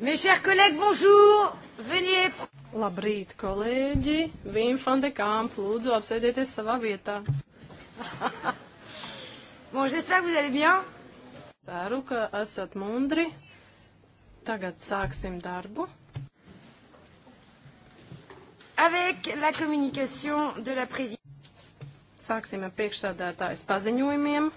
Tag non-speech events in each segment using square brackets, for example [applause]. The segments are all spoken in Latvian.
Mes chers collègues, bonjour! Veniez! Labrīt, kolēģi! Vim van de Kamp, lūdzu, apsēdieties savā vietā. [laughs] bon, j'espère que vous allez bien. Ceru, ka esat mundri. Tagad sāksim darbu. Avec la communication de la présidente. Sāksim ar priekšsādātājas paziņojumiem.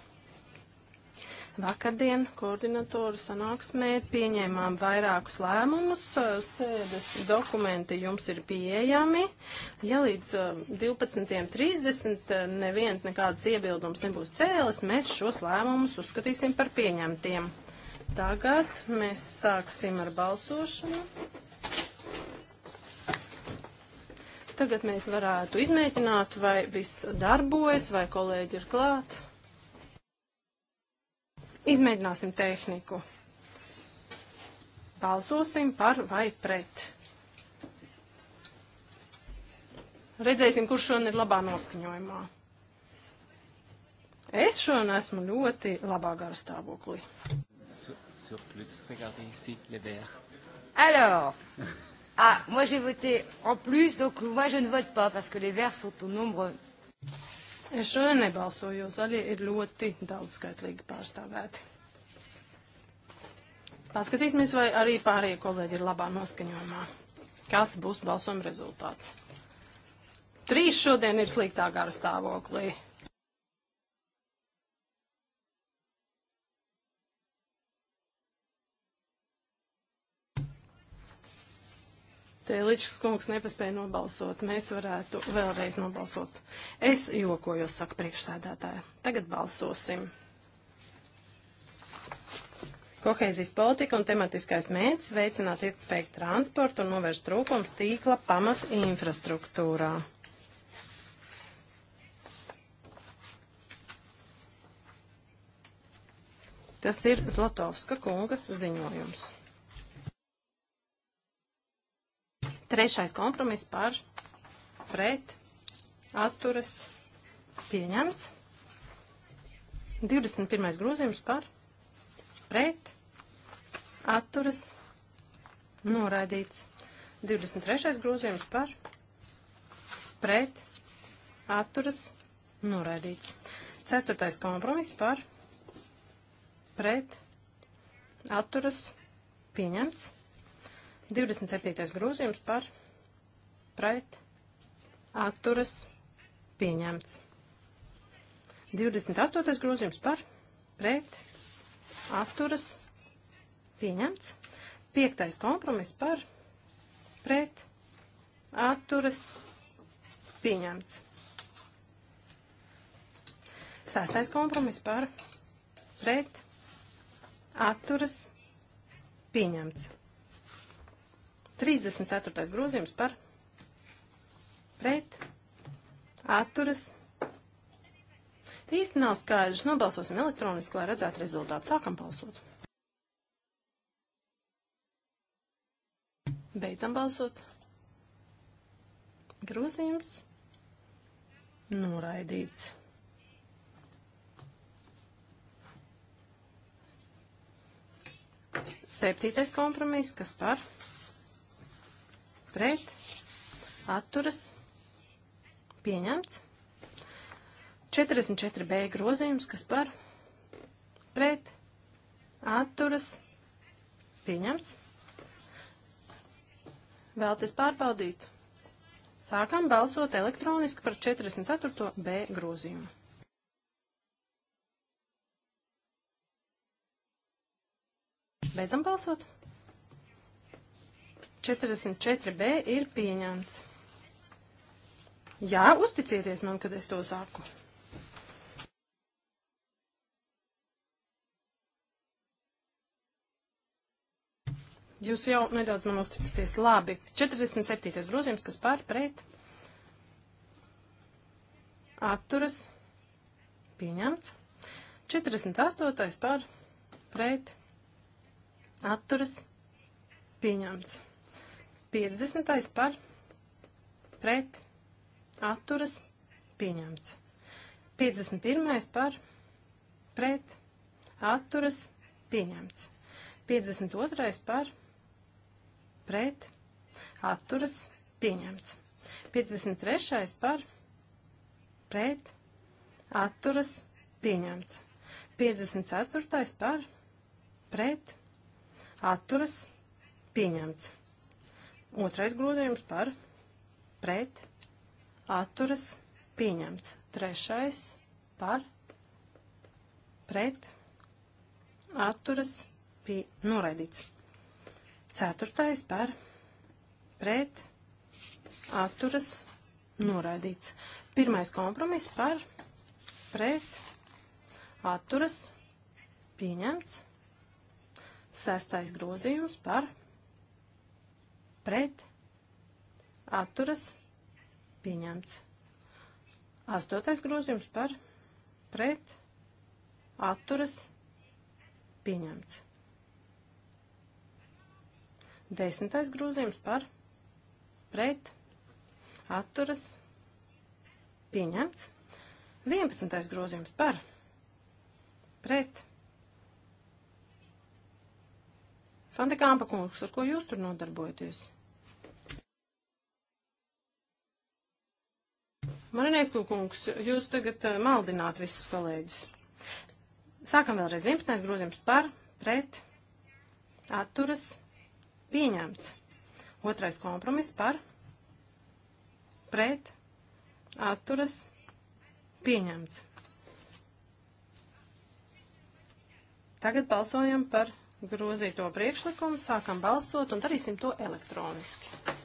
Vakardien koordinatoru sanāksmē pieņēmām vairākus lēmumus, sēdes dokumenti jums ir pieejami. Ja līdz 12.30 neviens nekādas iebildums nebūs cēlis, mēs šos lēmumus uzskatīsim par pieņemtiem. Tagad mēs sāksim ar balsošanu. Tagad mēs varētu izmēģināt, vai viss darbojas, vai kolēģi ir klāti. Izmēģināsim tehniku. Balsosim par vai pret. Redzēsim, kurš šodien ir labā noskaņojumā. Es šodien esmu ļoti labā gara stāvoklī. Alors, ah, moi j'ai voté en plus, donc moi je ne vote pas parce que les verts sont au nombre. Es šodien nebalsoju, jo zaļie ir ļoti daudzskaitlīgi pārstāvēti. Paskatīsimies, vai arī pārējie kolēģi ir labā noskaņojumā. Kāds būs balsojuma rezultāts? Trīs šodien ir sliktākā stāvoklī. Tēličs kungs nepaspēja nobalsot. Mēs varētu vēlreiz nobalsot. Es jokojos, saka priekšsēdētāja. Tagad balsosim. Kohēzijas politika un tematiskais mērķis veicināt ilgspējīgu transportu un novērst trūkums tīkla pamat infrastruktūrā. Tas ir Zlatovska kunga ziņojums. Trešais kompromiss par pret atturas pieņemts. 21. grozījums par pret atturas noraidīts. 23. grozījums par pret atturas noraidīts. 4. kompromiss par pret atturas pieņemts. 27. grozījums par pret atturas pieņemts. 28. grozījums par pret atturas pieņemts. 5. kompromiss par pret atturas pieņemts. 6. kompromiss par pret atturas pieņemts. 34. grozījums par pret atturas. Īsti nav skaidrs. Nobalsosim elektroniski, lai redzētu rezultātu. Sākam balsot. Beidzam balsot. Grozījums noraidīts. Septītais kompromiss, kas par? pret, atturas, pieņemts. 44B grozījums, kas par, pret, atturas, pieņemts. Vēlties pārbaudīt. Sākam balsot elektroniski par 44. B grozījumu. Beidzam balsot. 44b ir pieņemts. Jā, uzticieties man, kad es to saku. Jūs jau nedaudz man uzticaties. Labi. 47. grozījums, kas pār pret atturas pieņemts. 48. pār pret atturas pieņemts. 50. par pret atturas pieņemts. 51. par pret atturas pieņemts. 52. par pret atturas pieņemts. 53. par pret atturas pieņemts. 54. par pret atturas pieņemts. Otrais grozījums par pret atturas pieņemts. Trešais par pret atturas pie, noraidīts. Ceturtais par pret atturas noraidīts. Pirmais kompromiss par pret atturas pieņemts. Sestais grozījums par pret pret, atturas, pieņemts. Astotais grozījums par, pret, atturas, pieņemts. Desmitais grozījums par, pret, atturas, pieņemts. Vienpadsmitais grozījums par, pret, atturas. Fante Kāmpa kungs, ar ko jūs tur nodarbojaties? Marinēsku kungs, jūs tagad eh, maldināt visus kolēģus. Sākam vēlreiz 11. grozījums par, pret, atturas, pieņemts. Otrais kompromiss par, pret, atturas, pieņemts. Tagad balsojam par grozīto priekšlikumu, sākam balsot un darīsim to elektroniski.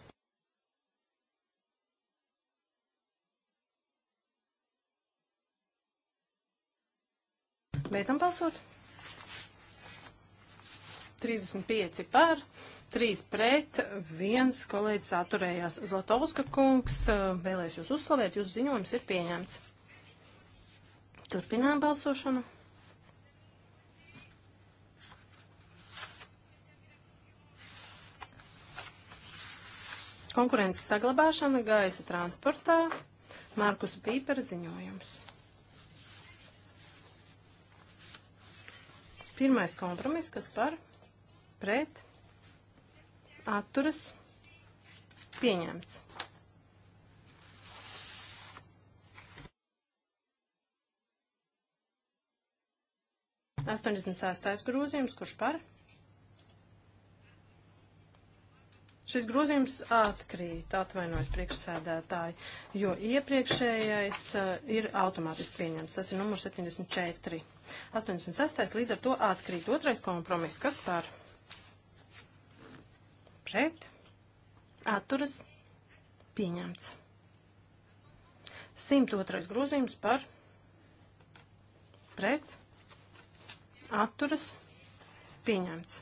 Beidzam balsot. 35 par, 3 pret, 1 kolēģis atturējās. Zlatovska kungs eh, vēlēs jūs uzslavēt, jūsu ziņojums ir pieņemts. Turpinām balsošanu. Konkurences saglabāšana gaisa transportā. Markus Pīpera ziņojums. Pirmais kompromiss, kas par pret atturas pieņemts. Astoņdesmit sastais grozījums, kurš par pret. Šis grozījums atkrīt, atvainojas priekšsēdētāji, jo iepriekšējais eh, ir automātiski pieņemts. Tas ir numurs 74. 86. līdz ar to atkrīt. Otrais kompromiss. Kas par? Pret. Atturas. Pieņemts. 102. grozījums par pret atturas pieņemts.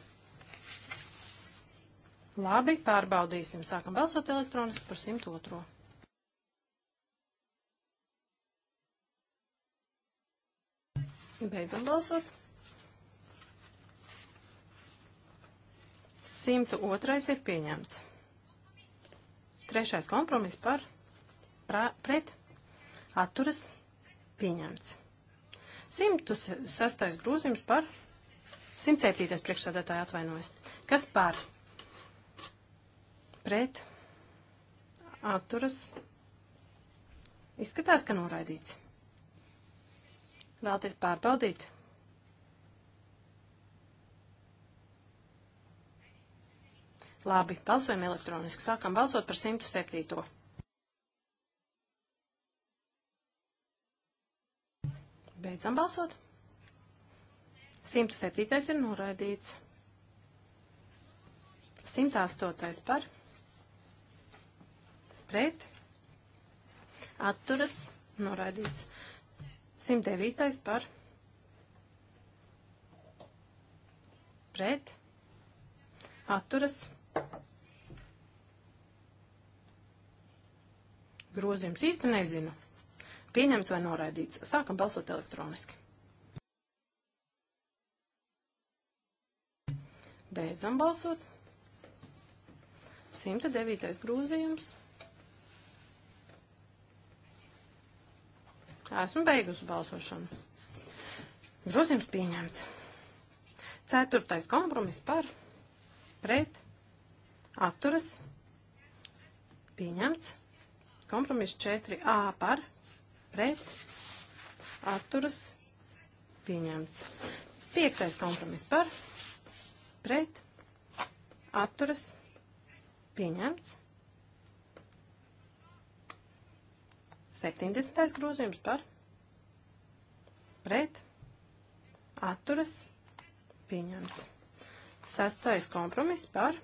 Labi, pārbaudīsim. Sākam balsot elektroniski par 102. Beidzam balsot. 102. ir pieņemts. Trešais kompromiss par pra, pret atturas pieņemts. 106. grūzījums par 107. priekšsādātāja atvainojas. Kas par? pret atturas izskatās, ka noraidīts. Vēlties pārbaudīt? Labi, balsojam elektroniski. Sākam balsot par 107. Beidzam balsot. 107. ir noraidīts. 108. par pret, atturas, noraidīts. 109. par pret, atturas, grozījums īsti nezinu. Pieņemts vai noraidīts. Sākam balsot elektroniski. Beidzam balsot. 109. grozījums. Esmu beigusi balsošanu. Grozījums pieņemts. Ceturtais kompromiss par, pret, atturas, pieņemts. Kompromiss 4A par, pret, atturas, pieņemts. Piektais kompromiss par, pret, atturas, pieņemts. 70. grozījums par pret atturas pieņemts. Sastais kompromiss par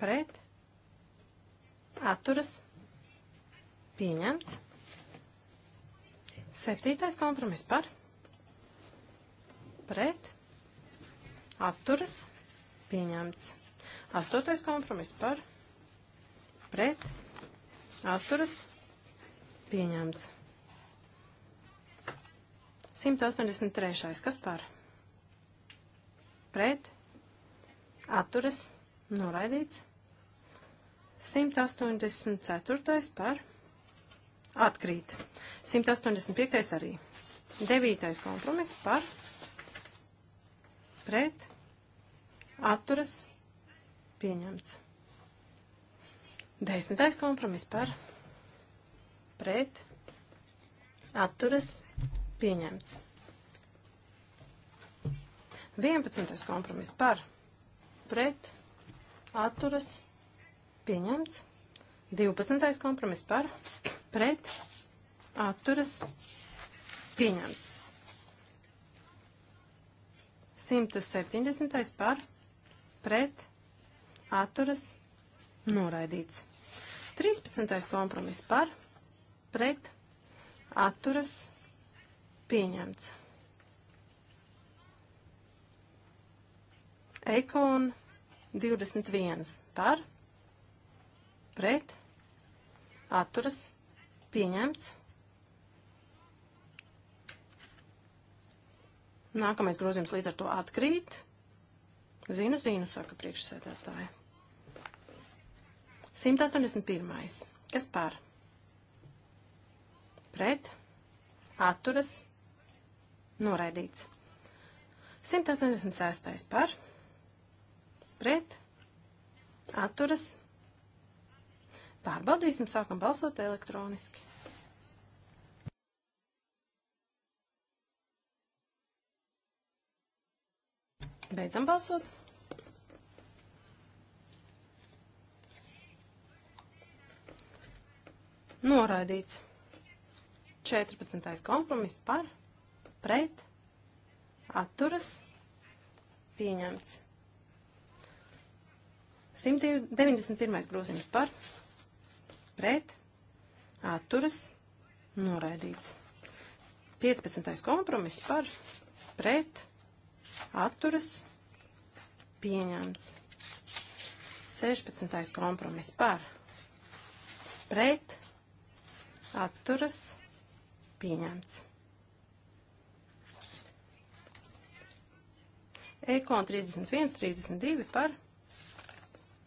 pret atturas pieņemts. Septītais kompromiss par pret atturas pieņemts. Astotais kompromiss par pret atturas pieņemts pieņemts. 183. Kas par? Pret. Atturas. Noraidīts. 184. par. Atkrīt. 185. arī. 9. kompromis par. Pret. Atturas. Pieņemts. 10. kompromis par. Pret pret, atturas, pieņemts. 11. kompromis par, pret, atturas, pieņemts. 12. kompromis par, pret, atturas, pieņemts. 170. par, pret, atturas, noraidīts. 13. kompromis par, pret atturas pieņemts. Ekon 21 par pret atturas pieņemts. Nākamais grozījums līdz ar to atkrīt. Zinu, zinu, saka priekšsēdētāja. 181. Kas par? pret, atturas, noraidīts. 186. par, pret, atturas, pārbaudīsim, sākam balsot elektroniski. Beidzam balsot. Noraidīts. 14. kompromiss par, pret, atturas, pieņemts. 191. grozījums par, pret, atturas, noraidīts. 15. kompromiss par, pret, atturas, pieņemts. 16. kompromiss par, pret, atturas, pieņemts Pieņemts. Ekon 31, 32 par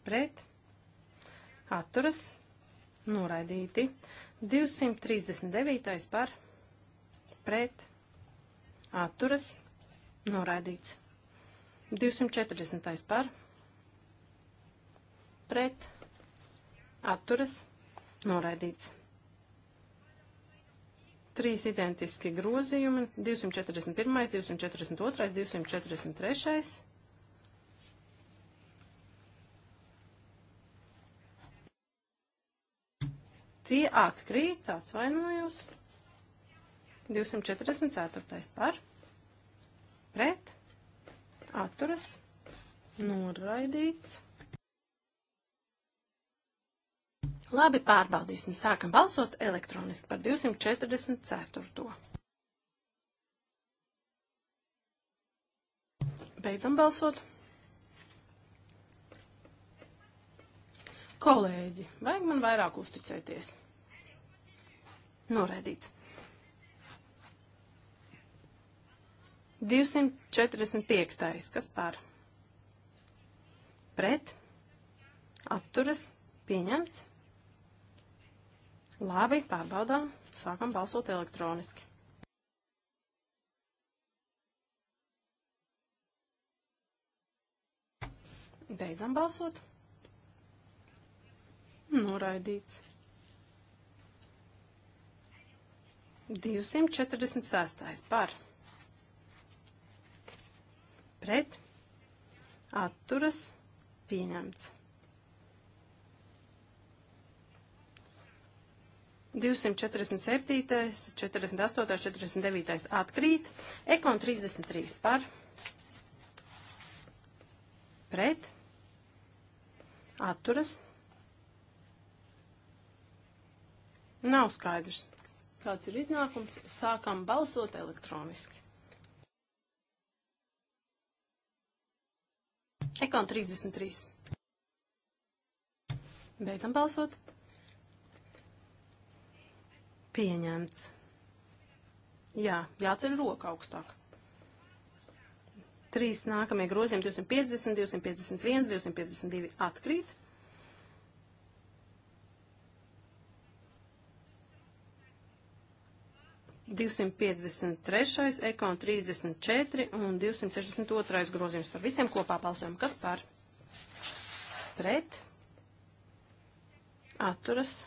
pret atturas noraidīti. 239 par pret atturas noraidīts. 240 par pret atturas noraidīts. Trīs identiski grozījumi - 241, 242, 243. Tie atkrīt, atvainojos. 244. par, pret, atturas, noraidīts. Labi, pārbaudīsim. Sākam balsot elektroniski par 244. Beidzam balsot. Kolēģi, vajag man vairāk uzticēties. Noraidīts. 245. Kas par? Pret. Atturas. Pieņemts. Labi, pārbaudām. Sākam balsot elektroniski. Beidzam balsot. Noraidīts. 246. par. Pret. Atturas. Pieņemts. 247, 48, 49 atkrīt, ekon 33 par, pret, atturas, nav skaidrs. Kāds ir iznākums? Sākam balsot elektroniski. Ekon 33. Beidzam balsot pieņemts. Jā, jāceļ roka augstāk. Trīs nākamie grozījumi 250, 251, 252 atkrīt. Divsimt piecdesmit trešais, ekon trīsdesmit četri un divsimt sešdesmit otrais grozījums par visiem kopā balsojumu. Kas par? Pret? Atturas? Atturas?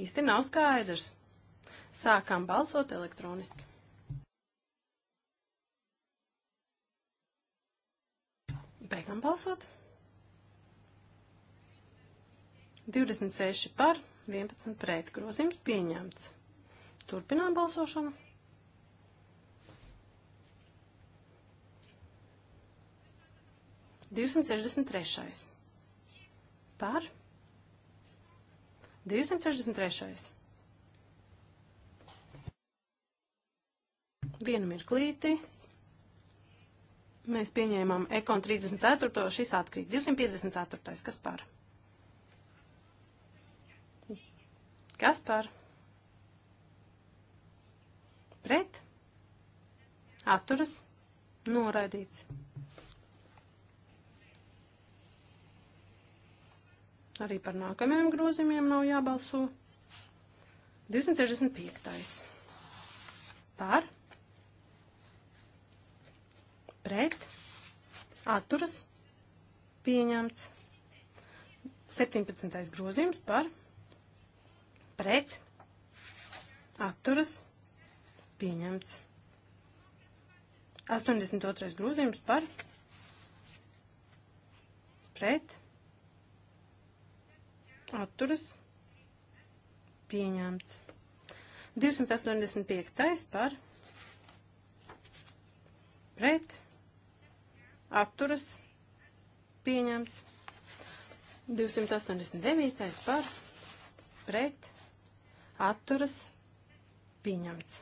īsti nav skaidrs. Sākām balsot elektroniski. Beidzam balsot. 26 par, 11 pret. Grozījums pieņemts. Turpinām balsošanu. Divsimt sešdesmit trešais. Par. 263. Vienu mirklīti. Mēs pieņēmām ekon 34. šis atkrīt. 254. Kas par? Kas par? Pret? Atturas? Noraidīts. Arī par nākamajiem grozījumiem nav jābalso. 265. Par. Pret. Atturas. Pieņemts. 17. grozījums par. Pret. Atturas. Pieņemts. 82. grozījums par. Pret atturas pieņemts. 285. par pret atturas pieņemts. 289. par pret atturas pieņemts.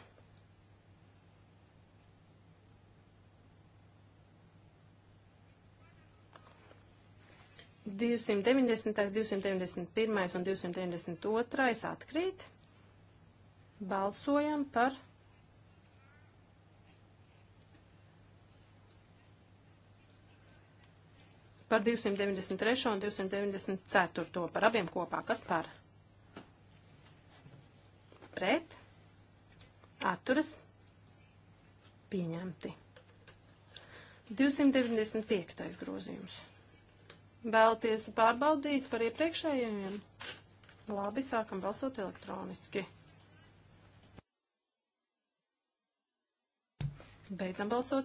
290, 291 un 292 atkrīt. Balsojam par par 293 un 294 par abiem kopā. Kas par? Pret? Atturas? Pieņemti. 295. grozījums. Vēlties pārbaudīt par iepriekšējiem? Labi, sākam balsot elektroniski. Beidzam balsot.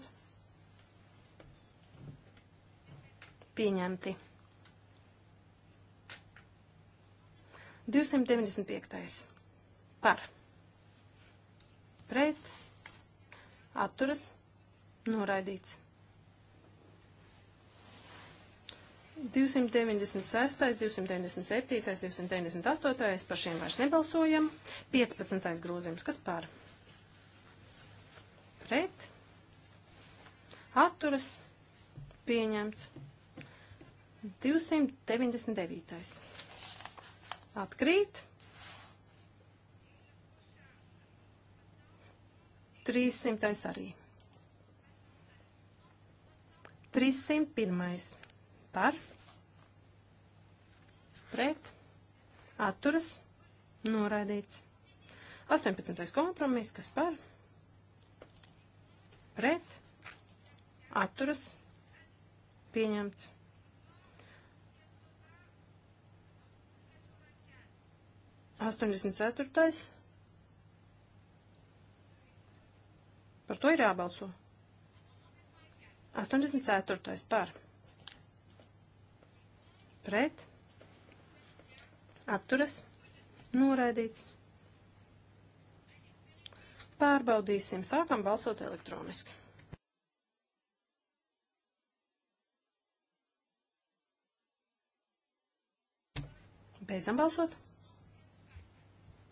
Pieņemti. 295. Par. Pret. Atturas. Noraidīts. 296, 297, 298, par šiem vairs nebalsojam. 15. grozījums, kas par? Pret. Atturas. Pieņemts. 299. Atkrīt. 300 arī. 301 par, pret, atturas, noraidīts. 18. kompromiss, kas par, pret, atturas, pieņemts. 84. Par to ir jābalso. 84. par pret, atturas, noraidīts. Pārbaudīsim, sākam balsot elektroniski. Beidzam balsot.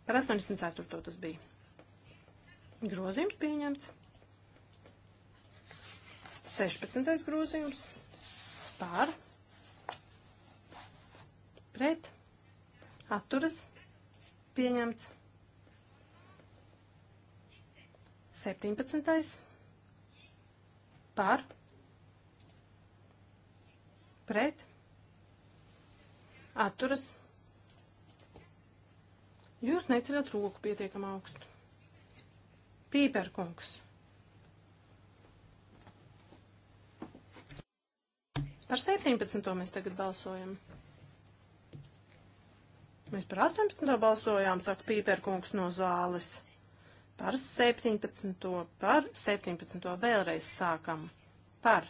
Par 84. tas bija. Grozījums pieņemts. 16. grozījums par pret, atturas, pieņemts. 17. par, pret, atturas. Jūs neceļat roku pietiekam augstu. Pīperkungs. Par 17. mēs tagad balsojam. Mēs par 18. balsojām, saka Pīperkungs no zāles. Par 17. par 17. vēlreiz sākam. Par.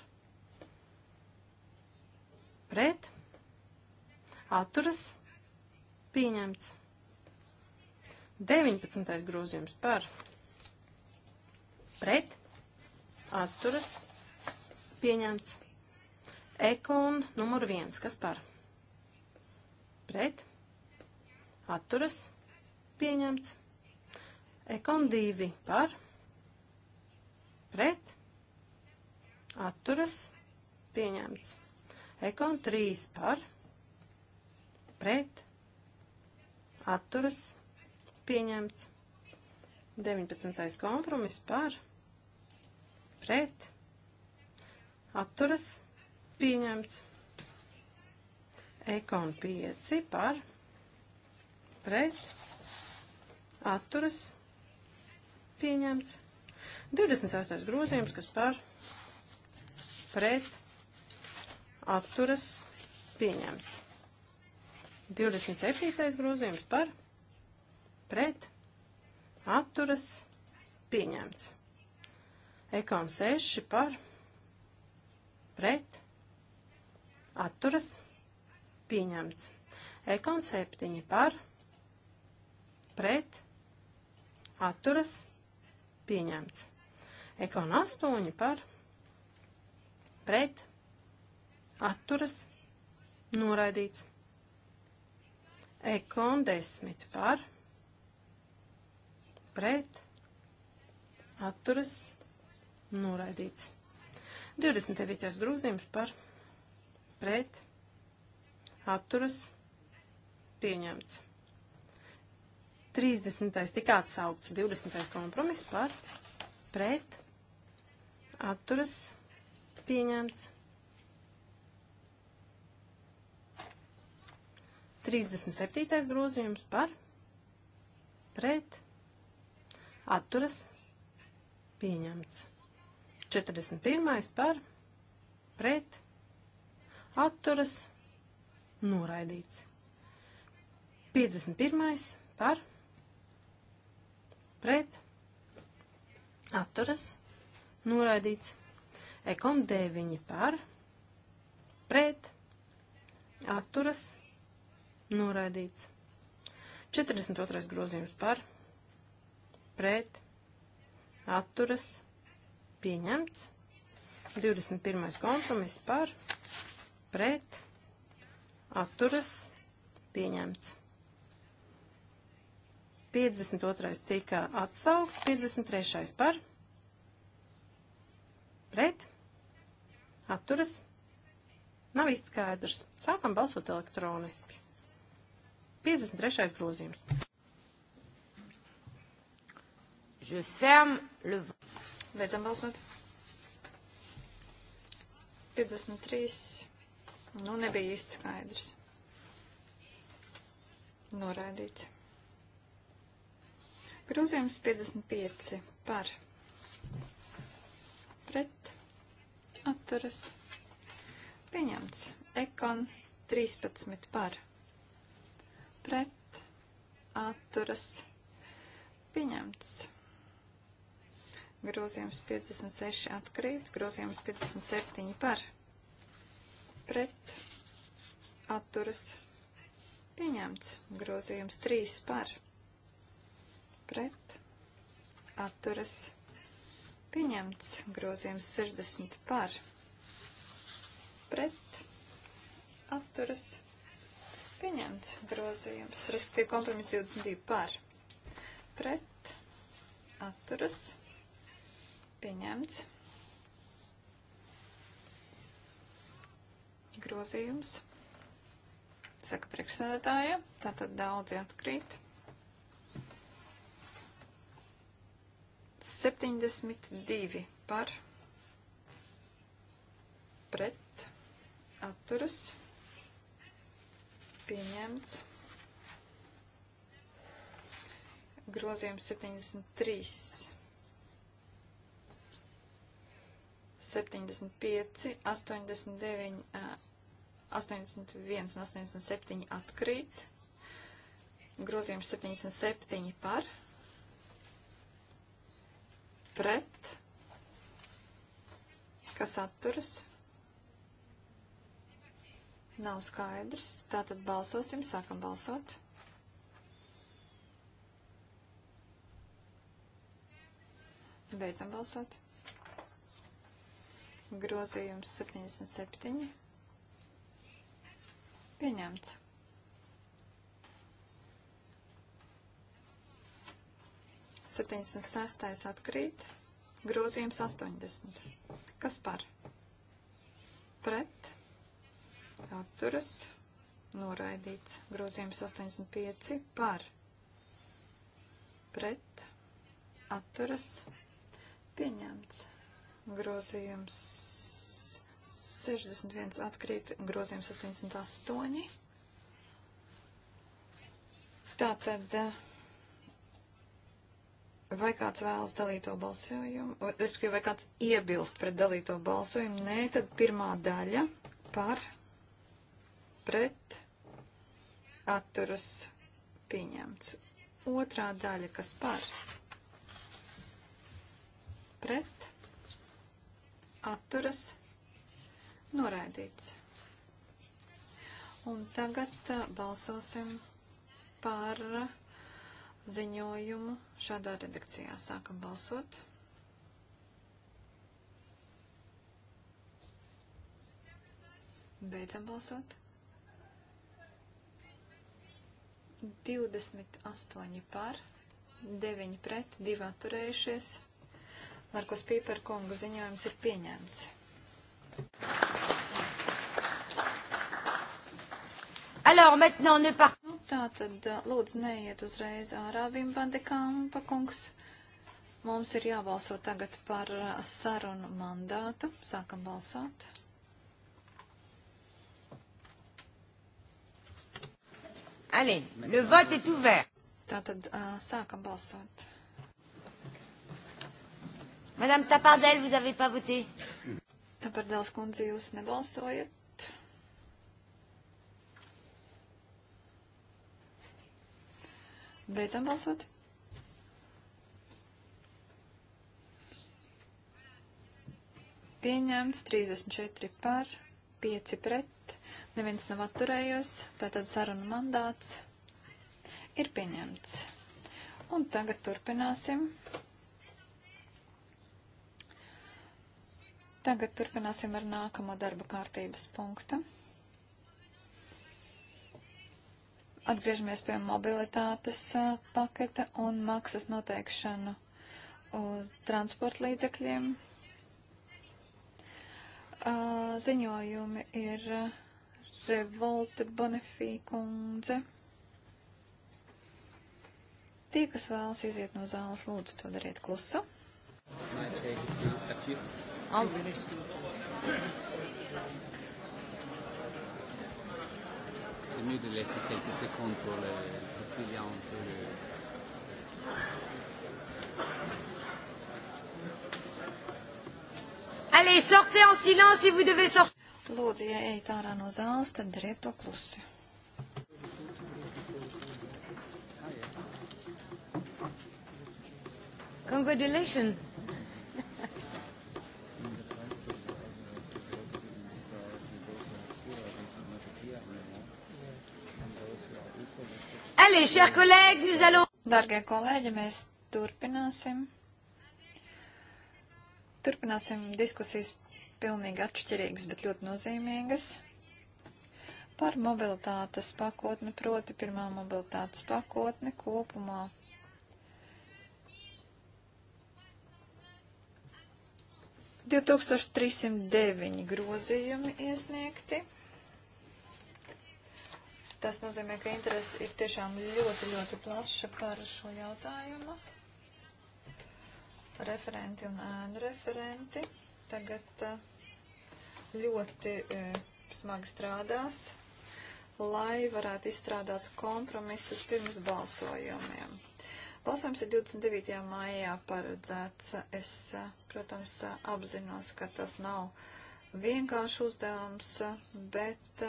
Pret. Atturas. Pieņemts. 19. grozījums par. Pret. Atturas. Pieņemts. Ekon numur 1. Kas par? Pret atturas pieņemts. Ekon 2 par pret atturas pieņemts. Ekon 3 par pret atturas pieņemts. 19. kompromis par pret atturas pieņemts. Ekon 5 par pret pret, atturas, pieņemts. 28. grozījums, kas par, pret, atturas, pieņemts. 27. grozījums par, pret, atturas, pieņemts. Ekon 6 par, pret, atturas, pieņemts. Ekon 7 par, pret, pret, atturas, pieņemts. Ekon 8 par, pret, atturas, noraidīts. Ekon 10 par, pret, atturas, noraidīts. 29. grūzījums par, pret, atturas, pieņemts. 30. tika atsaukts, 20. kompromiss par pret atturas pieņemts. 37. grozījums par pret atturas pieņemts. 41. par pret atturas noraidīts. 51. par pret pret, atturas, noraidīts. Ekon 9 par, pret, atturas, noraidīts. 42. grozījums par, pret, atturas, pieņemts. 21. kompromiss par, pret, atturas, pieņemts. 52. tika atsaukt, 53. par, pret, atturas, nav īsti skaidrs. Sākam balsot elektroniski. 53. grozījums. Je ferme le vote. Beidzam balsot. 53. Nu, nebija īsti skaidrs. Noraidīts. Grozījums 55 par pret atturas pieņemts. Ekon 13 par pret atturas pieņemts. Grozījums 56 atkrīt, grozījums 57 par pret atturas pieņemts. Grozījums 3 par pret pret atturas pieņemts. Grozījums 60 par pret atturas pieņemts. Grozījums, respektīvi kompromiss 22 par pret atturas pieņemts. Grozījums saka priekšsēdētāja, tātad daudzi atkrīt. 72 par pret atturas pieņemts. Grozījums 73. 75, 89, 81 un 87 atkrīt. Grozījums 77 par pret pret, kas atturas. Nav skaidrs. Tātad balsosim, sākam balsot. Beidzam balsot. Grozījums 77. Pieņemts. 76. atkrīt, grozījums 80. Kas par? Pret, atturas, noraidīts, grozījums 85. Par, pret, atturas, pieņemts, grozījums 61 atkrīt, grozījums 88. Tātad. Uh, Vai kāds vēlas dalīto balsojumu, respektīvi, vai kāds iebilst pret dalīto balsojumu? Nē, tad pirmā daļa par, pret, atturas pieņemts. Otrā daļa, kas par, pret, atturas noraidīts. Un tagad uh, balsosim par. Uh, ziņojumu šādā redakcijā. Sākam balsot. Beidzam balsot. 28 par, 9 pret, 2 atturējušies. Markus Pīper kunga ziņojums ir pieņemts. Alors, maintenant, ne par... Tā tad lūdzu neiet uzreiz ārā Vimbande Kampa kungs. Mums ir jābalso tagad par sarunu mandātu. Sākam balsot. Allez, le vote est ouvert. Tātad uh, sākam balsot. Madame Tapardel, vous avez pas voté. Tapardels kundze, jūs nebalsojat? Beidzam balsot. Pieņemts 34 par, 5 pret, neviens nav atturējies, tātad saruna mandāts ir pieņemts. Un tagad turpināsim. Tagad turpināsim ar nākamo darba kārtības punktu. Atgriežamies pie mobilitātes paketa un maksas noteikšanu transporta līdzekļiem. Ziņojumi ir Revolta Bonifī kundze. Tie, kas vēlas iziet no zāles, lūdzu to dariet klusu. I'll... c'est mieux de laisser quelques secondes pour le, parce qu'il y a un peu de... Allez, sortez en silence si vous devez sortir. Lūdzu, ja ejat ārā no zāles, tad dariet to klusi. Congratulations. Allez, chers collègues, nous allons... Dargie kolēģi, mēs turpināsim. Turpināsim diskusijas pilnīgi atšķirīgas, bet ļoti nozīmīgas par mobilitātes pakotni, proti pirmā mobilitātes pakotni kopumā. Divtūkstoš trīsimt deviņi grozījumi iesniegti. Tas nozīmē, ka interesi ir tiešām ļoti, ļoti plaša par šo jautājumu. Referenti un ēnu referenti tagad eh, ļoti eh, smagi strādās, lai varētu izstrādāt kompromisus pirms balsojumiem. Balsojums ir 29. maijā paredzēts. Es, eh, protams, apzinos, ka tas nav vienkārši uzdevums, bet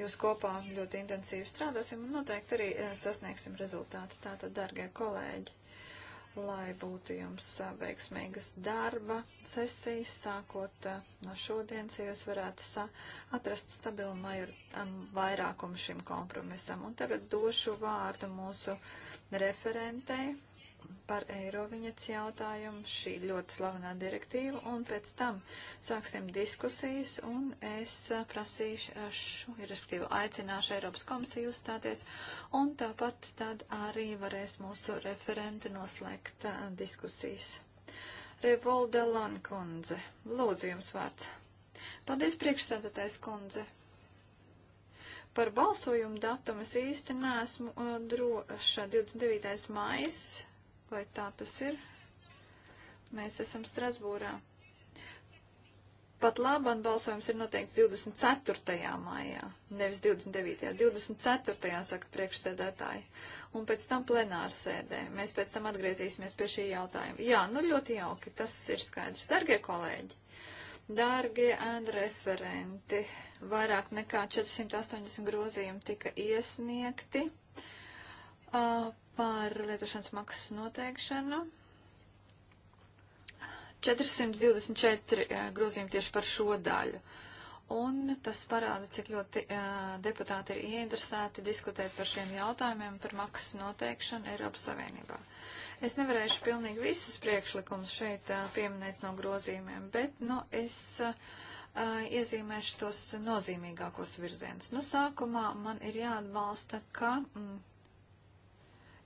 Jūs kopā ļoti intensīvi strādāsim un noteikti arī eh, sasniegsim rezultātu. Tātad, dargie kolēģi, lai būtu jums eh, veiksmīgas darba sesijas, sākot eh, no šodienas, ja jūs varētu atrast stabilu major, vairākumu šim kompromisam. Un tagad došu vārdu mūsu referentei par Eiroviņets jautājumu, šī ļoti slavenā direktīva, un pēc tam sāksim diskusijas, un es prasīšu, šu, respektīvi aicināšu Eiropas komisiju uzstāties, un tāpat tad arī varēs mūsu referenti noslēgt uh, diskusijas. Revolda Lankundze, lūdzu jums vārds. Paldies, priekšsēdētājs kundze. Par balsojumu datumu es īsti neesmu droša. 29. maijas vai tā tas ir. Mēs esam Strasbūrā. Pat labam balsojums ir noteikts 24. maijā, nevis 29. 24. saka priekšstādātāji. Un pēc tam plenārsēdē. Mēs pēc tam atgriezīsimies pie šī jautājuma. Jā, nu ļoti jauki, tas ir skaidrs. Dargie kolēģi, dargie referenti, vairāk nekā 480 grozījumi tika iesniegti. Uh, par lietošanas maksas noteikšanu. 424 eh, grozījumi tieši par šo daļu. Un tas parāda, cik ļoti uh, deputāti ir ieinteresēti diskutēt par šiem jautājumiem par maksas noteikšanu Eiropas Savienībā. Es nevarēšu pilnīgi visus priekšlikumus šeit uh, pieminēt no grozījumiem, bet nu, es uh, iezīmēšu tos nozīmīgākos virzienus. Nu, sākumā man ir jāatbalsta, ka mm,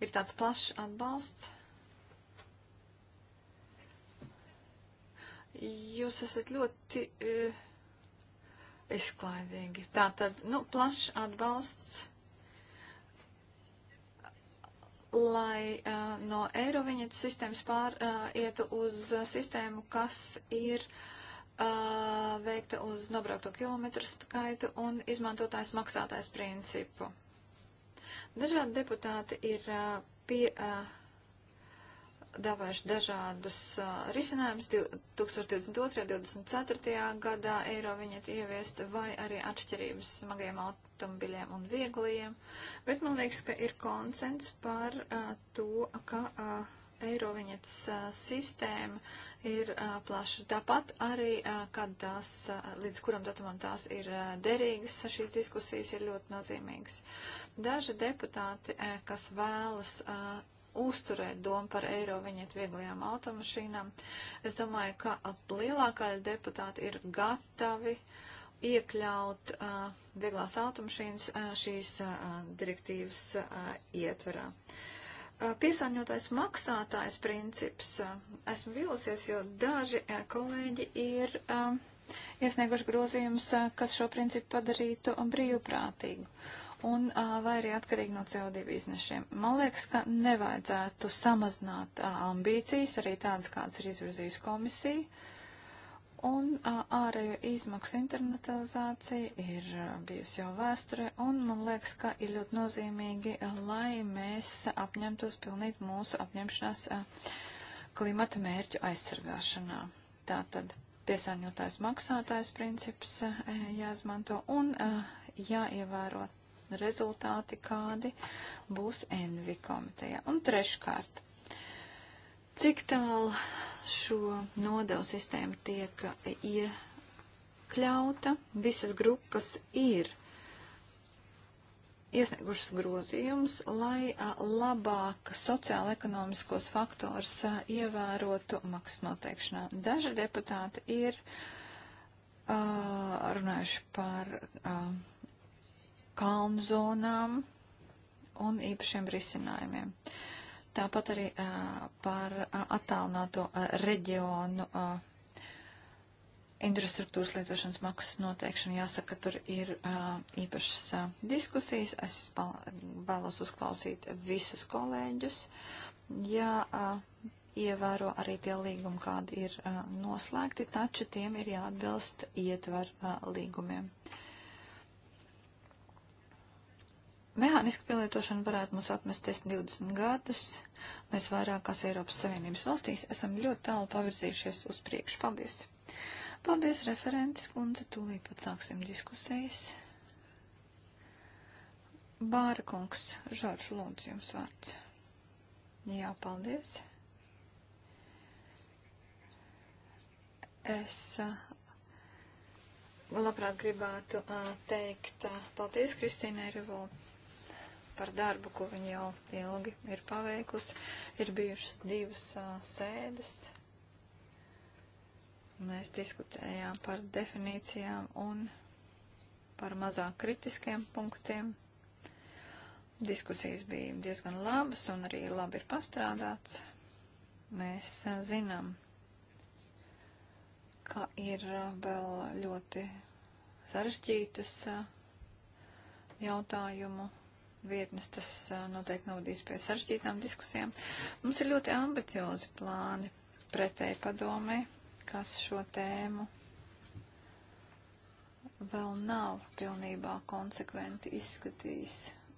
ir tāds plašs atbalsts. Jūs esat ļoti uh, izklaidīgi. Tātad, nu, plašs atbalsts, lai uh, no Eiroviņas sistēmas pārietu eh, uh, uz uh, sistēmu, kas ir uh, veikta uz nobraukto kilometru skaitu un izmantotājs maksātājs principu. Dažādi deputāti ir pie davājuši dažādus uh, risinājumus 2022. un 2024. gadā eiro viņiet ieviest vai arī atšķirības smagajiem automobiļiem un vieglajiem, bet man liekas, ka ir konsens par uh, to, ka uh, Eiroviņets sistēma ir a, plaša. Tāpat arī, a, kad tās, a, līdz kuram datumam tās ir derīgas, šīs diskusijas ir ļoti nozīmīgas. Daži deputāti, kas vēlas uzturēt domu par eiro viņiet vieglajām automašīnām, es domāju, ka lielākā deputāti ir gatavi iekļaut vieglās automašīnas šīs direktīvas ietverā. Uh, Eh, piesārņotājs maksātājs princips. Eh, esmu vīlusies, jo daži eh, kolēģi ir iesnieguši grozījumus, kas šo principu padarītu brīvprātīgu. Un vai arī atkarīgi no CO2 iznešiem. Man liekas, ka nevajadzētu samazināt ambīcijas, arī tādas, kādas ir izvirzījusi komisija Un ārējo izmaksu internetalizācija ir bijusi jau vēsture, un man liekas, ka ir ļoti nozīmīgi, lai mēs apņemtos pilnīt mūsu apņemšanās klimata mērķu aizsargāšanā. Tātad piesārņotājs maksātājs princips jāizmanto un jāievēro rezultāti, kādi būs Envi komitejā. Un treškārt, Cik tālu šo nodevu sistēmu tiek iekļauta? Visas grupas ir iesniegušas grozījumus, lai labāk sociāla-ekonomiskos faktors ievērotu maksas noteikšanā. Daži deputāti ir a, runājuši par a, kalnu zonām un īpašiem risinājumiem. Uh, Tāpat arī par attālināto reģionu infrastruktūras lietošanas maksas noteikšanu. Jāsaka, ka tur ir īpašas diskusijas. Es vēlos uzklausīt visus kolēģus. Jā, ievēro arī tie līgumi, kādi ir noslēgti, taču tiem ir jāatbilst ietver līgumiem. Uh, Mehāniska pielietošana varētu mums atmesties 20 gadus. Mēs vairākās Eiropas Savienības valstīs esam ļoti tālu pavirzījušies uz priekšu. Paldies! Paldies, referentis kundze, tūlīt pat sāksim diskusijas. Bāra kungs, Žorž, lūdzu jums vārds. Jā, paldies. Es uh, labprāt gribētu uh, teikt uh, paldies Kristīnai Revolta par darbu, ko viņa jau ilgi ir paveikusi. Ir bijušas divas uh, sēdes. Mēs diskutējām par definīcijām un par mazāk kritiskiem punktiem. Diskusijas bija diezgan labas un arī labi ir pastrādāts. Mēs a, zinām, ka ir a, vēl ļoti sarežģītas a, jautājumu vietnes, tas noteikti novadīs pie sarežģītām diskusijām. Mums ir ļoti ambiciozi plāni pretēji padomē, kas šo tēmu vēl nav pilnībā konsekventi izskatījis.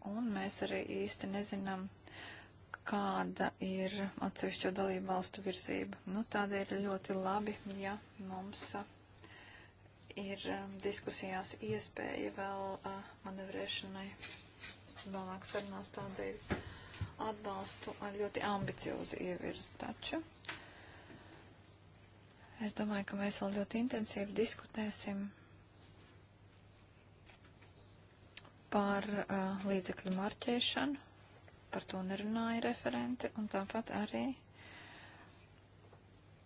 Un mēs arī īsti nezinām, kāda ir atsevišķo dalību valstu virzība. Nu, tādēļ ir ļoti labi, ja mums ir diskusijās iespēja vēl manevrēšanai. Maķedonāk sarunās tādēļ atbalstu ļoti ambiciozi ievirzi. Taču es domāju, ka mēs vēl ļoti intensīvi diskutēsim par uh, līdzekļu marķēšanu, par to nerunāja referenti, un tāpat arī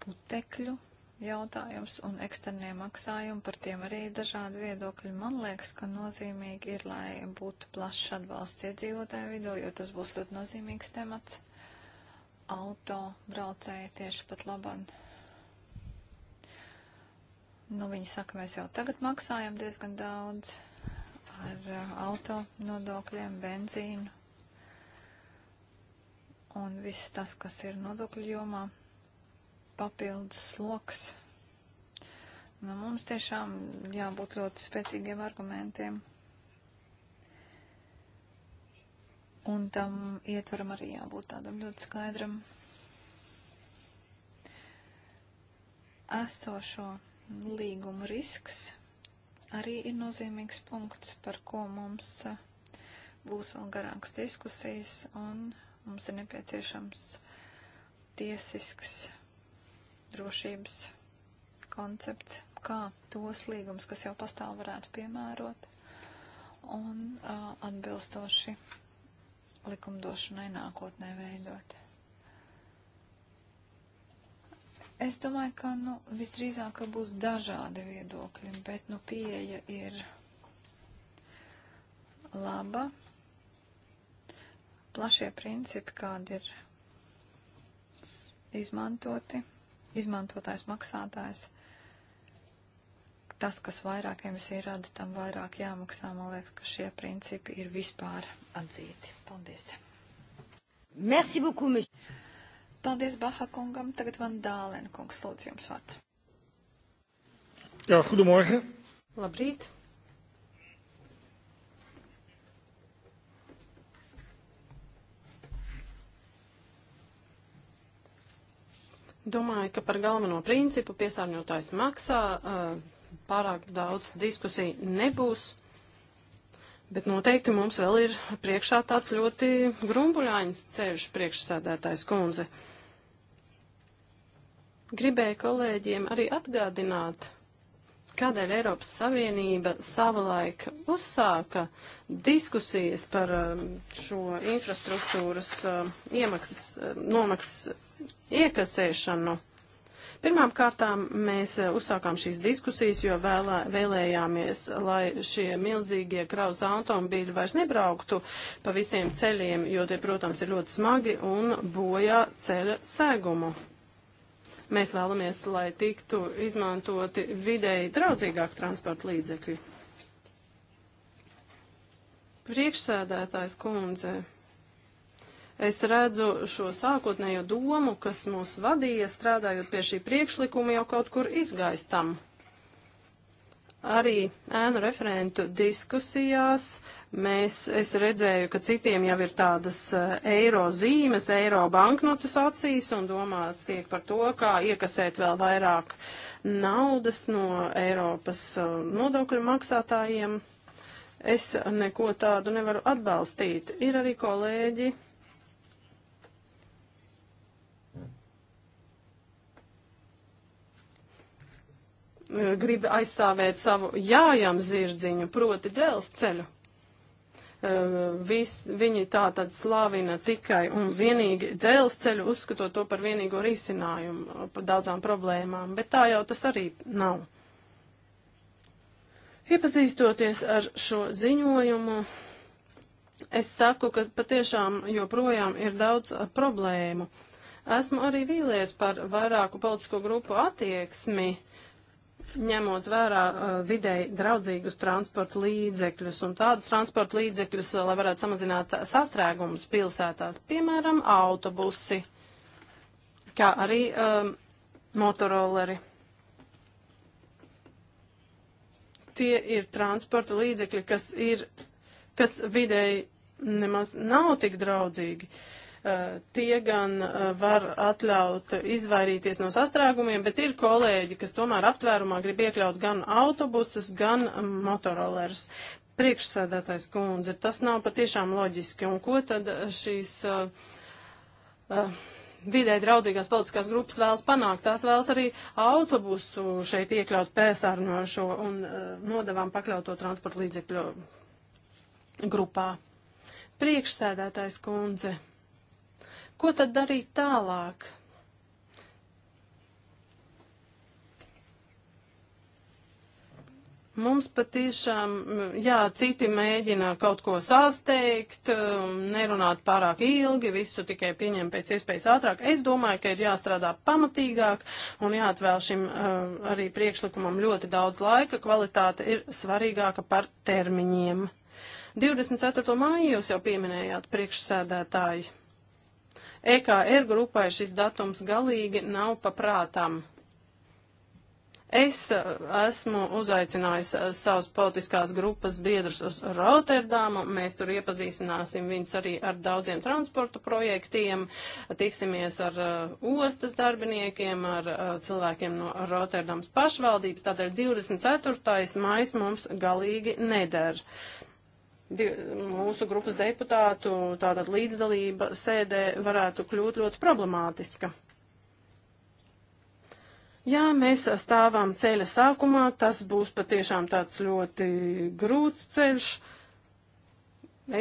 putekļu jautājums un eksternie maksājumi, par tiem arī dažādi viedokļi. Man liekas, ka nozīmīgi ir, lai būtu plašs atbalsts iedzīvotāju vidū, jo tas būs ļoti nozīmīgs temats. Auto braucēji tieši pat labam. Nu, viņi saka, mēs jau tagad maksājam diezgan daudz ar uh, auto nodokļiem, benzīnu un viss tas, kas ir nodokļu jomā papildus sloks. Nu, mums tiešām jābūt ļoti spēcīgiem argumentiem. Un tam ietvaram arī jābūt tādam ļoti skaidram. Esošo līgumu risks arī ir nozīmīgs punkts, par ko mums eh, būs vēl garāks diskusijas un mums ir nepieciešams tiesisks drošības koncepts, kā tos līgumus, kas jau pastāv, varētu piemērot un uh, atbilstoši likumdošanai nākotnē veidot. Es domāju, ka nu, visdrīzāk ka būs dažādi viedokļi, bet nu, pieeja ir laba. Plašie principi, kādi ir izmantoti, izmantotājs, maksātājs. Tas, kas vairākiem ir rada, tam vairāk jāmaksā. Man liekas, ka šie principi ir vispār atzīti. Paldies! Merci beaucoup, monsieur. Paldies Baha kungam. Tagad man Dālēna kungs lūdzu jums vārdu. Jā, goedemorgen. Labrīt. Domāju, ka par galveno principu piesārņotājs maksā, eh, pārāk daudz diskusiju nebūs. Bet noteikti mums vēl ir priekšā tāds ļoti grumbuļāņas ceļš priekšsēdētājs kundze. Gribēju kolēģiem arī atgādināt, kādēļ Eiropas Savienība savulaik uzsāka diskusijas par eh, šo infrastruktūras eh, iemaksas, nomaksas iekasēšanu. Pirmām kārtām mēs eh, uzsākām šīs diskusijas, jo vēlā, vēlējāmies, lai šie milzīgie krauz automobīļi vairs nebrauktu pa visiem ceļiem, jo tie, protams, ir ļoti smagi un bojā ceļa segumu. Mēs vēlamies, lai tiktu izmantoti vidēji draudzīgāk transporta līdzekļi. Priekšsēdētājs kundze. Es redzu šo sākotnējo domu, kas mūs vadīja strādājot pie šī priekšlikuma jau kaut kur izgaistam. Arī ēnu referentu diskusijās mēs, es redzēju, ka citiem jau ir tādas eh, eiro zīmes, eiro banknotes acīs un domāts tiek par to, kā iekasēt vēl vairāk naudas no Eiropas eh, nodokļu maksātājiem. Es neko tādu nevaru atbalstīt. Ir arī kolēģi grib aizstāvēt savu jājām zirdziņu, proti dzelzceļu. Eh, vis, viņi tā tad slāvina tikai un vienīgi dzelzceļu, uzskatot to par vienīgo risinājumu eh, par daudzām problēmām, bet tā jau tas arī nav. Iepazīstoties ar šo ziņojumu, es saku, ka patiešām joprojām ir daudz eh, problēmu. Esmu arī vīlies par vairāku politisko grupu attieksmi uh, ņemot vērā uh, videi draudzīgus transporta līdzekļus un tādus transporta līdzekļus, uh, lai varētu samazināt sastrēgumus pilsētās, piemēram, autobusi, kā arī um, motoroleri. Tie ir transporta līdzekļi, kas ir, kas videi nemaz nav tik draudzīgi. Uh, Eh, tie gan eh, var atļaut izvairīties no sastrēgumiem, bet ir kolēģi, kas tomēr aptvērumā grib iekļaut gan autobusus, gan motorolerus. Priekšsēdētājs kundze, tas nav patiešām loģiski. Un ko tad šīs uh, uh, vidē draudzīgās politiskās grupas vēlas panākt. Tās vēlas arī autobusu šeit iekļaut pēsārņošo un uh, nodevām pakļauto transporta līdzekļu grupā. Priekšsēdētājs kundze. Ko tad darīt tālāk? Mums patiešām, jā, citi mēģina kaut ko sasteigt, um, nerunāt pārāk ilgi, visu tikai pieņem pēc iespējas ātrāk. Es domāju, ka ir jāstrādā pamatīgāk un jāatvēl šim uh, arī priekšlikumam ļoti daudz laika. Kvalitāte ir svarīgāka par termiņiem. 24. māju jūs jau pieminējāt priekšsēdētāji. EKR grupai šis datums galīgi nav paprātām. Es uh, esmu uzaicinājis uh, savus politiskās grupas biedrus uz Rotterdamu. Mēs tur iepazīstināsim viņus arī ar daudziem transporta projektiem, tiksimies ar uh, ostas darbiniekiem, ar uh, cilvēkiem no Rotterdams pašvaldības. Tādēļ 24. mājas mums galīgi neder. Uh, mūsu grupas deputātu tātad līdzdalība sēdē varētu kļūt ļoti problemātiska. Jā, mēs stāvām ceļa sākumā, tas būs patiešām tāds ļoti grūts ceļš.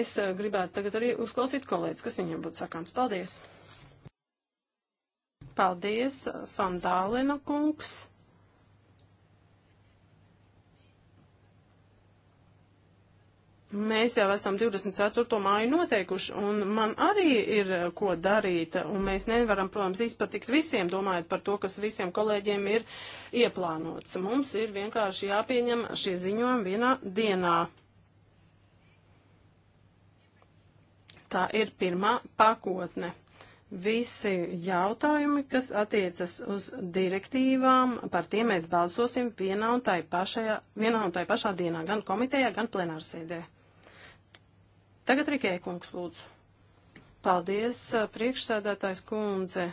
Es eh, gribētu tagad arī uzklausīt kolēģis, kas viņiem būtu sakāms. Paldies! Paldies, Fandālina kungs! Mēs jau esam 24. māju noteikuši, un man arī ir eh, ko darīt, un mēs nevaram, protams, izpatikt visiem, domājot par to, kas visiem kolēģiem ir ieplānots. Mums ir vienkārši jāpieņem šie ziņojumi vienā dienā. Tā ir pirmā pakotne. Visi jautājumi, kas attiecas uz direktīvām, par tiem mēs balsosim vienā un tai pašā, vienā un tai pašā dienā, gan komitejā, gan plenārsēdē. Tagad Rikē kungs lūdzu. Paldies, priekšsēdētājs kundze.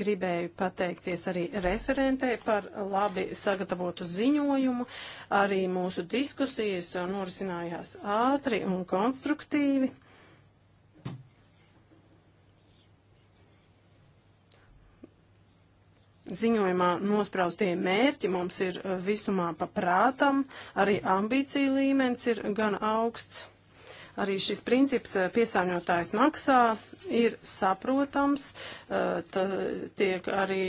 Gribēju pateikties arī referentei par labi sagatavotu ziņojumu. Arī mūsu diskusijas norisinājās ātri un konstruktīvi. ziņojumā nospraustie mērķi mums ir eh, visumā paprātam, arī ambīcija līmenis ir gan augsts. Arī šis princips eh, piesārņotājs maksā ir saprotams, eh, tā, tiek arī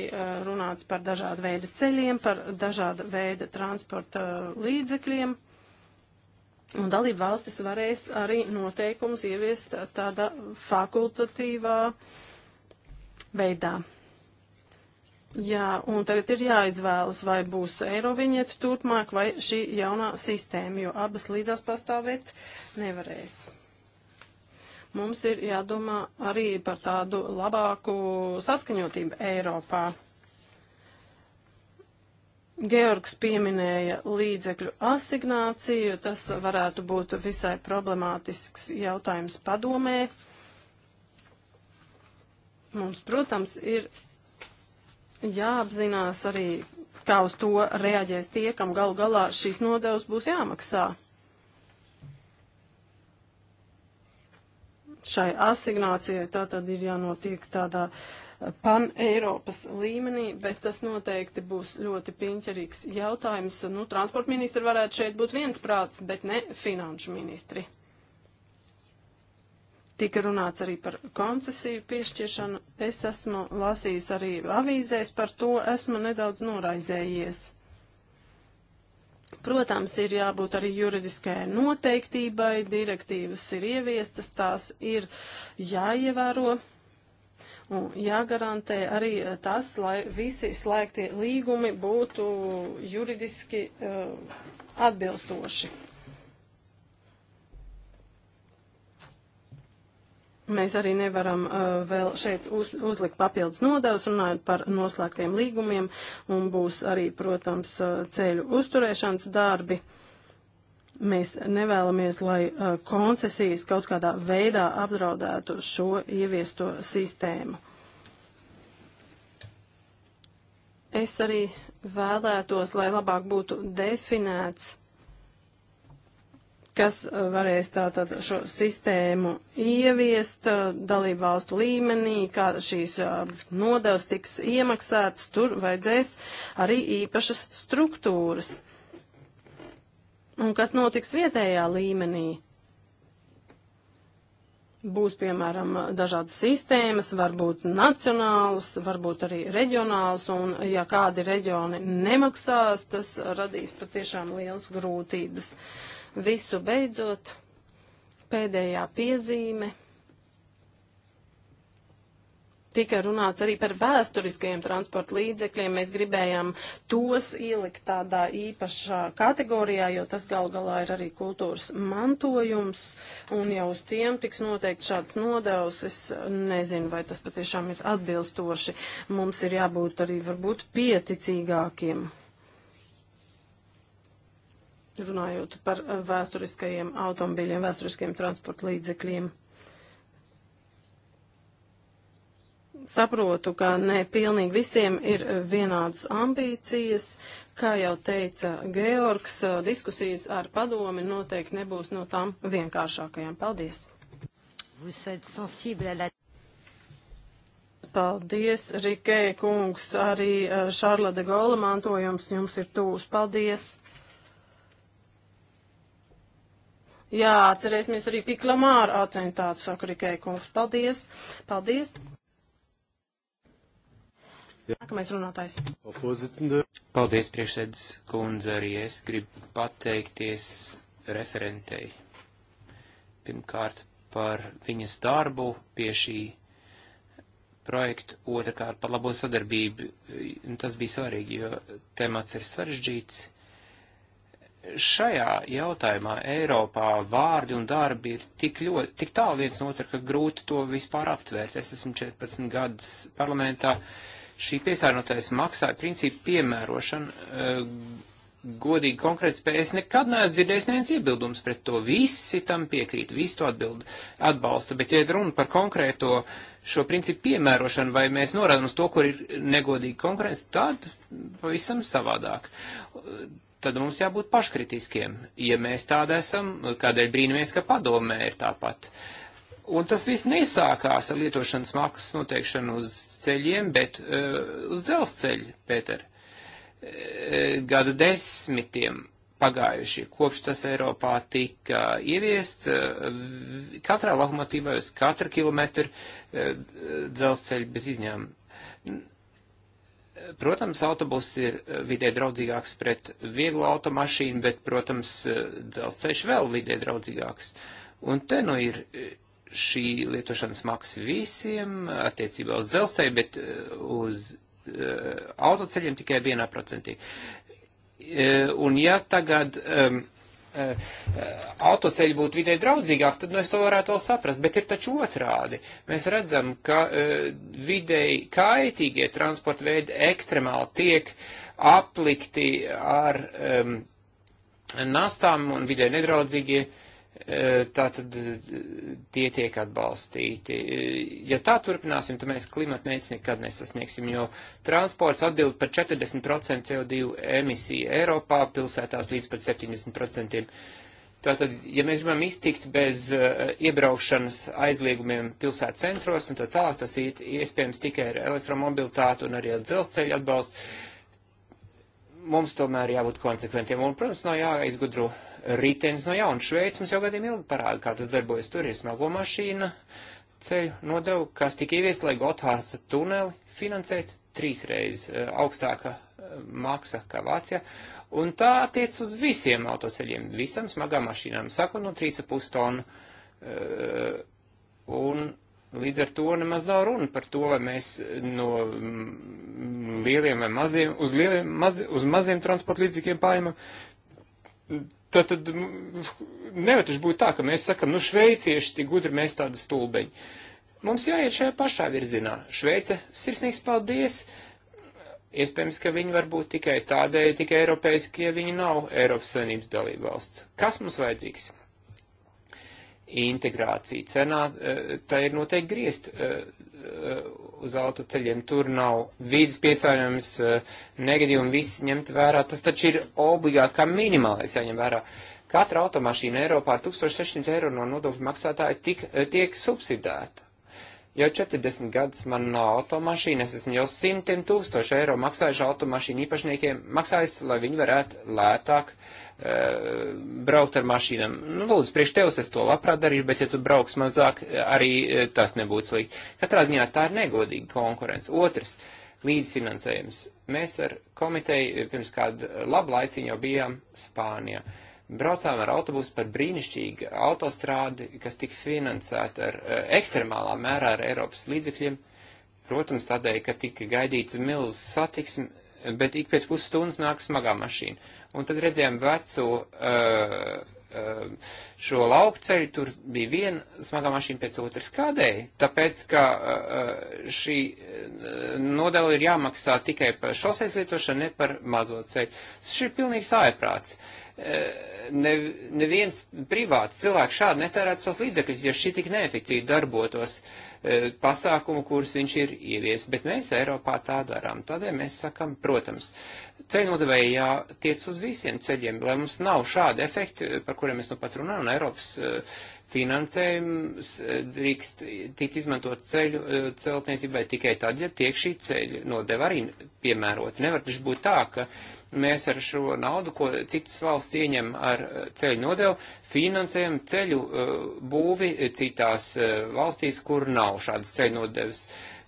runāts par dažādu veidu ceļiem, par dažādu veidu transporta līdzekļiem. Un dalību valstis varēs arī noteikumus ieviest tādā fakultatīvā veidā. Jā, un tagad ir jāizvēlas, vai būs eirovinieta turpmāk vai šī jaunā sistēma, jo abas līdzās pastāvēt nevarēs. Mums ir jādomā arī par tādu labāku saskaņotību Eiropā. Georgs pieminēja līdzekļu asignāciju, tas varētu būt visai problemātisks jautājums padomē. Mums, protams, ir jāapzinās arī, kā uz to reaģēs tie, kam galu galā šīs nodevs būs jāmaksā. Šai asignācijai tā tad ir jānotiek tādā pan-Eiropas līmenī, bet tas noteikti būs ļoti piņķerīgs jautājums. Nu, transporta ministri varētu šeit būt viensprāts, bet ne finanšu ministri. Tika runāts arī par koncesiju piešķiršanu. Es esmu lasījis arī avīzēs par to, esmu nedaudz noraizējies. Protams, ir jābūt arī juridiskajai noteiktībai, direktīvas ir ieviestas, tās ir jāievēro un jāgarantē arī tas, lai visi slēgtie līgumi būtu juridiski uh, atbilstoši. Mēs arī nevaram uh, vēl šeit uz, uzlikt papildus nodevas, runājot par noslēgtiem līgumiem, un būs arī, protams, uh, ceļu uzturēšanas darbi. Mēs nevēlamies, lai uh, koncesijas kaut kādā veidā apdraudētu šo ieviesto sistēmu. Es arī vēlētos, lai labāk būtu definēts kas eh, varēs tātad šo sistēmu ieviest eh, dalību valstu līmenī, kā šīs eh, nodevs tiks iemaksāts, tur vajadzēs arī īpašas struktūras. Un kas notiks vietējā līmenī? Būs, piemēram, dažādas sistēmas, varbūt nacionālas, varbūt arī reģionālas, un ja kādi reģioni nemaksās, tas radīs patiešām liels grūtības. Uh, Visu beidzot, pēdējā piezīme. Tika runāts arī par vēsturiskajiem transporta līdzekļiem. Mēs gribējām tos ielikt tādā īpašā kategorijā, jo tas gal galā ir arī kultūras mantojums, un jau uz tiem tiks noteikti šāds nodevs. Es nezinu, vai tas patiešām ir atbilstoši. Mums ir jābūt arī varbūt pieticīgākiem runājot par vēsturiskajiem automobiļiem, vēsturiskajiem transporta līdzekļiem. Saprotu, ka ne pilnīgi visiem ir vienādas ambīcijas. Kā jau teica Georgs, diskusijas ar padomi noteikti nebūs no tām vienkāršākajām. Paldies! Paldies, Rikē kungs, arī eh, Šarla de Gola mantojums jums ir tūs. Paldies! Jā, atcerēsimies arī Piklamāra atentātu, saka Rikai kungs. Paldies! Paldies! Nākamais runātājs. Paldies, priekšsēdus kundze, arī es gribu pateikties referentei. Pirmkārt par viņas darbu pie šī projektu, otrkārt par labo sadarbību. Nu, tas bija svarīgi, jo temats ir sarežģīts šajā jautājumā Eiropā vārdi un darbi ir tik, ļoti, tik tālu viens no otra, ka grūti to vispār aptvērt. Es esmu 14 gadus parlamentā. Šī piesārņotais maksāja principu piemērošana, eh, godīgi konkrēti spēja. Es nekad neesmu dzirdējis neviens iebildums pret to. Visi tam piekrīt, visi to atbild, atbalsta, bet ja ir runa par konkrēto šo principu piemērošanu, vai mēs norādām uz to, kur ir negodīga konkurence, tad pavisam savādāk tad mums jābūt paškritiskiem. Ja mēs tāda esam, kādēļ brīnamies, ka padomē ir tāpat. Un tas viss nesākās ar lietošanas maksas noteikšanu uz ceļiem, bet uh, uz dzelzceļu, Pēter. Uh, gada desmitiem pagājuši, kopš tas Eiropā tika ieviests, uh, katrā lokomotīvā uz katru kilometru uh, dzelzceļu bez izņēmuma Protams, autobus ir eh, vidē draudzīgāks pret vieglu automašīnu, bet, protams, eh, dzelzceļš vēl vidē draudzīgāks. Un te nu ir eh, šī lietošanas maksa visiem attiecībā uz dzelzceļu, bet uz uh, autoceļiem tikai vienā procentī. Uh, un ja tagad um, Eh, autoceļi būtu vidē draudzīgāk, tad nu, es to varētu vēl saprast, bet ir taču otrādi. Mēs redzam, ka eh, videi kaitīgie transporta veidi ekstremāli tiek aplikti ar um, nastām un vidē nedraudzīgie uh, E, tātad e, tie tiek atbalstīti. E, ja tā turpināsim, tad mēs klimatmērķis nekad nesasniegsim, jo transports atbild par 40% CO2 emisiju Eiropā, pilsētās līdz pat 70%. Tātad, ja mēs gribam iztikt bez uh, iebraukšanas aizliegumiem pilsētu centros un tā tālāk, tas ir iespējams tikai ar elektromobilitātu un arī ar dzelzceļu atbalstu, mums tomēr jābūt konsekventiem. Un, protams, nav jāizgudro uh, ritenis no jauna. Šveic mums jau gadiem ilgi parāda, kā tas darbojas. Tur ir smago mašīna ceļu nodevu, kas tika ieviest, lai Gotthārta tuneli finansētu trīsreiz eh, augstāka eh, maksa kā Vācijā. Un tā attiec uz visiem autoceļiem, visam smagām mašīnām, sakot no 3,5 tonu. Eh, un Līdz ar to nemaz nav runa par to, vai mēs no mm, lieliem vai maziem, uz, lieliem, maz, uz maziem transporta līdzekļiem pārējām Tad, tad mm, nevar taču būt tā, ka mēs sakam, nu, šveicieši tik gudri, mēs tādi stulbeņi. Mums jāiet šajā pašā virzienā. Šveice, sirsnīgs paldies! Iespējams, ka viņi var būt tikai tādēļ, tikai eiropeiski, ja viņi nav Eiropas Savienības dalībvalsts. Kas mums vajadzīgs? integrācija cenā, e, tā ir noteikti griezt e, e, uz autoceļiem. Tur nav vidas piesārņojums, negadījumi, viss ņemt vērā. Tas taču ir obligāti kā minimālais jāņem vērā. Katra automašīna Eiropā 1600 eiro no nodokļu maksātāja tik, tiek subsidēta. Jau 40 gadus man nav automašīnas, esmu jau simtiem tūkstoši eiro maksājuši automašīnu īpašniekiem, maksājis, lai viņi varētu lētāk e, braukt ar mašīnām. Nu, lūdzu, priekš tevis es to labprāt darīšu, bet ja tu brauks mazāk, eh, arī e, tas nebūtu slikti. Katrā ziņā tā ir negodīga konkurence. Otrs - līdzfinansējums. Mēs ar komiteju pirms kādu labu laiciņu jau bijām Spānijā. E, Braucām ar autobusu par brīnišķīgu autostrādi, kas tika finansēta ar eh, ekstremālā mērā ar Eiropas līdzekļiem. Protams, tādēļ, ka tika gaidīta milz satiksme, bet ik pēc pusstundas nāk smagā mašīna. Un tad redzējām veco uh, šo laukceļu, tur bija viena smagā mašīna pēc otras. Kādēļ? Tāpēc, ka šī nodeva ir jāmaksā tikai par šoseis lietošanu, ne par mazo ceļu. Tas ir pilnīgs ārprāts. Uh, Eh, ne, neviens privāts cilvēks šādi netērētu savus līdzekļus, ja šī tik neefektīvi darbotos e, pasākumu, kurus viņš ir ievies. Bet mēs Eiropā tā darām. Tādēļ mēs sakam, protams, ceļnodevēji jātiec uz visiem ceļiem, lai mums nav šādi efekti, par kuriem mēs nu pat runājam, un Eiropas e, finansējums drīkst tik izmantot ceļu celtniecībai tikai tad, ja tiek šī ceļa nodeva arī piemērot. Nevar taču būt tā, ka mēs ar šo naudu, ko citas valsts ieņem ar eh, ceļu nodevu, finansējam ceļu eh, būvi citās eh, valstīs, kur nav šādas ceļu nodevas.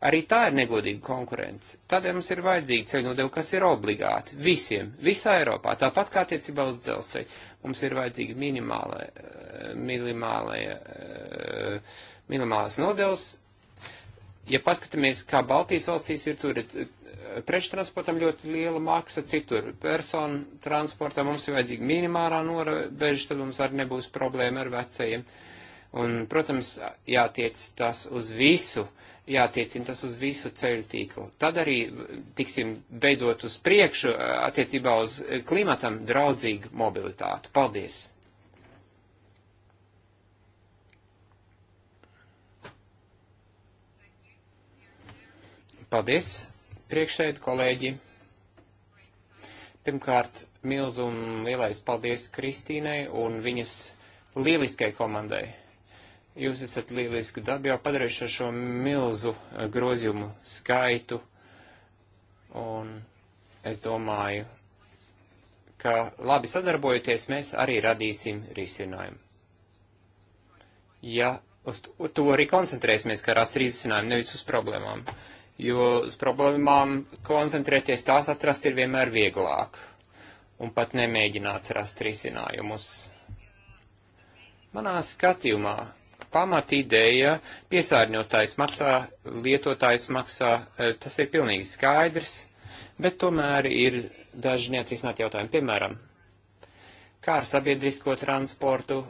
Arī tā ir negodīga konkurence. Tādēļ mums ir vajadzīga ceļu nodeva, kas ir obligāti visiem, visā Eiropā, tāpat kā attiecībā uz dzelzceļu. Mums ir vajadzīga minimālā, minimālās nodevas ja paskatāmies, kā Baltijas valstīs ir, tur ir eh, preču transportam ļoti liela maksa, citur personu transportam mums ir vajadzīga minimālā norobeža, tad mums arī nebūs problēma ar vecajiem. Un, protams, jātiec tas uz visu, jātiecina tas uz visu ceļu tīklu. Tad arī tiksim beidzot uz priekšu eh, attiecībā uz klimatam draudzīgu mobilitāti. Paldies! Paldies, priekšēd kolēģi. Pirmkārt, milz un lielais paldies Kristīnai un viņas lieliskai komandai. Jūs esat lieliski darbi jau padarījuši ar šo milzu eh, grozījumu skaitu, un es domāju, ka labi sadarbojoties, mēs arī radīsim risinājumu. Ja uz to arī koncentrēsimies, kā rast risinājumu, nevis uz problēmām. Uh, jo uz problēmām koncentrēties tās atrast ir vienmēr vieglāk un pat nemēģināt rast risinājumus. Manā skatījumā pamat ideja piesārņotājs maksā, lietotājs maksā, e, tas ir pilnīgi skaidrs, bet tomēr ir daži neatrisināt jautājumi. Piemēram, kā ar sabiedrisko transportu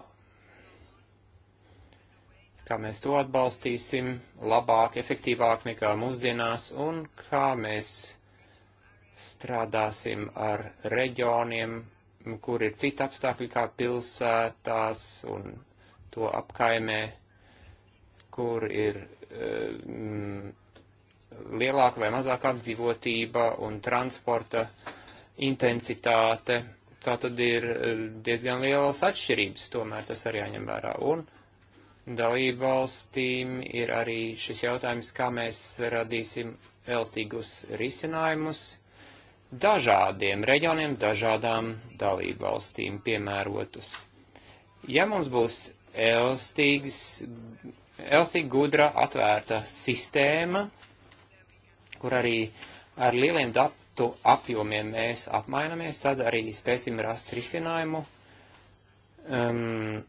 kā mēs to atbalstīsim labāk, efektīvāk nekā mūsdienās un kā mēs strādāsim ar reģioniem, kur ir citi apstākļi kā pilsētās un to apkaimē, kur ir um, lielāka vai mazāka apdzīvotība un transporta intensitāte. Tā tad ir eh, diezgan lielas atšķirības, tomēr tas arī jāņem vērā. Un, uh, dalību valstīm ir arī šis jautājums, kā mēs radīsim elastīgus risinājumus dažādiem reģioniem, dažādām dalību valstīm piemērotus. Ja mums būs elastīgs, elastīgi gudra atvērta sistēma, kur arī ar lieliem datu apjomiem mēs apmainamies, tad arī spēsim rast risinājumu. Um,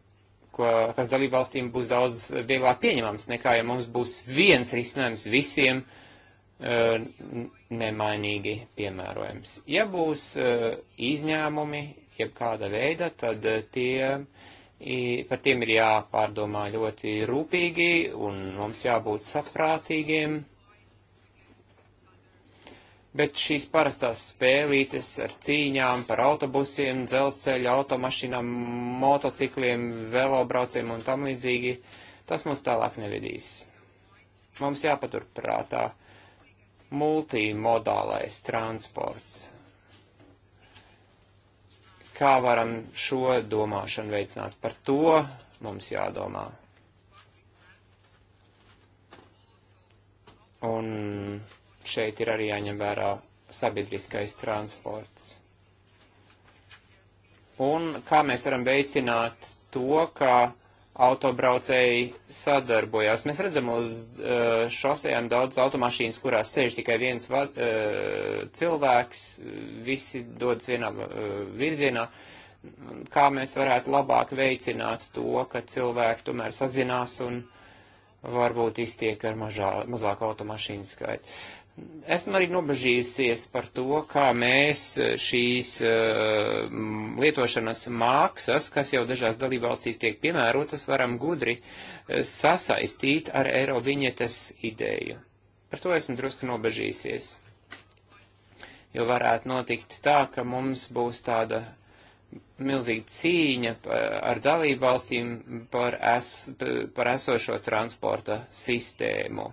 ko, kas dalībvalstīm būs daudz vieglāk pieņemams, nekā ja mums būs viens risinājums visiem e, nemainīgi piemērojams. Ja būs e, izņēmumi, jeb kāda veida, tad e, tie, par tiem ir jāpārdomā ļoti rūpīgi un mums jābūt saprātīgiem bet šīs parastās spēlītes ar cīņām par autobusiem, dzelzceļa, automašīnām, motocikliem, velobraucējiem un tam līdzīgi, tas mums tālāk nevedīs. Mums jāpatur prātā multimodālais transports. Kā varam šo domāšanu veicināt? Par to mums jādomā. Un šeit ir arī jāņem vērā sabiedriskais transports. Un kā mēs varam veicināt to, ka autobraucēji sadarbojās. Mēs redzam uz uh, šosejām daudz automašīnas, kurās sēž tikai viens va, uh, cilvēks, visi dodas vienā uh, virzienā. Kā mēs varētu labāk veicināt to, ka cilvēki tomēr sazinās un varbūt iztiek ar mažā, mazāku automašīnu skaitu. Esmu arī nobežījusies par to, kā mēs e, šīs uh, lietošanas mākslas, kas jau dažās dalībvalstīs tiek piemērotas, varam gudri uh, sasaistīt ar eiro viņetes ideju. Par to esmu drusku nobežījusies. Jo varētu notikt tā, ka mums būs tāda milzīga cīņa ar dalībvalstīm par, es, par esošo transporta sistēmu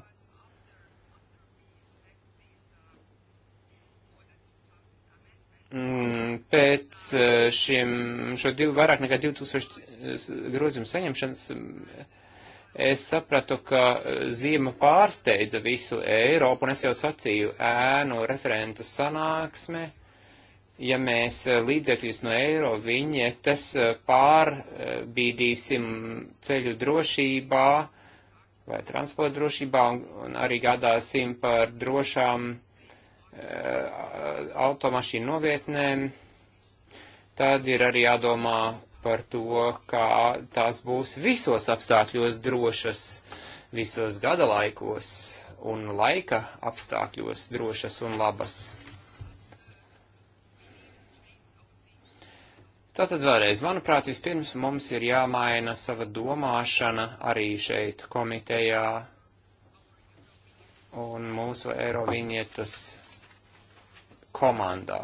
Mm, pēc eh, šiem, šo divu vairāk nekā 2000 eh, grozījumu saņemšanas mm, es sapratu, ka eh, ziema pārsteidza visu Eiropu, un es jau sacīju ēnu referentu sanāksme, ja mēs līdzekļus no eiro viņetes pārbīdīsim ceļu drošībā vai transporta drošībā un, un arī gādāsim par drošām Eh, automašīnu novietnēm, tad ir arī jādomā par to, kā tās būs visos apstākļos drošas, visos gada laikos un laika apstākļos drošas un labas. Tātad vēlreiz, manuprāt, vispirms mums ir jāmaina sava domāšana arī šeit komitejā un mūsu Eirovinietas komandā.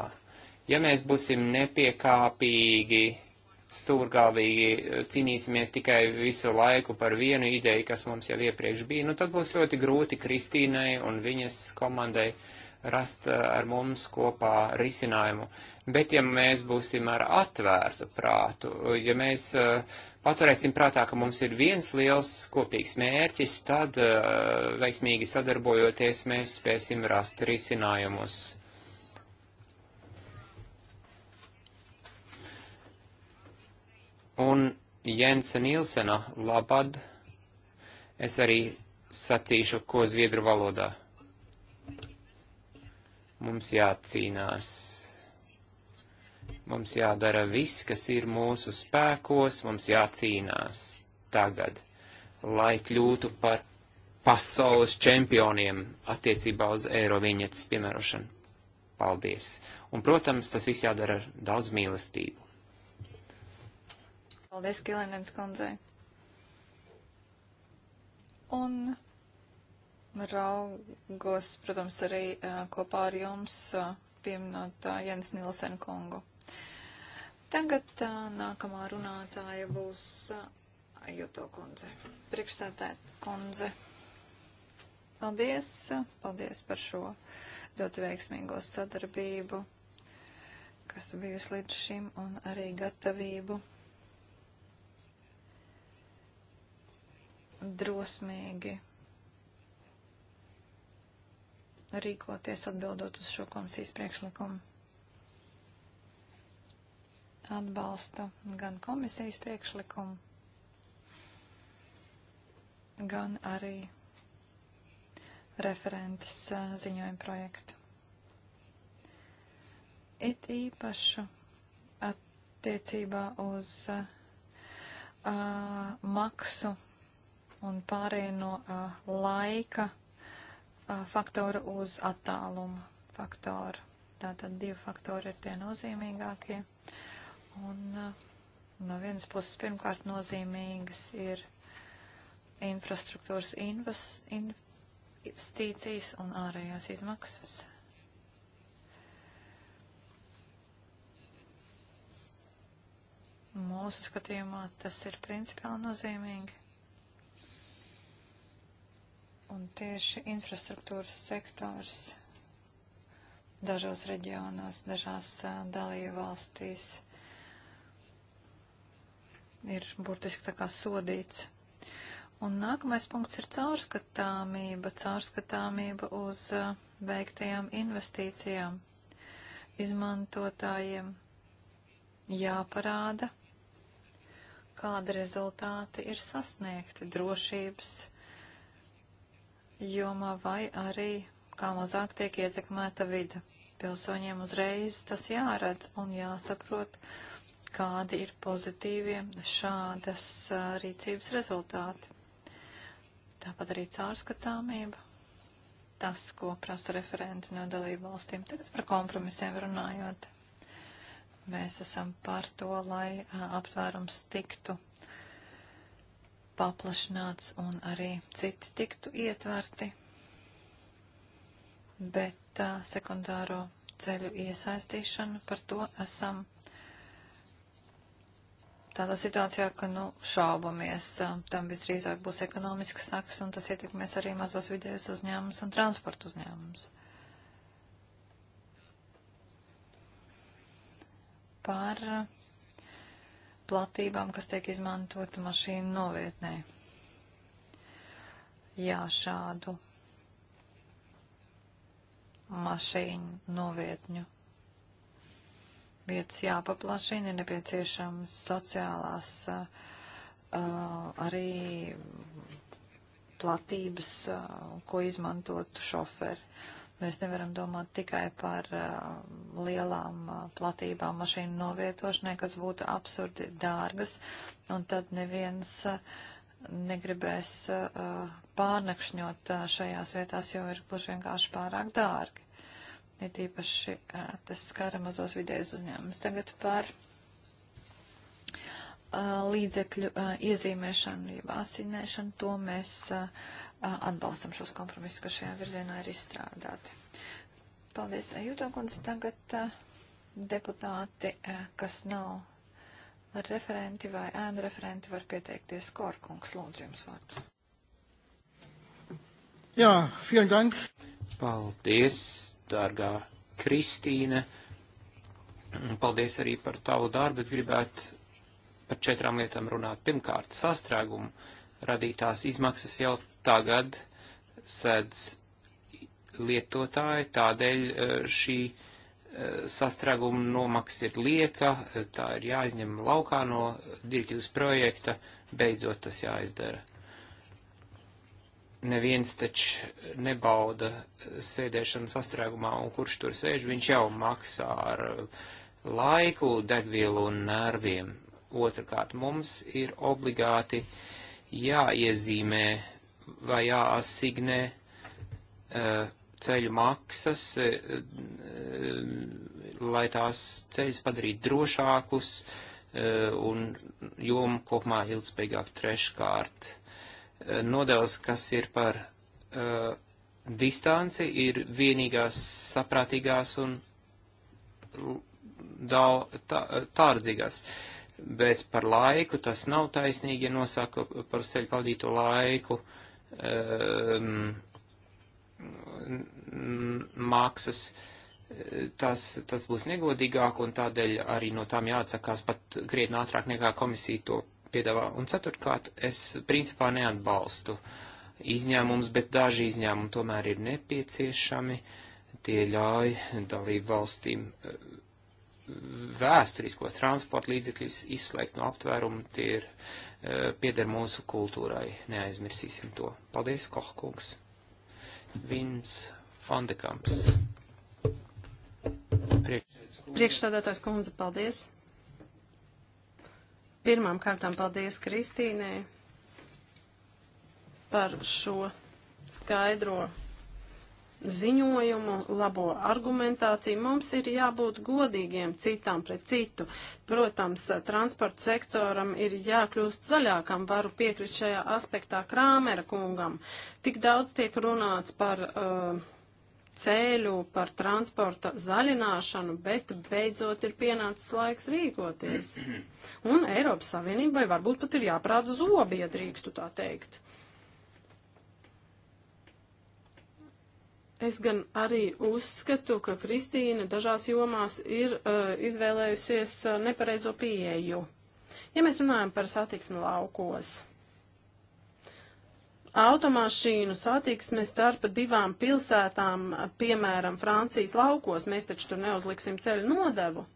Ja mēs būsim nepiekāpīgi, stūrgāvīgi cīnīsimies tikai visu laiku par vienu ideju, kas mums jau iepriekš bija, nu tad būs ļoti grūti Kristīnai un viņas komandai rast eh, ar mums kopā risinājumu. Bet ja mēs būsim ar atvērtu prātu, ja mēs uh, paturēsim prātā, ka mums ir viens liels kopīgs mērķis, tad uh, veiksmīgi sadarbojoties mēs spēsim rast risinājumus Un Jensa Nilsena labad es arī sacīšu, ko zviedru valodā. Mums jācīnās. Mums jādara viss, kas ir mūsu spēkos, mums jācīnās tagad, lai kļūtu par pasaules čempioniem attiecībā uz eiro viņetes piemērošanu. Paldies! Un, protams, tas viss jādara ar daudz mīlestību. Paldies, Kilinens kundzei. Un raugos, protams, arī kopā ar jums pieminot Jens Nilsen kungu. Tagad nākamā runātāja būs Juto kundze. Priekšsētēt kundze. Paldies, paldies par šo ļoti veiksmīgo sadarbību, kas bijusi līdz šim, un arī gatavību drosmīgi rīkoties atbildot uz šo komisijas priekšlikumu. Atbalstu gan komisijas priekšlikumu, gan arī referentes ziņojuma projektu. It īpašu attiecībā uz uh, maksu un pārēju no uh, laika uh, faktora uz attālumu faktoru. Tātad divi faktori ir tie nozīmīgākie. Un uh, no vienas puses pirmkārt nozīmīgas ir infrastruktūras invas, investīcijas un ārējās izmaksas. Mūsu skatījumā tas ir principiāli nozīmīgi. Un tieši infrastruktūras sektors dažos reģionos, dažās dalību valstīs ir burtiski tā kā sodīts. Un nākamais punkts ir caurskatāmība, caurskatāmība uz uh, veiktajām investīcijām. Izmantotājiem jāparāda, kāda rezultāti ir sasniegti drošības jomā vai arī kā mazāk tiek ietekmēta vide. Pilsoņiem uzreiz tas jāredz un jāsaprot, kādi ir pozitīvie šādas rīcības rezultāti. Tāpat arī caurskatāmība, tas, ko prasa referenti no dalību valstīm. Tagad par kompromisiem runājot. Mēs esam par to, lai aptvērums tiktu uh, paplašināts un arī citi tiktu ietverti, bet uh, sekundāro ceļu iesaistīšanu par to esam tādā situācijā, ka nu, šaubamies. Tam visdrīzāk būs ekonomisks saks, un tas ietekmēs arī mazos vidējos uzņēmumus un transportu uzņēmumus. Par platībām, kas tiek izmantota mašīnu novietnē. Jā, šādu mašīnu novietņu vietas jāpaplašina, ir nepieciešams sociālās uh, arī platības, uh, ko izmantotu šoferi. Uh, Mēs nevaram domāt tikai par uh, lielām uh, platībām mašīnu novietošanai, kas būtu absurdi dārgas, un tad neviens uh, negribēs uh, pārnakšņot uh, šajās vietās, jo ir gluži vienkārši pārāk dārgi. Ir tīpaši uh, tas skara mazos vidējos uzņēmumus. Tagad par uh, līdzekļu uh, iezīmēšanu, jeb asinēšanu, to mēs uh, atbalstam šos kompromisus, kas šajā virzienā ir izstrādāti. Paldies, Jūtokundze. Tagad deputāti, kas nav referenti vai ēnu referenti var pieteikties. Korkungs, lūdzu jums vārds. Jā, vielen dank. Paldies, dārgā Kristīne. Paldies arī par tavu darbu. Es gribētu par četrām lietām runāt. Pirmkārt, sastrēgumu radītās izmaksas jau tagad sēdz lietotāji, tādēļ e, šī e, sastraguma nomaks ir lieka, e, tā ir jāizņem laukā no direktīvas projekta, beidzot tas jāizdara. Neviens taču nebauda sēdēšanu sastrēgumā, un kurš tur sēž, viņš jau maksā ar laiku, degvielu un nerviem. Otrakārt, mums ir obligāti jāiezīmē vai jāasignē eh, ceļu maksas, eh, lai tās ceļus padarītu drošākus eh, un jomu kopumā ilgspējīgāk treškārt. Nodevs, kas ir par uh, distanci, ir vienīgās saprātīgās un tā, tārdzīgās. Bet par laiku tas nav taisnīgi, ja nosaka par ceļu pavadīto laiku. Uh, Ehm, maksas, eh, tas, tas būs negodīgāk un tādēļ arī no tām jāatsakās pat krietni ātrāk nekā komisija to piedāvā. Un ceturtkārt, es principā neatbalstu izņēmumus, bet daži izņēmumi tomēr ir nepieciešami. Tie ļauj dalību valstīm eh, vēsturiskos transporta līdzekļus izslēgt no aptvērumu. Tie ir pieder mūsu kultūrai. Neaizmirsīsim to. Paldies, Kohkungs. Vins Fandekamps. Priekšstādātājs kundze, paldies. Pirmām kārtām paldies Kristīnei par šo skaidro ziņojumu, labo argumentāciju. Mums ir jābūt godīgiem citām pret citu. Protams, transporta sektoram ir jākļūst zaļākam, varu piekrist šajā aspektā Krāmera kungam. Tik daudz tiek runāts par. Uh, ceļu, par transporta zaļināšanu, bet beidzot ir pienācis laiks rīkoties. Un Eiropas Savienībai varbūt pat ir jāprāda zobi, ja drīkstu tā teikt. Es gan arī uzskatu, ka Kristīna dažās jomās ir uh, izvēlējusies uh, nepareizo pieeju. Ja mēs runājam par satiksmi laukos, automašīnu satiksme starp divām pilsētām, piemēram, Francijas laukos, mēs taču tur neuzliksim ceļu nodevu.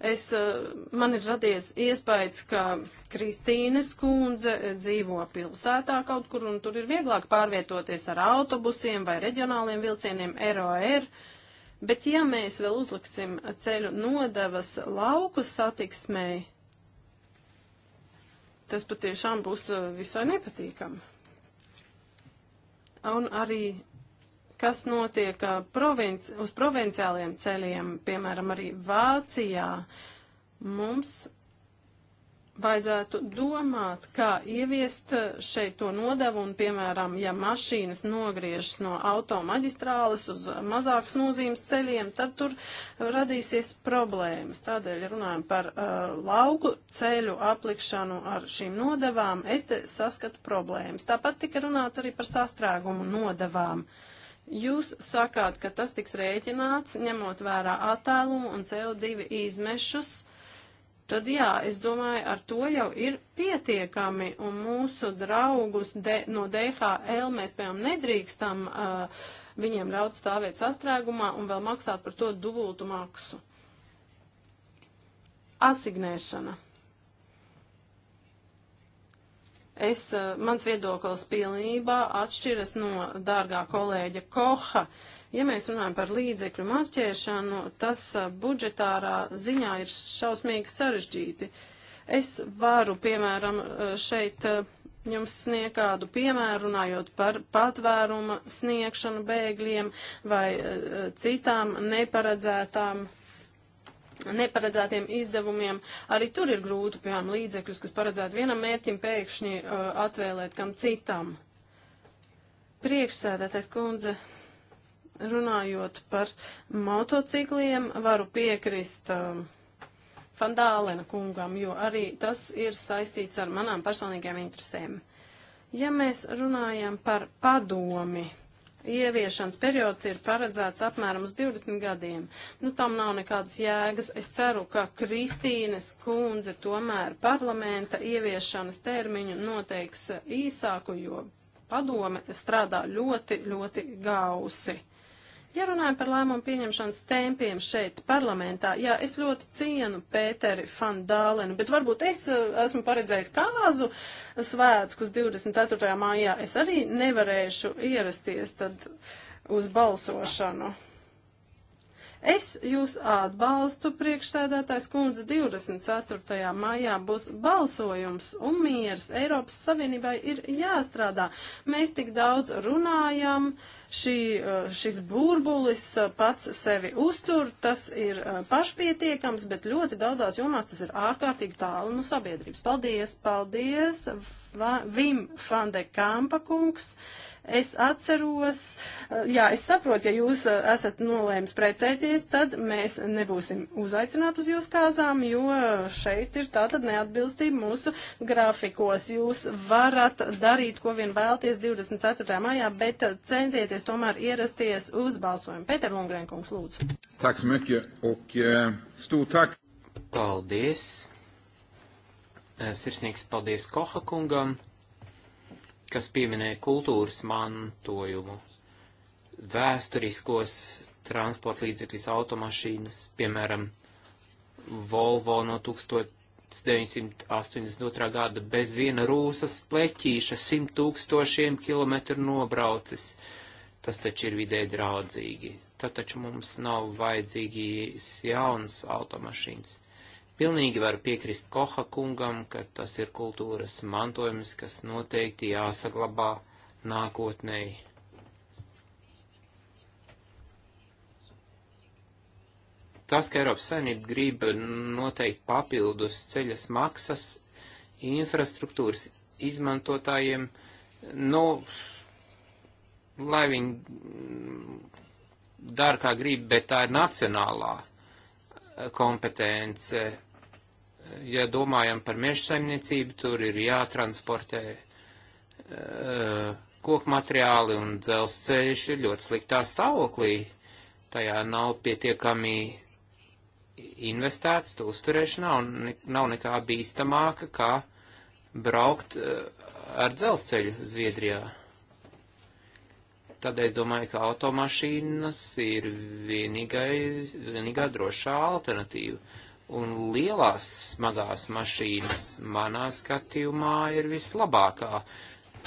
es, eh, man ir radies iespējas, ka Kristīnes kundze eh, dzīvo pilsētā kaut kur un tur ir vieglāk pārvietoties ar autobusiem vai reģionāliem vilcieniem ROR. E Bet ja mēs vēl uzliksim ceļu nodevas lauku satiksmei, tas patiešām būs eh, visai nepatīkami. Un arī kas notiek provinci, uz provinciāliem ceļiem, piemēram, arī Vācijā, mums vajadzētu domāt, kā ieviest šeit to nodevu un, piemēram, ja mašīnas nogriežas no automaģistrāles uz mazāks nozīmes ceļiem, tad tur radīsies problēmas. Tādēļ runājam par uh, lauku ceļu aplikšanu ar šīm nodevām. Es te saskatu problēmas. Tāpat tika runāts arī par sastrēgumu nodevām. Uh, Jūs sakāt, ka tas tiks rēķināts, ņemot vērā attēlumu un CO2 izmešus tad jā, es domāju, ar to jau ir pietiekami, un mūsu draugus de, no DHL mēs, piemēram, nedrīkstam uh, viņiem ļaut stāvēt sastrēgumā un vēl maksāt par to dubultu maksu. Asignēšana. Es, eh, mans viedoklis pilnībā atšķiras no dārgā kolēģa Koha. Ja mēs runājam par līdzekļu marķēšanu, tas eh, budžetārā ziņā ir šausmīgi sarežģīti. Es varu, piemēram, eh, šeit jums sniegt kādu piemēru, runājot par patvēruma sniegšanu bēgļiem vai citām neparedzētām uh, neparedzētiem izdevumiem. Arī tur ir grūti, piemēram, līdzekļus, kas paredzētu vienam mērķim, pēkšņi uh, atvēlēt kam citam. Priekšsēdētais kundze, runājot par motocikliem, varu piekrist. Uh, um, Fandālena kungam, jo arī tas ir saistīts ar manām personīgajām interesēm. Ja mēs runājam par padomi, Ieviešanas periods ir paredzēts apmēram uz 20 gadiem. Nu, tam nav nekādas jēgas. Es ceru, ka Kristīnes kundze tomēr parlamenta ieviešanas termiņu noteiks īsāku, jo padome strādā ļoti, ļoti gausi. Ja runājam par lēmumu pieņemšanas tempiem šeit parlamentā, jā, es ļoti cienu Pēteri van Dālenu, bet varbūt es eh, esmu paredzējis kāzu svētkus 24. mājā. Es arī nevarēšu ierasties tad uz balsošanu. Es jūs atbalstu priekšsēdētājs kundze 24. maijā būs balsojums un miers. Eiropas Savienībai ir jāstrādā. Mēs tik daudz runājam. Uh, Šī, uh, šis burbulis uh, pats sevi uztur, tas ir uh, pašpietiekams, bet ļoti daudzās jomās tas ir ārkārtīgi tālu no sabiedrības. Paldies, paldies, Va, Vim Fande Kampa kungs. Uh, Es atceros, eh, jā, es saprotu, ja jūs eh, esat nolēmis precēties, tad mēs nebūsim uzaicināti uz jūsu kāzām, jo šeit ir tātad neatbilstība mūsu grafikos. Jūs varat darīt, ko vien vēlties 24. maijā, bet centieties tomēr ierasties uz balsojumu. Pēter Lungrēnkungs, lūdzu. Tāks meķi, ok, stūtāk. Paldies. Eh, sirsnīgs paldies Koha kungam kas pieminēja kultūras mantojumu, vēsturiskos transporta līdzekļus, automašīnas, piemēram, Volvo no 1982. gada bez viena rūsas pleķīša simt tūkstošiem kilometru nobraucis. Tas taču ir vidē draudzīgi. Tad taču mums nav vajadzīgas jaunas automašīnas. Pilnīgi varu piekrist Koha kungam, ka tas ir kultūras mantojums, kas noteikti jāsaglabā nākotnēji. Tas, ka Eiropas Savienība grib noteikt papildus ceļas maksas infrastruktūras izmantotājiem, nu, lai viņi dara kā grib, bet tā ir nacionālā kompetence ja domājam par meža saimniecību, tur ir jātransportē eh, koku materiāli un dzelzceļš ir ļoti sliktā stāvoklī. Tajā nav pietiekami investēts to uzturēšanā un ne, nav nekā bīstamāka, kā braukt eh, ar dzelzceļu Zviedrijā. Tad es domāju, ka automašīnas ir vienīgais, vienīgā drošā alternatīva. Uh, Un lielās smagās mašīnas manā skatījumā ir vislabākā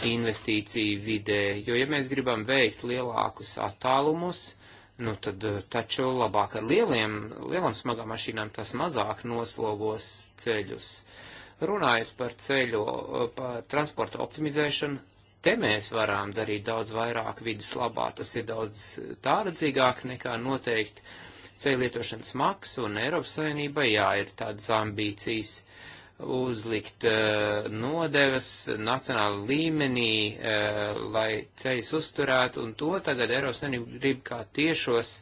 investīcija vidē, jo ja mēs gribam veikt lielākus attālumus, nu tad eh, taču labāk ar lieliem, lielām smagām mašīnām tas mazāk noslogos ceļus. Runājot par ceļu, eh, par transporta optimizēšanu, te mēs varam darīt daudz vairāk vidas labā, tas ir daudz eh, tāredzīgāk nekā noteikti ceļu lietošanas maksu, un Eiropas Savienībai, jā, ir tādas ambīcijas uzlikt uh, nodevas nacionāla līmenī, uh, lai ceļus uzturētu, un to tagad Eiropas Savienība grib kā tiešos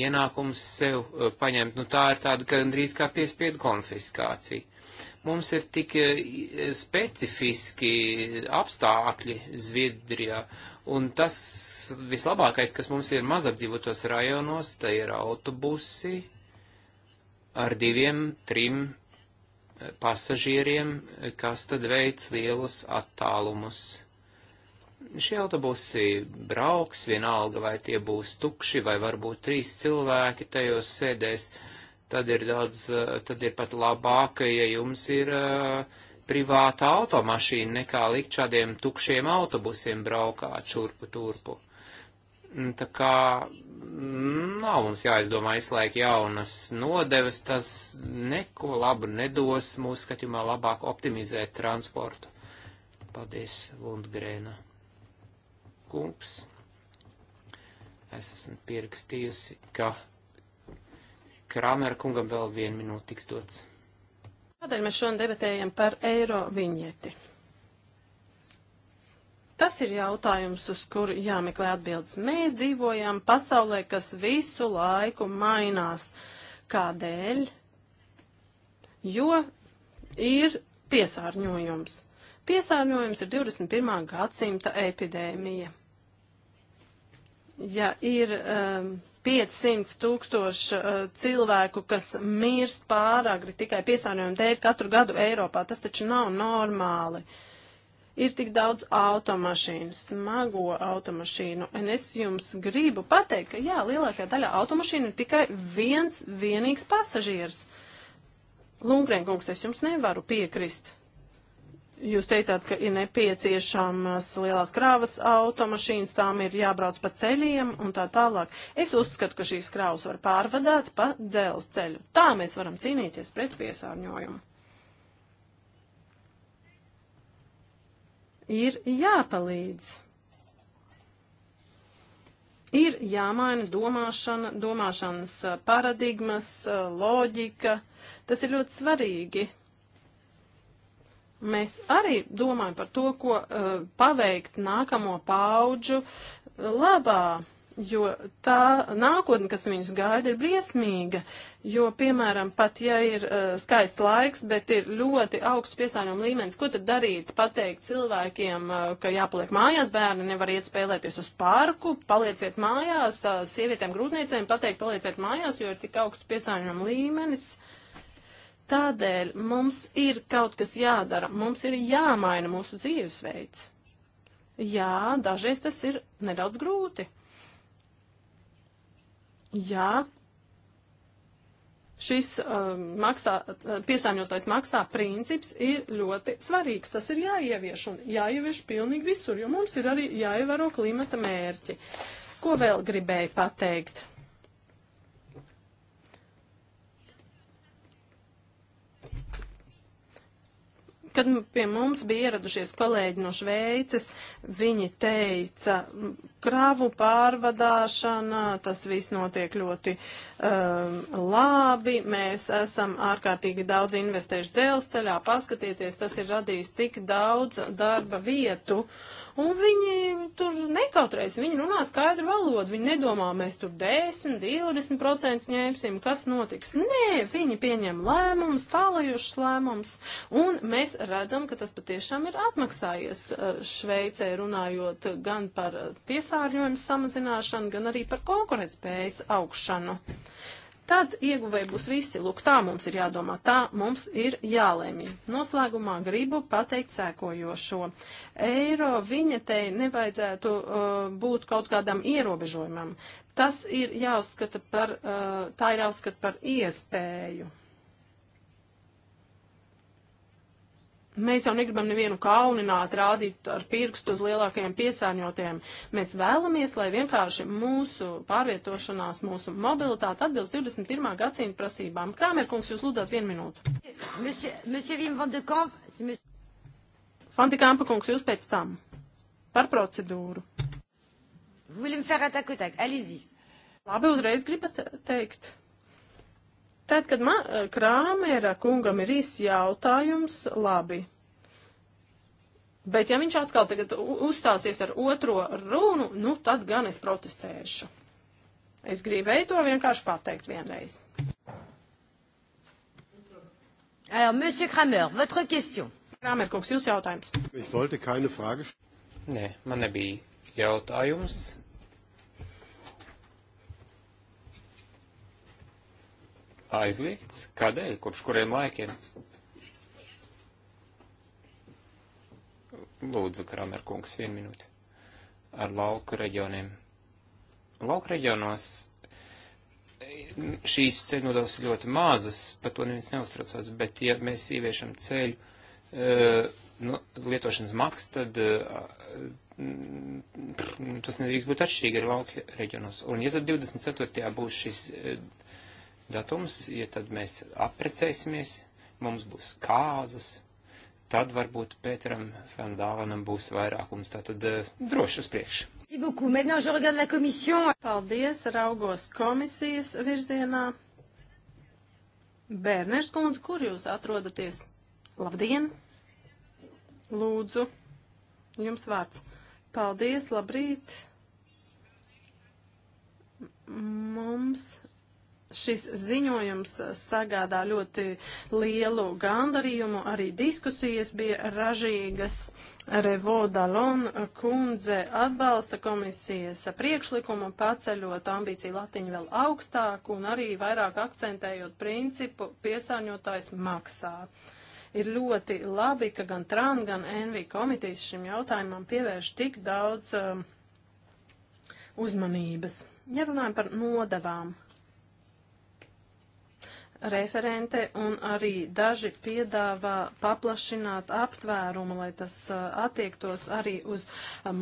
ienākums sev uh, paņemt. Nu, tā ir tāda gandrīz kā piespiedu konfiskācija mums ir tik specifiski apstākļi Zviedrijā, Un tas vislabākais, kas mums ir mazapdzīvotos rajonos, tai ir autobusi ar diviem, trim eh, pasažieriem, kas tad veids lielus attālumus. Šie autobusi brauks, vienalga vai tie būs tukši, vai varbūt trīs cilvēki tajos sēdēs, tad ir daudz, eh, tad ir pat labāk, ja jums ir uh, privātu automašīnu, nekā likt šādiem tukšiem autobusiem braukāt šurpu turpu. Mm, tā kā mm, nav mums jāizdomā izlaik jaunas nodevas, tas neko labu nedos, mūsu skatījumā labāk optimizēt transportu. Paldies, Lundgrēna. Kungs, es esmu pierakstījusi, ka Krāmer kungam vēl vienu minūti tiks dots. Kādēļ mēs šodien debatējam par eiro viņieti? Tas ir jautājums, uz kuru jāmeklē atbildes. Mēs dzīvojam pasaulē, kas visu laiku mainās. Kādēļ? Jo ir piesārņojums. Piesārņojums ir 21. gadsimta epidēmija. Ja ir um, 500 tūkstoši uh, cilvēku, kas mirst pāragri tikai piesārņojumu dēļ katru gadu Eiropā. Tas taču nav normāli. Ir tik daudz automašīnu, smago automašīnu, un es jums gribu pateikt, ka jā, lielākā daļa automašīnu ir tikai viens vienīgs pasažieris. Lunkrēnkungs, es jums nevaru piekrist. Jūs teicāt, ka ir nepieciešamas lielās krāvas automašīnas, tām ir jābrauc pa ceļiem un tā tālāk. Es uzskatu, ka šīs krāvas var pārvadāt pa dzelzceļu. Tā mēs varam cīnīties pret piesārņojumu. Ir jāpalīdz. Ir jāmaina domāšana, domāšanas paradigmas, loģika. Tas ir ļoti svarīgi Mēs arī domājam par to, ko uh, paveikt nākamo paudžu labā, jo tā nākotne, kas viņus gaida, ir briesmīga, jo, piemēram, pat ja ir uh, skaists laiks, bet ir ļoti augsts piesārņojuma līmenis, ko tad darīt? Pateikt cilvēkiem, uh, ka jāpaliek mājās, bērni nevar iet spēlēties uz parku, palieciet mājās, uh, sievietēm grūtniecēm pateikt, palieciet mājās, jo ir tik augsts piesārņojuma līmenis. Uh, Tādēļ mums ir kaut kas jādara, mums ir jāmaina mūsu dzīvesveids. Jā, dažreiz tas ir nedaudz grūti. Jā, šis um, maksā, uh, piesāņotais maksā princips ir ļoti svarīgs. Tas ir jāievieš un jāievieš pilnīgi visur, jo mums ir arī jāievēro klimata mērķi. Ko vēl gribēju pateikt? Kad pie mums bija ieradušies kolēģi no Šveices, viņi teica, kravu pārvadāšana, tas viss notiek ļoti um, labi, mēs esam ārkārtīgi daudz investējuši dzelzceļā, paskatieties, tas ir radījis tik daudz darba vietu. Uh, un viņi tur nekautrēs, viņi runā skaidru valodu, viņi nedomā, mēs tur 10, 20% ņēmsim, kas notiks. Nē, viņi pieņem lēmumus, tālajušas lēmumus, un mēs redzam, ka tas patiešām ir atmaksājies uh, Šveicē, runājot gan par uh, piesārņojumu samazināšanu, gan arī par konkurētspējas augšanu. Tad ieguvēji būs visi. Lūk, tā mums ir jādomā, tā mums ir jālēmj. Noslēgumā gribu pateikt sēkojošo. Eiro viņetei nevajadzētu uh, būt kaut kādam ierobežojumam. Tas ir jāuzskata par, uh, tā ir jāuzskata par iespēju. Mēs jau negribam nevienu kaunināt, rādīt ar pirkstu uz lielākajiem piesārņotiem. Mēs vēlamies, lai vienkārši mūsu pārvietošanās, mūsu mobilitāte atbilst 21. gadsimta prasībām. Krāmerkungs, jūs lūdzat vienu minūtu. Monsieur, monsieur Vim van de Kamp, monsieur... Fanti Kampa kungs, jūs pēc tam. Par procedūru. Labi, uzreiz gribat teikt. Tad, kad eh, Krāmera kungam ir īs jautājums, labi. Bet ja viņš atkal tagad uzstāsies ar otro runu, nu tad gan es protestēšu. Es gribēju to vienkārši pateikt vienreiz. Alors, Monsieur Kramer, votre question. Kramer, kungs, jūs jautājums. Nē, man nebija jautājums. Aizliegts? Kādēļ? Kopš kuriem laikiem? Lūdzu, Kramer kungs, vienu minūti. Ar lauku reģioniem. Lauku reģionos eh, šīs ceļu nodevas ir ļoti mazas, par to neviens neuztraucās, bet ja mēs ieviešam ceļu uh, nu, lietošanas maksu, tad uh, tas nedrīkst būt atšķirīgi ar lauku reģionos. Un ja tad 24. būs šis datums, ja tad mēs aprecēsimies, mums būs kāzas, tad varbūt Pēteram Fandālanam būs vairākums, tātad eh, droši uz priekšu. Paldies, raugos komisijas virzienā. Bērnēs kundze, kur jūs atrodaties? Labdien! Lūdzu, jums vārds. Paldies, labrīt! Mums šis ziņojums sagādā ļoti lielu gandarījumu, arī diskusijas bija ražīgas. Revo Dalon kundze atbalsta komisijas priekšlikumu, paceļot ambīciju latiņu vēl augstāk un arī vairāk akcentējot principu piesārņotājs maksā. Ir ļoti labi, ka gan TRAN, gan NV komitejas šim jautājumam pievērš tik daudz um, uzmanības. Ja runājam par nodevām, referente un arī daži piedāvā paplašināt aptvērumu, lai tas attiektos arī uz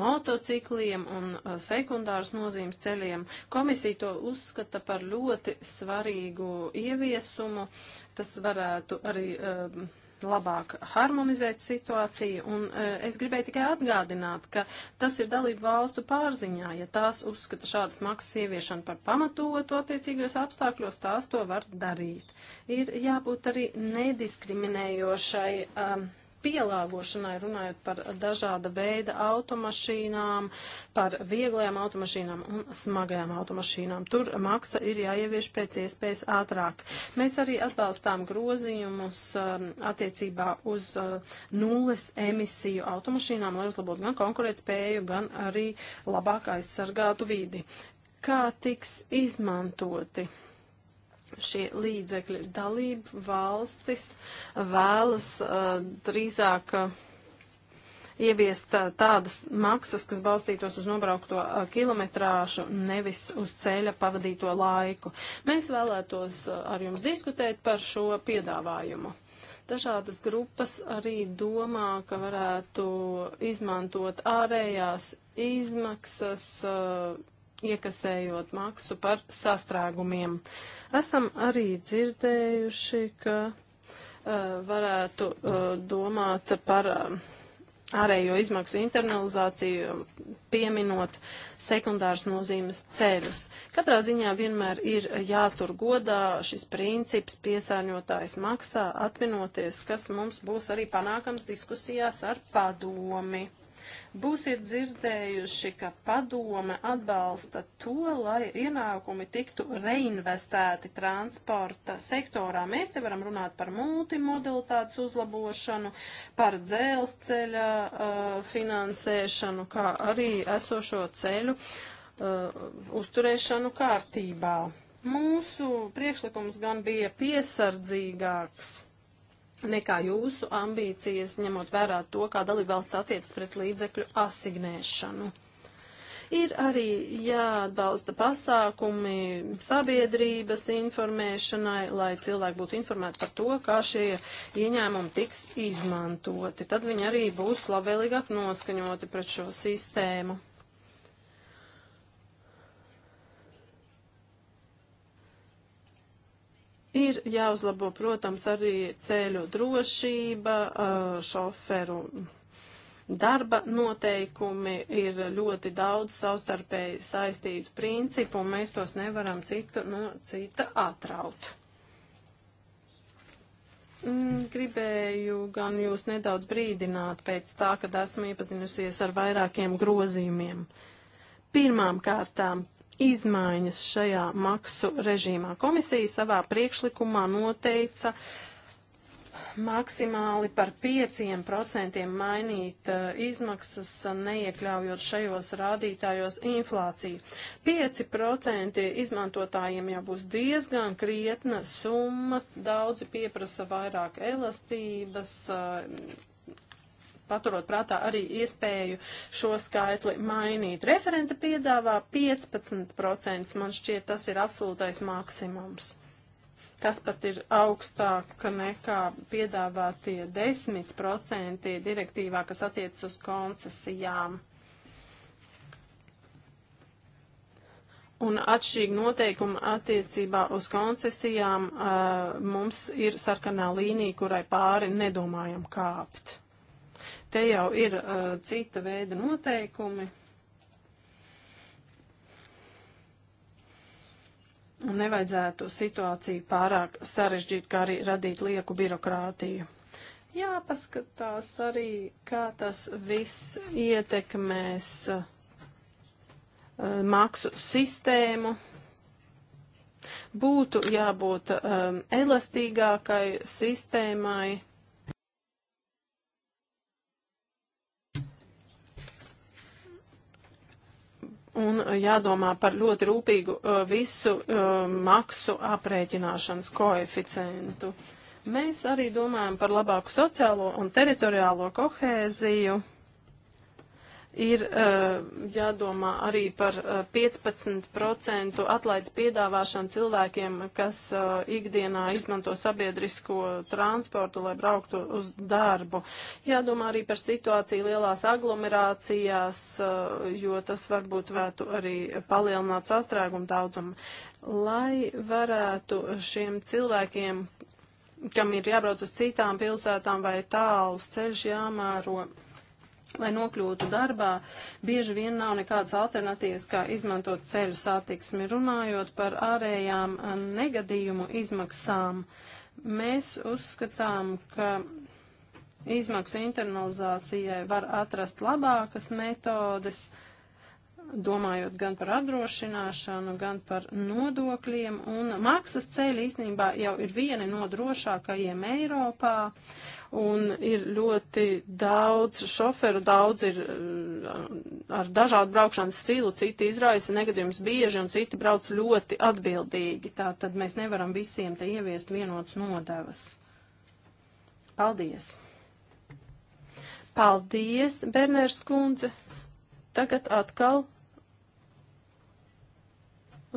motocikliem un sekundāras nozīmes ceļiem. Komisija to uzskata par ļoti svarīgu ieviesumu. Tas varētu arī. Um, labāk harmonizēt situāciju, un e, es gribēju tikai atgādināt, ka tas ir dalību valstu pārziņā. Ja tās uzskata šādas maksas ieviešanu par pamatotu attiecīgajos apstākļos, tās to var darīt. Ir jābūt arī nediskriminējošai. Um, pielāgošanai, runājot par dažāda veida automašīnām, par vieglajām automašīnām un smagajām automašīnām. Tur maksa ir jāievieš pēc iespējas ātrāk. Mēs arī atbalstām grozījumus um, attiecībā uz uh, nulles emisiju automašīnām, lai uzlabotu gan konkurētspēju, gan arī labāk aizsargātu vidi. Kā tiks izmantoti? šie līdzekļi. Dalību valstis vēlas uh, drīzāk uh, ieviest uh, tādas maksas, kas balstītos uz nobraukto uh, kilometrāžu, nevis uz ceļa pavadīto laiku. Mēs vēlētos uh, ar jums diskutēt par šo piedāvājumu. Dažādas grupas arī domā, ka varētu izmantot ārējās izmaksas. Uh, iekasējot maksu par sastrēgumiem. Esam arī dzirdējuši, ka uh, varētu uh, domāt par uh, ārējo izmaksu internalizāciju, um, pieminot sekundārs nozīmes ceļus. Katrā ziņā vienmēr ir jātur godā šis princips piesārņotājs maksā, atminoties, kas mums būs arī panākams diskusijās ar padomi. Būsiet dzirdējuši, ka padome atbalsta to, lai ienākumi tiktu reinvestēti transporta sektorā. Mēs te varam runāt par multimodalitātes uzlabošanu, par dzelzceļa uh, finansēšanu, kā arī esošo ceļu uh, uzturēšanu kārtībā. Mūsu priekšlikums gan bija piesardzīgāks nekā jūsu ambīcijas, ņemot vērā to, kā dalībvalsts attiecas pret līdzekļu asignēšanu. Ir arī jāatbalsta pasākumi sabiedrības informēšanai, lai cilvēki būtu informēti par to, kā šie ieņēmumi tiks izmantoti. Tad viņi arī būs labvēlīgāk noskaņoti pret šo sistēmu. Ir jāuzlabo, protams, arī ceļu drošība, šoferu darba noteikumi, ir ļoti daudz savstarpēji saistītu principu, un mēs tos nevaram citu no cita atraut. Mm, gribēju gan jūs nedaudz brīdināt pēc tā, kad esmu iepazinusies ar vairākiem grozījumiem. Pirmām kārtām izmaiņas šajā maksu režīmā. Komisija savā priekšlikumā noteica maksimāli par 5% mainīt uh, izmaksas, uh, neiekļaujot šajos rādītājos inflāciju. 5% izmantotājiem jau būs diezgan krietna summa, daudzi pieprasa vairāk elastības, uh, paturot prātā arī iespēju šo skaitli mainīt. Referenta piedāvā 15%, man šķiet tas ir absolūtais maksimums. Tas pat ir augstāk nekā piedāvātie 10% direktīvā, kas attiecas uz koncesijām. Un atšķirīgi noteikumi attiecībā uz koncesijām uh, mums ir sarkanā līnija, kurai pāri nedomājam kāpt. Te jau ir uh, cita veida noteikumi. Un nevajadzētu situāciju pārāk sarežģīt, kā arī radīt lieku birokrātiju. Jāpaskatās arī, kā tas viss ietekmēs uh, maksu sistēmu būtu jābūt um, elastīgākai sistēmai, un jādomā par ļoti rūpīgu uh, visu uh, maksu aprēķināšanas koeficientu. Mēs arī domājam par labāku sociālo un teritoriālo kohēziju ir uh, jādomā arī par uh, eh, 15% atlaides piedāvāšanu cilvēkiem, kas uh, ikdienā izmanto sabiedrisko transportu, lai brauktu uz darbu. Jādomā arī par situāciju lielās aglomerācijās, uh, jo tas varbūt vētu arī palielināt sastrēgumu daudzumu. Lai varētu šiem cilvēkiem, kam ir jābrauc uz citām pilsētām vai tāls ceļš jāmēro lai nokļūtu darbā, bieži vien nav nekādas alternatīvas, kā izmantot ceļu satiksmi. Runājot par ārējām eh, negadījumu izmaksām, mēs uzskatām, ka izmaksu internalizācijai var atrast labākas metodes, domājot gan par apdrošināšanu, gan par nodokļiem. Un maksas ceļi īstenībā jau ir vieni no drošākajiem Eiropā un ir ļoti daudz šoferu, daudz ir eh, ar dažādu braukšanas stilu, citi izraisa negadījums bieži un citi brauc ļoti atbildīgi. Tā tad mēs nevaram visiem te ieviest vienots nodevas. Paldies! Paldies, Bernērs kundze! Tagad atkal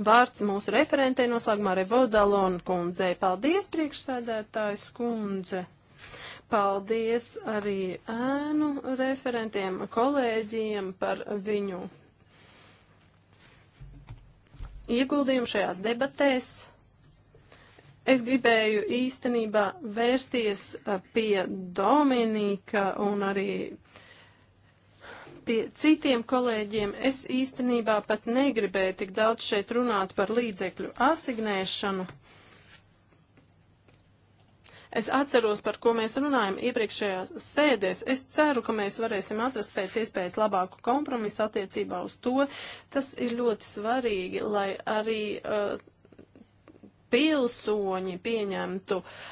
Vārds mūsu referentei noslēgumā Revodalona kundzei. Paldies, priekšsēdētājs kundze! Paldies arī ēnu referentiem, kolēģiem par viņu ieguldījumu šajās debatēs. Es gribēju īstenībā vērsties eh, pie Dominika un arī pie citiem kolēģiem. Es īstenībā pat negribēju tik daudz šeit runāt par līdzekļu asignēšanu Es atceros, par ko mēs runājam iepriekšējās sēdēs. Es ceru, ka mēs varēsim atrast pēc iespējas labāku kompromisu attiecībā uz to. Tas ir ļoti svarīgi, lai arī. Uh, pilsoņi pieņemtu uh,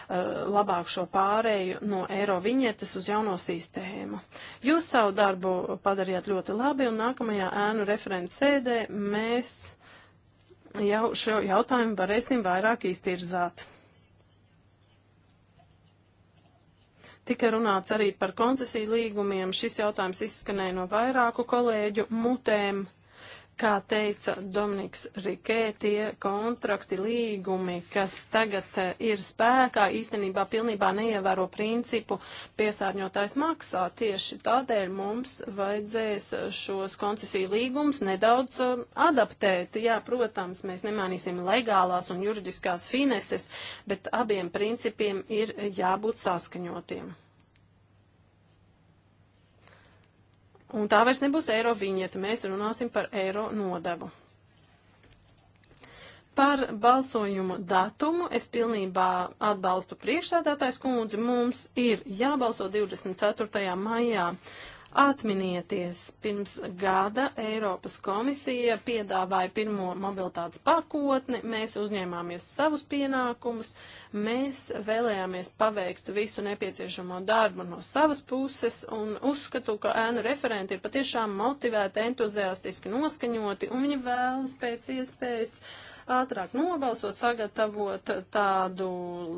labāk šo pārēju no eiro viņetes uz jauno sistēmu. Jūs savu darbu padarījāt ļoti labi, un nākamajā ēnu referents sēdē mēs jau šo jautājumu varēsim vairāk iztirzāt. Tika runāts arī par koncesiju līgumiem. Šis jautājums izskanēja no vairāku kolēģu mutēm. Kā teica Dominiks Rikē, tie kontrakti, līgumi, kas tagad eh, ir spēkā, īstenībā pilnībā neievēro principu piesārņotājs maksā. Tieši tādēļ mums vajadzēs šos koncesiju līgumus nedaudz eh, adaptēt. Jā, protams, mēs nemainīsim legālās un juridiskās fineses, bet abiem principiem ir jābūt saskaņotiem. Un tā vairs nebūs eiro viņieta, mēs runāsim par eiro nodevu. Par balsojumu datumu es pilnībā atbalstu priekšsēdētājs kundzi. Mums ir jābalso 24. maijā. Atminieties, pirms gada Eiropas komisija piedāvāja pirmo mobilitātes pakotni, mēs uzņēmāmies savus pienākumus, mēs vēlējāmies paveikt visu nepieciešamo darbu no savas puses un uzskatu, ka ēnu referenti ir patiešām motivēti, entuziastiski noskaņoti un viņi vēlas pēc iespējas. Uh, ātrāk nobalsot, sagatavot tādu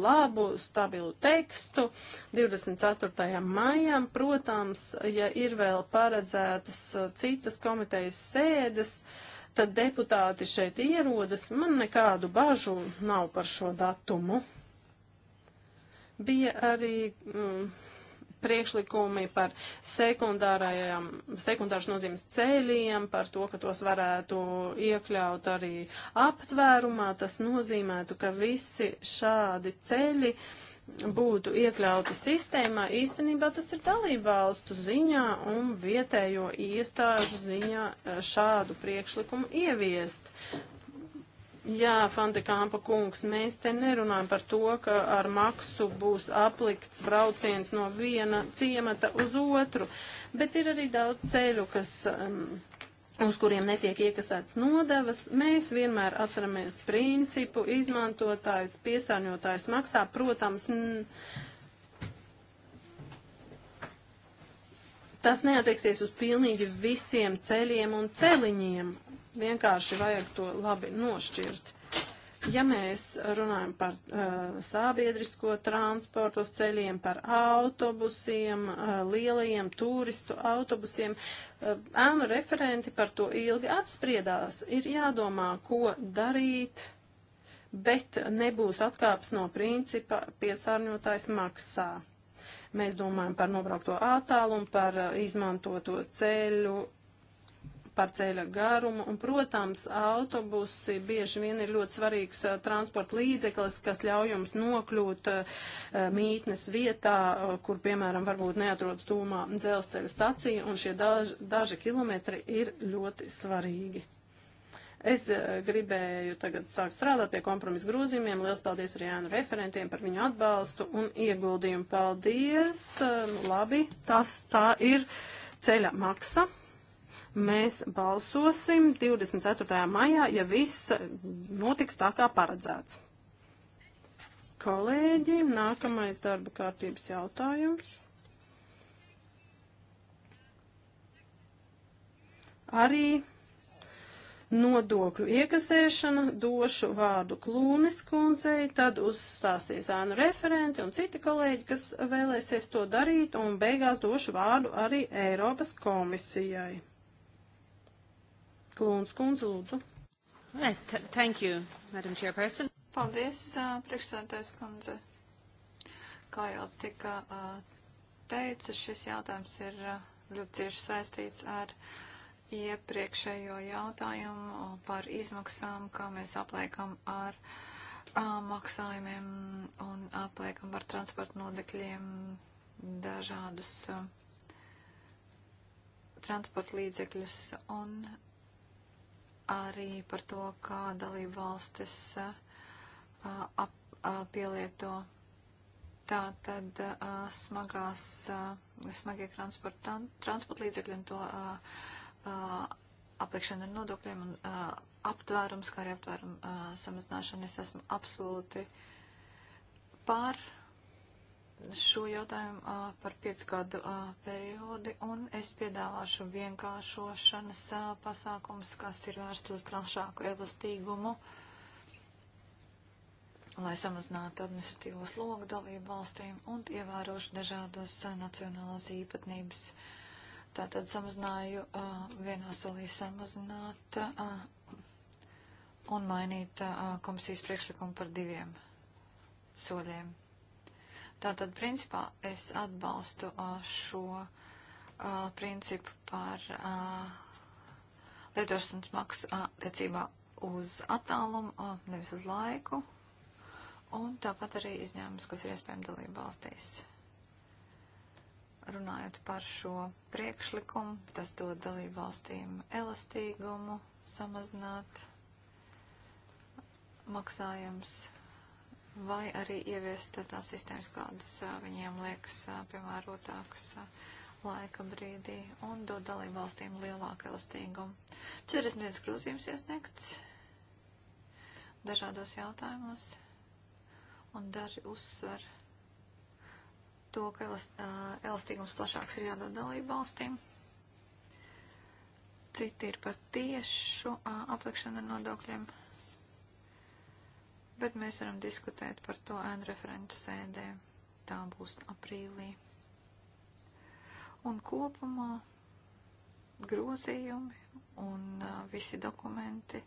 labu, stabilu tekstu 24. maijam. Protams, ja ir vēl paredzētas uh, citas komitejas sēdes, tad deputāti šeit ierodas. Man nekādu bažu nav par šo datumu. Bija arī. Mm, priekšlikumi par sekundāras nozīmes ceļiem, par to, ka tos varētu iekļaut arī aptvērumā. Tas nozīmētu, ka visi šādi ceļi būtu iekļauti sistēmā. Īstenībā tas ir dalību valstu ziņā un vietējo iestāžu ziņā eh, šādu priekšlikumu ieviest. Jā, Fante Kāmpa kungs, mēs te nerunājam par to, ka ar maksu būs aplikts brauciens no viena ciemata uz otru, bet ir arī daudz ceļu, kas. Um, uz kuriem netiek iekasētas nodevas, mēs vienmēr atceramies principu izmantotājs, piesārņotājs maksā, protams, tas neatieksies uz pilnīgi visiem ceļiem un celiņiem. Vienkārši vajag to labi nošķirt. Ja mēs runājam par uh, eh, sābiedrisko transportu uz ceļiem, par autobusiem, uh, lielajiem turistu autobusiem, eh, ēnu uh, referenti par to ilgi apspriedās. Ir jādomā, ko darīt, bet nebūs atkāps no principa piesārņotājs maksā. Mēs domājam par nobraukto attālumu, par uh, izmantoto ceļu par ceļa garumu. Un, protams, autobusi bieži vien ir ļoti svarīgs uh, transporta līdzeklis, kas ļauj jums nokļūt uh, mītnes vietā, uh, kur, piemēram, varbūt neatrodas tūmā dzelzceļa stacija, un šie daž, daži kilometri ir ļoti svarīgi. Es gribēju tagad sākt strādāt pie kompromisa grozījumiem. Lielas paldies arī Jānu referentiem par viņu atbalstu un ieguldījumu. Paldies! Labi, tas tā ir ceļa maksa mēs balsosim 24. maijā, ja viss notiks tā kā paredzēts. Kolēģi, nākamais darba kārtības jautājums. Arī nodokļu iekasēšana, došu vārdu Klūnes kundzei, tad uzstāsies ēnu referenti un citi kolēģi, kas vēlēsies to darīt, un beigās došu vārdu arī Eiropas komisijai. Klūns kundze, lūdzu. Nē, eh, thank you, Madam Chairperson. Paldies, eh, priekšsēdētājs kundze. Kā jau tika eh, teica, šis jautājums ir ļoti cieši saistīts ar iepriekšējo jautājumu par izmaksām, kā mēs apliekam ar a, maksājumiem un apliekam par transporta nodekļiem dažādus a, transporta līdzekļus. Un arī par to, kā dalību valstis ap, pielieto tā tad smagās, smagie transporta, transporta līdzekļi un to aplikšana ar nodokļiem un aptvērums, kā arī aptvērumu samazināšana. Es esmu absolūti pār šo jautājumu par 5 gadu periodi, un es piedāvāšu vienkāršošanas pasākums, kas ir vērst uz plašāku elastīgumu, lai samazinātu administratīvo slogu dalību valstīm un ievērošu dažādos nacionālās īpatnības. Tātad samazināju vienā solī samazināt un mainīt komisijas priekšlikumu par diviem soļiem. Tātad, principā, es atbalstu šo principu par lietošanas maksu attiecībā uz attālumu, nevis uz laiku, un tāpat arī izņēmums, kas ir iespējami dalību valstīs. Runājot par šo priekšlikumu, tas dod dalību valstīm elastīgumu samazināt maksājums vai arī ieviest tās sistēmas, kādas viņiem liekas piemērotākas laika brīdī un dod dalībvalstīm lielāku elastīgumu. 41 grozījums iesniegts dažādos jautājumos un daži uzsver to, ka elastīgums plašāks ir jādod dalībvalstīm. Citi ir par tiešu aplikšanu ar nodokļiem bet mēs varam diskutēt par to ēnu referentu sēdē. Tā būs aprīlī. Un kopumā grozījumi un uh, visi dokumenti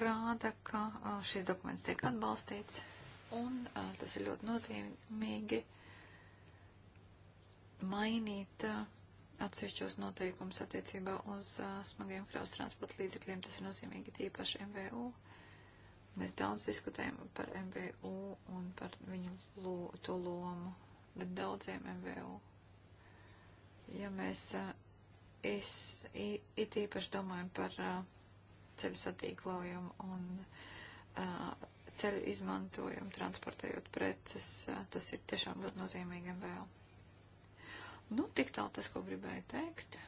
rāda, ka uh, šis dokuments tiek atbalstīts, un uh, tas ir ļoti nozīmīgi mainīt atsevišķos noteikumus attiecībā uz smagiem kraus transporta līdzekļiem. Tas ir nozīmīgi tīpaši MVU. Uh, Mēs daudz diskutējam par MVU un par viņu lo, to lomu, bet daudziem MVU. Ja mēs eh, es, it īpaši domājam par eh, ceļu satīklojumu un eh, ceļu izmantojumu, transportējot preces, tas ir tiešām ļoti nozīmīgi MVU. Nu, tik tālu tas, ko gribēju teikt.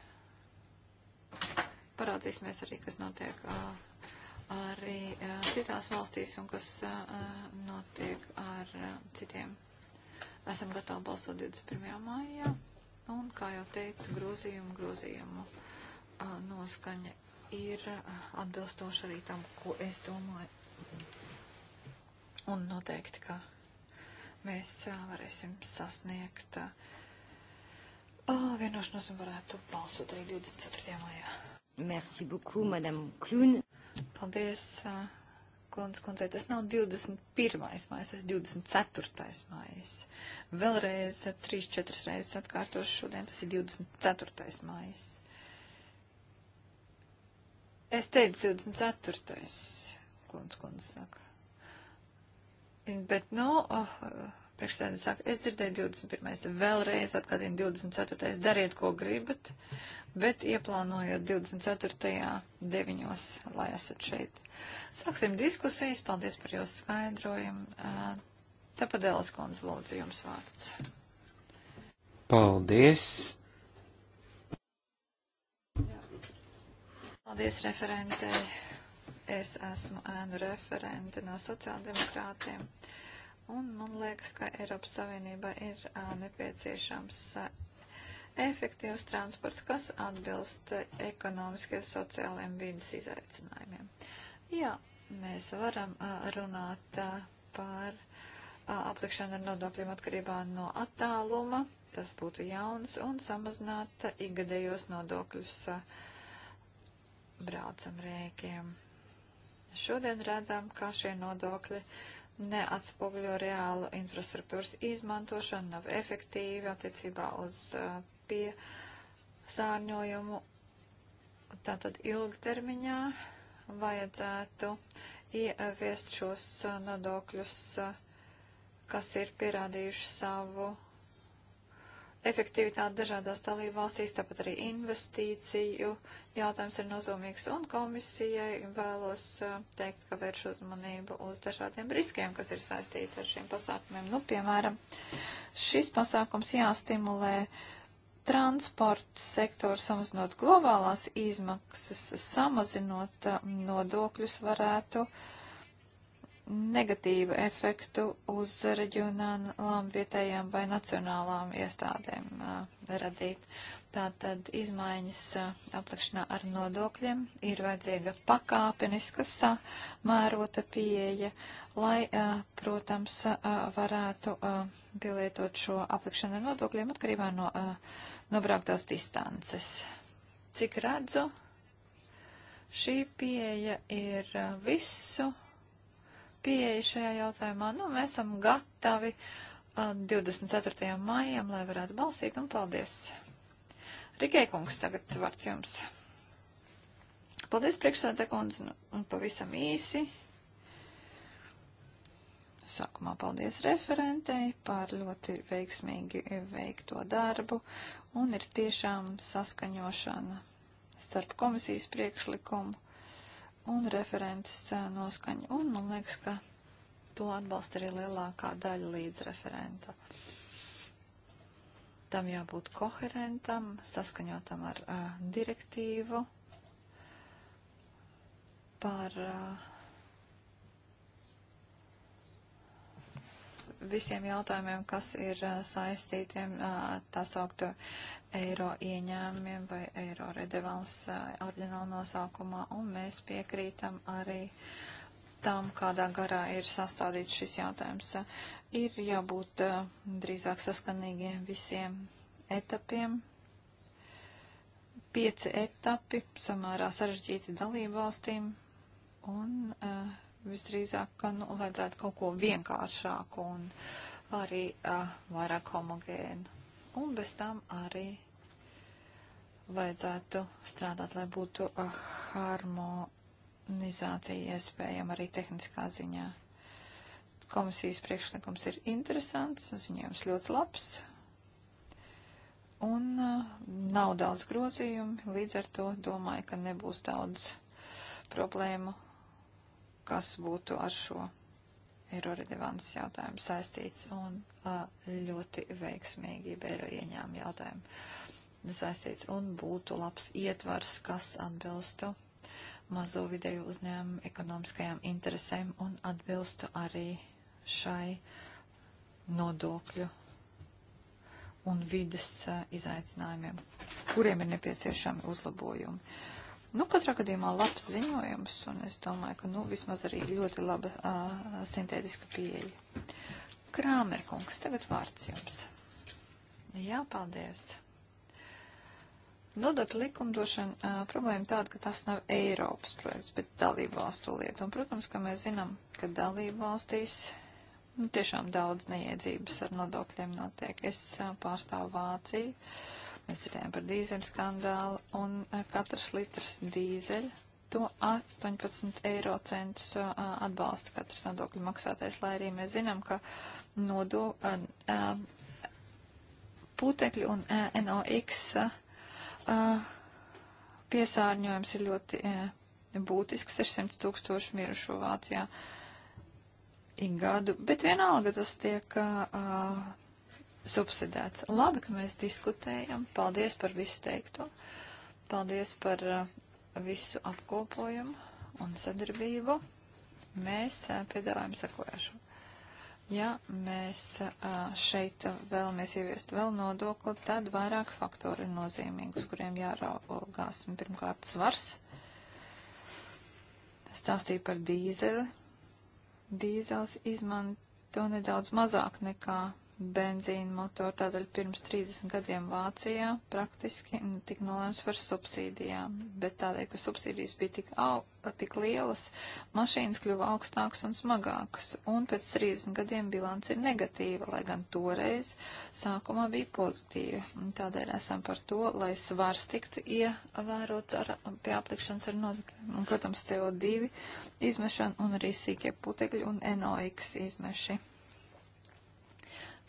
Parādīsimies arī, kas notiek. Uh, arī citās valstīs un kas notiek ar citiem. Esam gatavi balsot 21. maijā un, kā jau teicu, grozījumu grozījumu noskaņa ir atbilstoša arī tam, ko es domāju. Un noteikti, ka mēs varēsim sasniegt vienošanos un varētu balsot arī 24. maijā. Merci beaucoup, Madame Klun. Paldies, uh, Klundz kundzei. Tas nav 21. mājas, tas ir 24. mājas. Vēlreiz 3-4 reizes atkārtošu šodien, tas ir 24. mājas. Es teicu 24. Klundz kundze saka. Bet, nu, oh, Priekšsēdētājs saka, es dzirdēju 21. vēlreiz atgādina 24. dariet, ko gribat, bet ieplānojot 24. 9. lai esat šeit. Sāksim diskusijas. Paldies par jūsu skaidrojumu. Tapadēlas kundze, lūdzu, jums vārds. Paldies. Paldies referentei. Es esmu ēnu referente no sociāldemokrātiem. Uh, Un man liekas, ka Eiropas Savienībai ir uh, nepieciešams uh, efektīvs transports, kas atbilst ekonomiskiem, sociāliem vidas izaicinājumiem. Jā, mēs varam runāt par aplikšanu ar nodokļiem atkarībā no attāluma, tas būtu jauns, un samazināt ikgadējos nodokļus braucam rēkiem. Šodien redzam, kā šie nodokļi neatspoguļo reālu infrastruktūras izmantošanu, nav efektīvi attiecībā uz uh, piesārņojumu. Tātad ilgtermiņā vajadzētu ieviest šos uh, nodokļus, uh, kas ir pierādījuši savu efektivitāte dažādās dalību valstīs, tāpat arī investīciju jautājums ir nozīmīgs. Un komisijai vēlos eh, teikt, ka vērš uzmanību uz dažādiem riskiem, kas ir saistīti ar šiem pasākumiem. Nu, piemēram, šis pasākums jāstimulē transporta sektoru samazinot globālās izmaksas, samazinot eh, nodokļus varētu. Uh, negatīvu efektu uz reģionālām, vietējām vai nacionālām iestādēm uh, radīt. Tātad izmaiņas uh, aplikšanā ar nodokļiem ir vajadzīga pakāpeniskas uh, mērota pieeja, lai, uh, protams, uh, varētu uh, pielietot šo aplikšanu ar nodokļiem atkarībā no nobrauktās distances. Cik redzu, šī pieeja ir visu pieeja šajā jautājumā. Nu, mēs esam gatavi 24. Uh, maijam, lai varētu balsīt, un paldies. Rikai kungs, tagad vārds jums. Paldies, priekšsēdē kundze, un, nu, un pavisam īsi. Sākumā paldies referentei par ļoti veiksmīgi veikto darbu, un ir tiešām saskaņošana starp komisijas priekšlikumu un referents noskaņu. Un man liekas, ka to atbalsta arī lielākā daļa līdzreferenta. Tam jābūt koherentam, saskaņotam ar uh, direktīvu par uh, visiem jautājumiem, kas ir saistītiem tā saukto eiro ieņēmumiem vai eiro redevals ordināla nosaukumā, un mēs piekrītam arī tam, kādā garā ir sastādīts šis jautājums. Ir jābūt drīzāk saskanīgiem visiem etapiem. Pieci etapi samērā sarežģīti dalību valstīm un uh, visdrīzāk, ka nu, vajadzētu kaut ko vienkāršāku un arī uh, vairāk homogēnu. Un bez tam arī vajadzētu strādāt, lai būtu uh, harmonizācija iespējama arī tehniskā ziņā. Komisijas priekšlikums ir interesants, ziņojums ļoti labs, un uh, nav daudz grozījumu, līdz ar to domāju, ka nebūs daudz problēmu kas būtu ar šo eiro redevans jautājumu saistīts un a, ļoti veiksmīgi eiro ieņēmumu jautājumu saistīts un būtu labs ietvars, kas atbilstu mazo vidēju uzņēmumu ekonomiskajām interesēm un atbilstu arī šai nodokļu un vides a, izaicinājumiem, kuriem ir nepieciešami uzlabojumi. Nu, katrā gadījumā labs ziņojums, un es domāju, ka, nu, vismaz arī ļoti laba uh, sintētiska pieeja. Krāmerkungs, tagad vārds jums. Jā, paldies. Nodokļu likumdošana uh, problēma tāda, ka tas nav Eiropas projekts, bet dalību valstu lieta. Un, protams, ka mēs zinām, ka dalību valstīs nu, tiešām daudz neiedzības ar nodokļiem notiek. Es uh, pārstāvu Vāciju. Uh, Mēs runājam par dīzeļu skandālu un e, katrs litrs dīzeļa to 18 eiro centus e, atbalsta katrs nodokļu maksātais, lai arī mēs zinām, ka nodo, a, e, a, putekļi un a, NOx piesārņojums ir ļoti būtisks, 600 tūkstoši mirušo Vācijā ik gadu, bet vienalga tas tiek subsidēts. Labi, ka mēs diskutējam. Paldies par visu teikto. Paldies par uh, visu apkopojumu un sadarbību. Mēs uh, piedāvājam sekojošo. Ja mēs uh, šeit vēlamies ieviest vēl nodokli, tad vairāk faktori ir nozīmīgi, uz kuriem jāraugās. Pirmkārt, svars. Stāstīja par dīzeli. Dīzels izmanto nedaudz mazāk nekā benzīna motoru, tādēļ pirms 30 gadiem Vācijā praktiski tika nolēmts par subsīdijām, bet tādēļ, ka subsīdijas bija tik, au, tik lielas, mašīnas kļuva augstākas un smagākas, un pēc 30 gadiem bilance ir negatīva, lai gan toreiz sākumā bija pozitīva. Tādēļ esam par to, lai svars tiktu ievērots ar, pie aplikšanas ar notikumiem, un, protams, CO2 izmešana un arī sīkie putekļi un NOx izmeši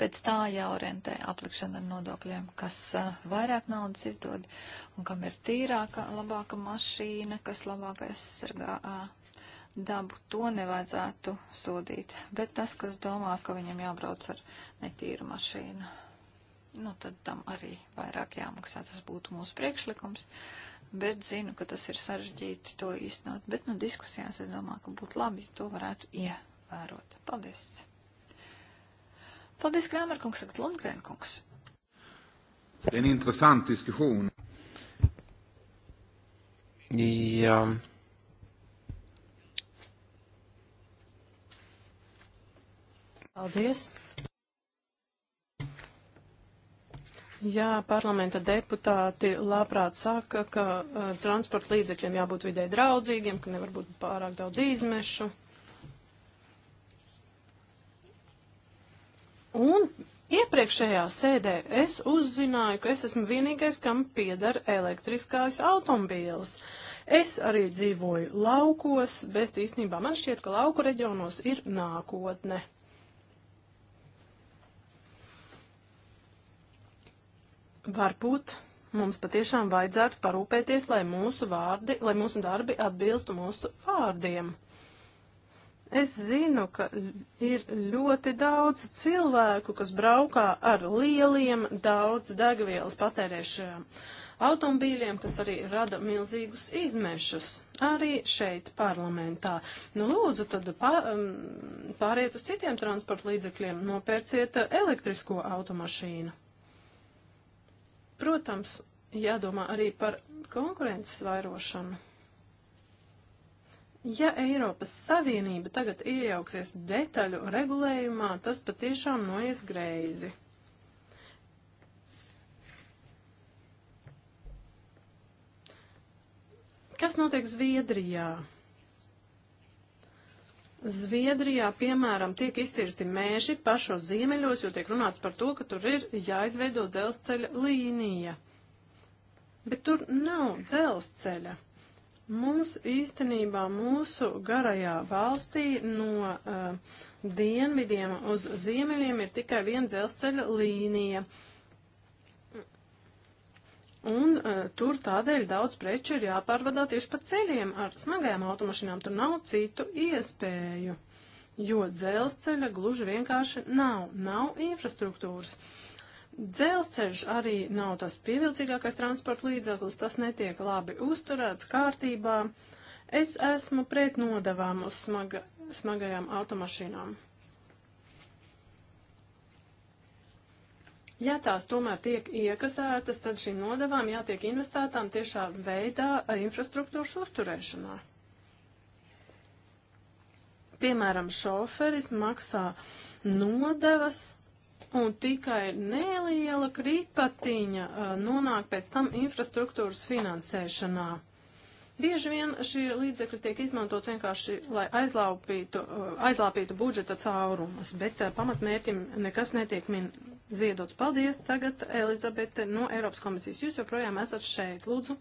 pēc tā jāorientē aplikšana ar nodokļiem, kas uh, vairāk naudas izdod un kam ir tīrāka, labāka mašīna, kas labāk aizsargā uh, dabu. To nevajadzētu sodīt. Bet tas, kas domā, ka viņam jābrauc ar netīru mašīnu, nu tad tam arī vairāk jāmaksā. Tas būtu mūsu priekšlikums. Bet zinu, ka tas ir sarežģīti to īstenot. Bet nu diskusijās es domāju, ka būtu labi, ja to varētu ievērot. Paldies! Paldies, Krāmerkungs, saka Lundgrenkungs. Det är en intressant diskussion. Ja. Paldies. Jā, parlamenta deputāti labprāt saka, ka uh, transporta līdzekļiem jābūt vidē draudzīgiem, ka nevar būt pārāk daudz izmešu. Un iepriekšējā sēdē es uzzināju, ka es esmu vienīgais, kam piedara elektriskās automobīles. Es arī dzīvoju laukos, bet īstenībā man šķiet, ka lauku reģionos ir nākotne. Varbūt mums patiešām vajadzētu parūpēties, lai mūsu vārdi, lai mūsu darbi atbilstu mūsu vārdiem. Es zinu, ka ir ļoti daudz cilvēku, kas braukā ar lieliem daudz degvielas patērēšajiem automobīļiem, kas arī rada milzīgus izmešus. Arī šeit parlamentā. Nu, lūdzu, tad um, pāriet uz citiem transporta līdzekļiem, nopērciet elektrisko automašīnu. Protams, jādomā arī par konkurences vairošanu. Ja Eiropas Savienība tagad iejauksies detaļu regulējumā, tas patiešām noies greizi. Kas notiek Zviedrijā? Zviedrijā, piemēram, tiek izcirsti mēži pašos ziemeļos, jo tiek runāts par to, ka tur ir jāizveido dzelzceļa līnija. Bet tur nav dzelzceļa. Mums īstenībā mūsu garajā valstī no uh, dienvidiem uz ziemeļiem ir tikai viena dzelzceļa līnija. Un uh, tur tādēļ daudz preču ir jāpārvadā tieši pa ceļiem ar smagajām automašīnām. Tur nav citu iespēju, jo dzelzceļa gluži vienkārši nav, nav infrastruktūras. Uh, Dzelzceļš arī nav tas pievilcīgākais transporta līdzeklis, tas netiek labi uzturēts kārtībā. Es esmu pret nodavām uz smaga, smagajām automašīnām. Ja tās tomēr tiek iekasētas, tad šīm nodavām jātiek investētām tiešā veidā infrastruktūras uzturēšanā. Piemēram, šoferis maksā nodevas un tikai neliela kripatiņa uh, nonāk pēc tam infrastruktūras finansēšanā. Bieži vien šie līdzekļi tiek izmantot vienkārši, lai aizlaupītu, uh, aizlaupītu budžeta caurumus, bet uh, pamatmērķim nekas netiek min ziedots. Paldies, tagad Elizabete no Eiropas komisijas. Jūs joprojām esat šeit, lūdzu.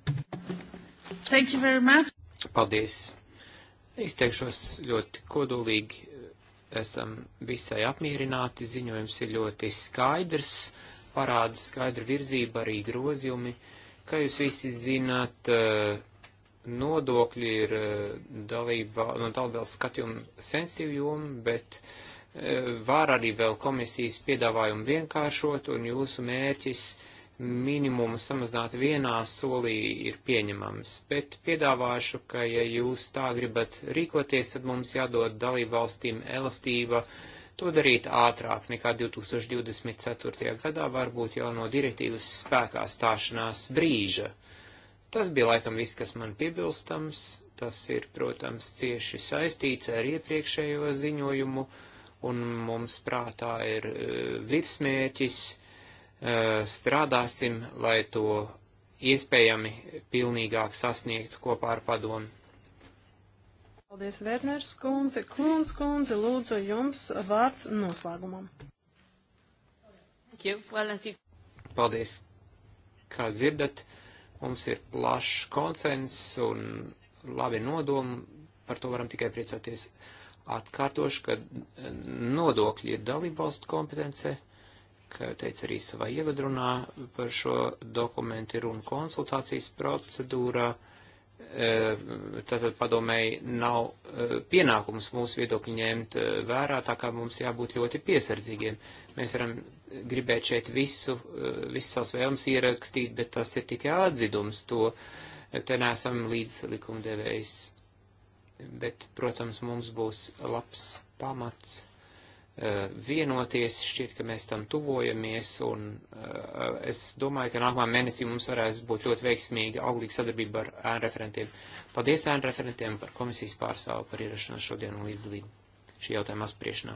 Thank you very much. Paldies. Izteikšos ļoti kodolīgi esam visai apmierināti, ziņojums ir ļoti skaidrs, parāda skaidru virzību arī grozījumi. Kā jūs visi zināt, eh, nodokļi ir eh, dalība, no dalībvalsts skatījuma sensitīva joma, bet eh, var arī vēl komisijas piedāvājumu vienkāršot, un jūsu mērķis ir minimumu samazināt vienā solī ir pieņemams, bet piedāvāšu, ka ja jūs tā gribat rīkoties, tad mums jādod dalību valstīm elastība to darīt ātrāk nekā 2024. gadā, varbūt jau no direktīvas spēkā stāšanās brīža. Tas bija laikam viss, kas man piebilstams, tas ir, protams, cieši saistīts ar iepriekšējo ziņojumu, un mums prātā ir e, virsmēķis Eh, strādāsim, lai to iespējami pilnīgāk sasniegtu kopā ar padomu. Paldies, Vērners kundze. Klūns kundze, lūdzu jums vārds noslēgumam. Paldies, kā dzirdat, mums ir plašs konsens un labi nodomi, par to varam tikai priecāties. Atkārtošu, ka nodokļi ir dalībvalstu kompetence kā teica arī savā ievadrunā, par šo dokumentu ir un konsultācijas procedūrā. E, tātad padomēji nav e, pienākums mūsu viedokļu ņemt e, vērā, tā kā mums jābūt ļoti piesardzīgiem. Mēs varam gribēt šeit visu, visu savus vēlmes ierakstīt, bet tas ir tikai atzidums, to te nesam līdz likumdevējs. Bet, protams, mums būs labs pamats Eh, vienoties, šķiet, ka mēs tam tuvojamies, un eh, es domāju, ka nākamā mēnesī mums varēs būt ļoti veiksmīga auglīga sadarbība ar ēnu referentiem. Paldies ēnu referentiem par komisijas pārstāvu par ierašanos šodien un līdzdalību šī jautājuma apspriešanā.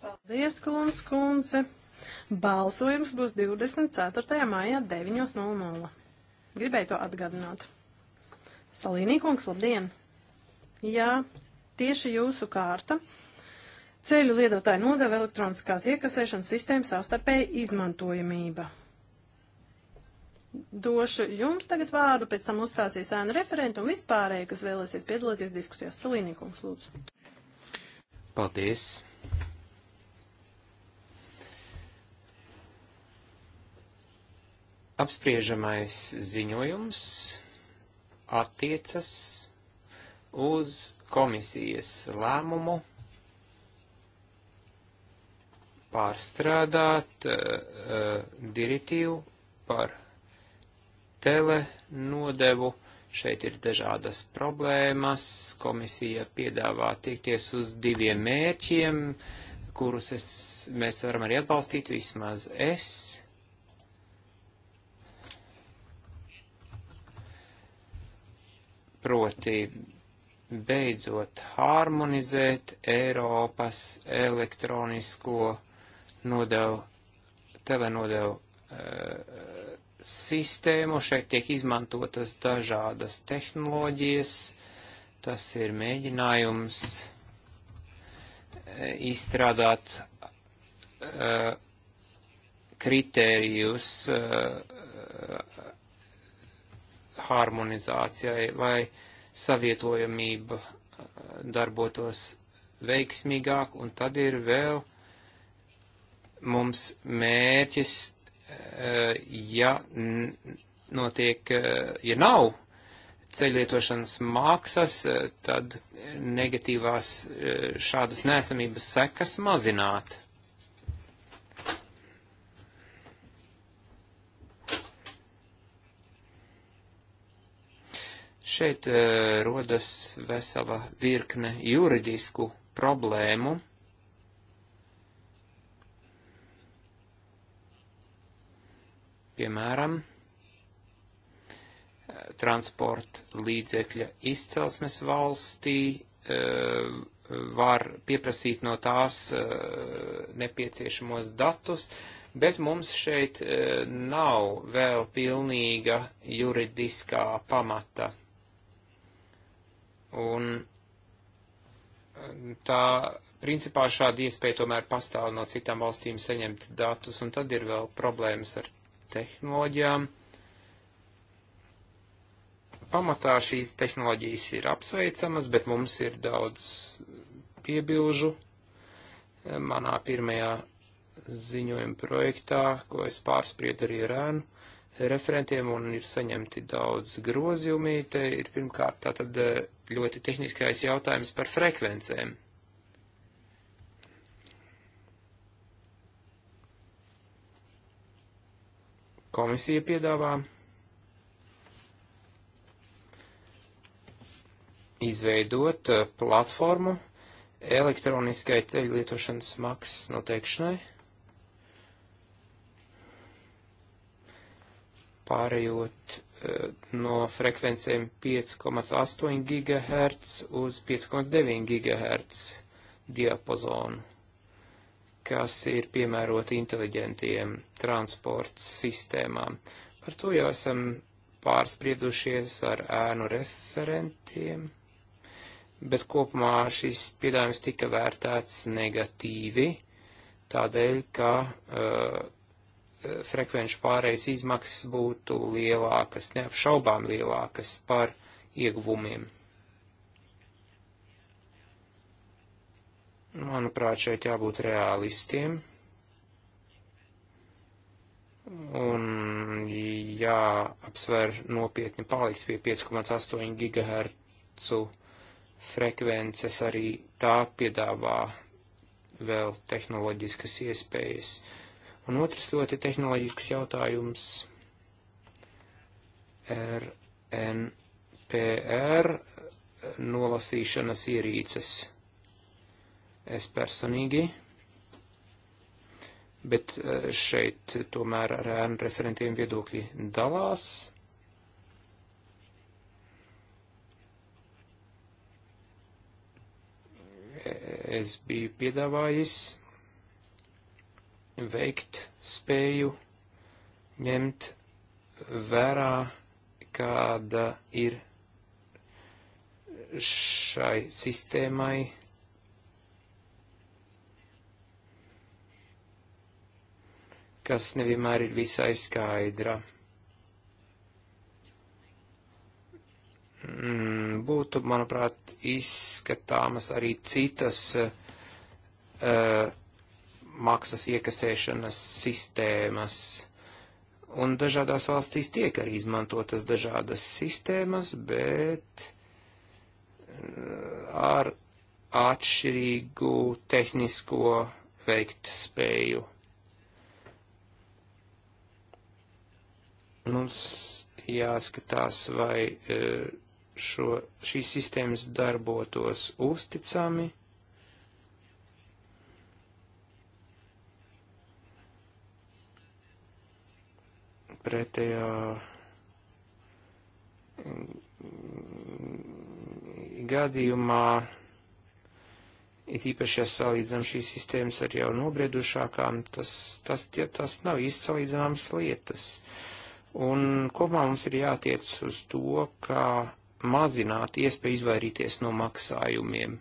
Paldies, Klums kundze. Balsojums būs 24. maijā 9.00. Gribēju to atgādināt. Salīnī kungs, labdien! Jā, tieši jūsu kārta. Ceļu lietotāju nodeva elektroniskās iekasēšanas sistēmas savstarpēja izmantojamība. Došu jums tagad vārdu, pēc tam uzstāsies ēnu referentu un vispārēji, kas vēlēsies piedalīties diskusijās. Salīnīkums, lūdzu. Paldies. apspriežamais ziņojums attiecas uz komisijas lēmumu pārstrādāt uh, direktīvu par telenodevu. Šeit ir dažādas problēmas. Komisija piedāvā tiekties uz diviem mērķiem, kurus es, mēs varam arī atbalstīt, vismaz es. Proti beidzot harmonizēt Eiropas elektronisko nodevu, telenodevu uh, eh, sistēmu. Šeit tiek izmantotas dažādas tehnoloģijas. Tas ir mēģinājums eh, izstrādāt uh, kritērijus uh, harmonizācijai, lai savietojamība darbotos veiksmīgāk, un tad ir vēl uh, mums mērķis, eh, ja notiek, eh, ja nav ceļvietošanas maksas, eh, tad negatīvās šādas nesamības sekas mazināt. Šeit rodas vesela virkne juridisku problēmu piemēram, transporta līdzekļa izcelsmes valstī e, var pieprasīt no tās e, nepieciešamos datus, bet mums šeit e, nav vēl pilnīga juridiskā pamata. Un tā principā šāda iespēja tomēr pastāv no citām valstīm saņemt datus, un tad ir vēl problēmas ar tehnoloģijām. Pamatā šīs tehnoloģijas ir apsveicamas, bet mums ir daudz piebilžu. Manā pirmajā ziņojuma projektā, ko es pārspriedu arī ar ēnu referentiem, un ir saņemti daudz grozījumi, te ir pirmkārt tātad eh, ļoti tehniskais jautājums par frekvencēm. komisija piedāvā izveidot eh, platformu elektroniskai ceļu lietošanas maksas noteikšanai. pārējot eh, no frekvencēm 5,8 GHz uz 5,9 GHz diapazonu kas ir piemēroti inteliģentiem transporta sistēmām. Par to jau esam pārspriedušies ar ēnu referentiem, bet kopumā šis piedāvājums tika vērtēts negatīvi, tādēļ, ka uh, frekvenču pārējais izmaksas būtu lielākas, neapšaubām lielākas par ieguvumiem. Manuprāt, šeit jābūt realistiem un jāapsver nopietni palikt pie 5,8 GHz frekvences arī tā piedāvā vēl tehnoloģiskas iespējas. Un otrs ļoti tehnoloģisks jautājums RNPR nolasīšanas ierīces es personīgi, bet eh, šeit tomēr ar ēnu referentiem viedokļi dalās. Es biju piedāvājis veikt spēju ņemt vērā, kāda ir šai sistēmai kas nevienmēr ir visai skaidra. Mm, būtu, manuprāt, izskatāmas arī citas uh, maksas iekasēšanas sistēmas. Un dažādās valstīs tiek arī izmantotas dažādas sistēmas, bet eh, ar atšķirīgu tehnisko veikt spēju. Mums jāskatās, vai e, šo, šīs sistēmas darbotos uzticami. Pretējā mm, gadījumā, it īpaši, ja salīdzinām šīs sistēmas ar jau nobriedušākām, tas, tas, tie, tas nav īsti salīdzināmas lietas. Uh, Un kopumā mums ir jātiec uz to, kā mazināt iespēju izvairīties no maksājumiem.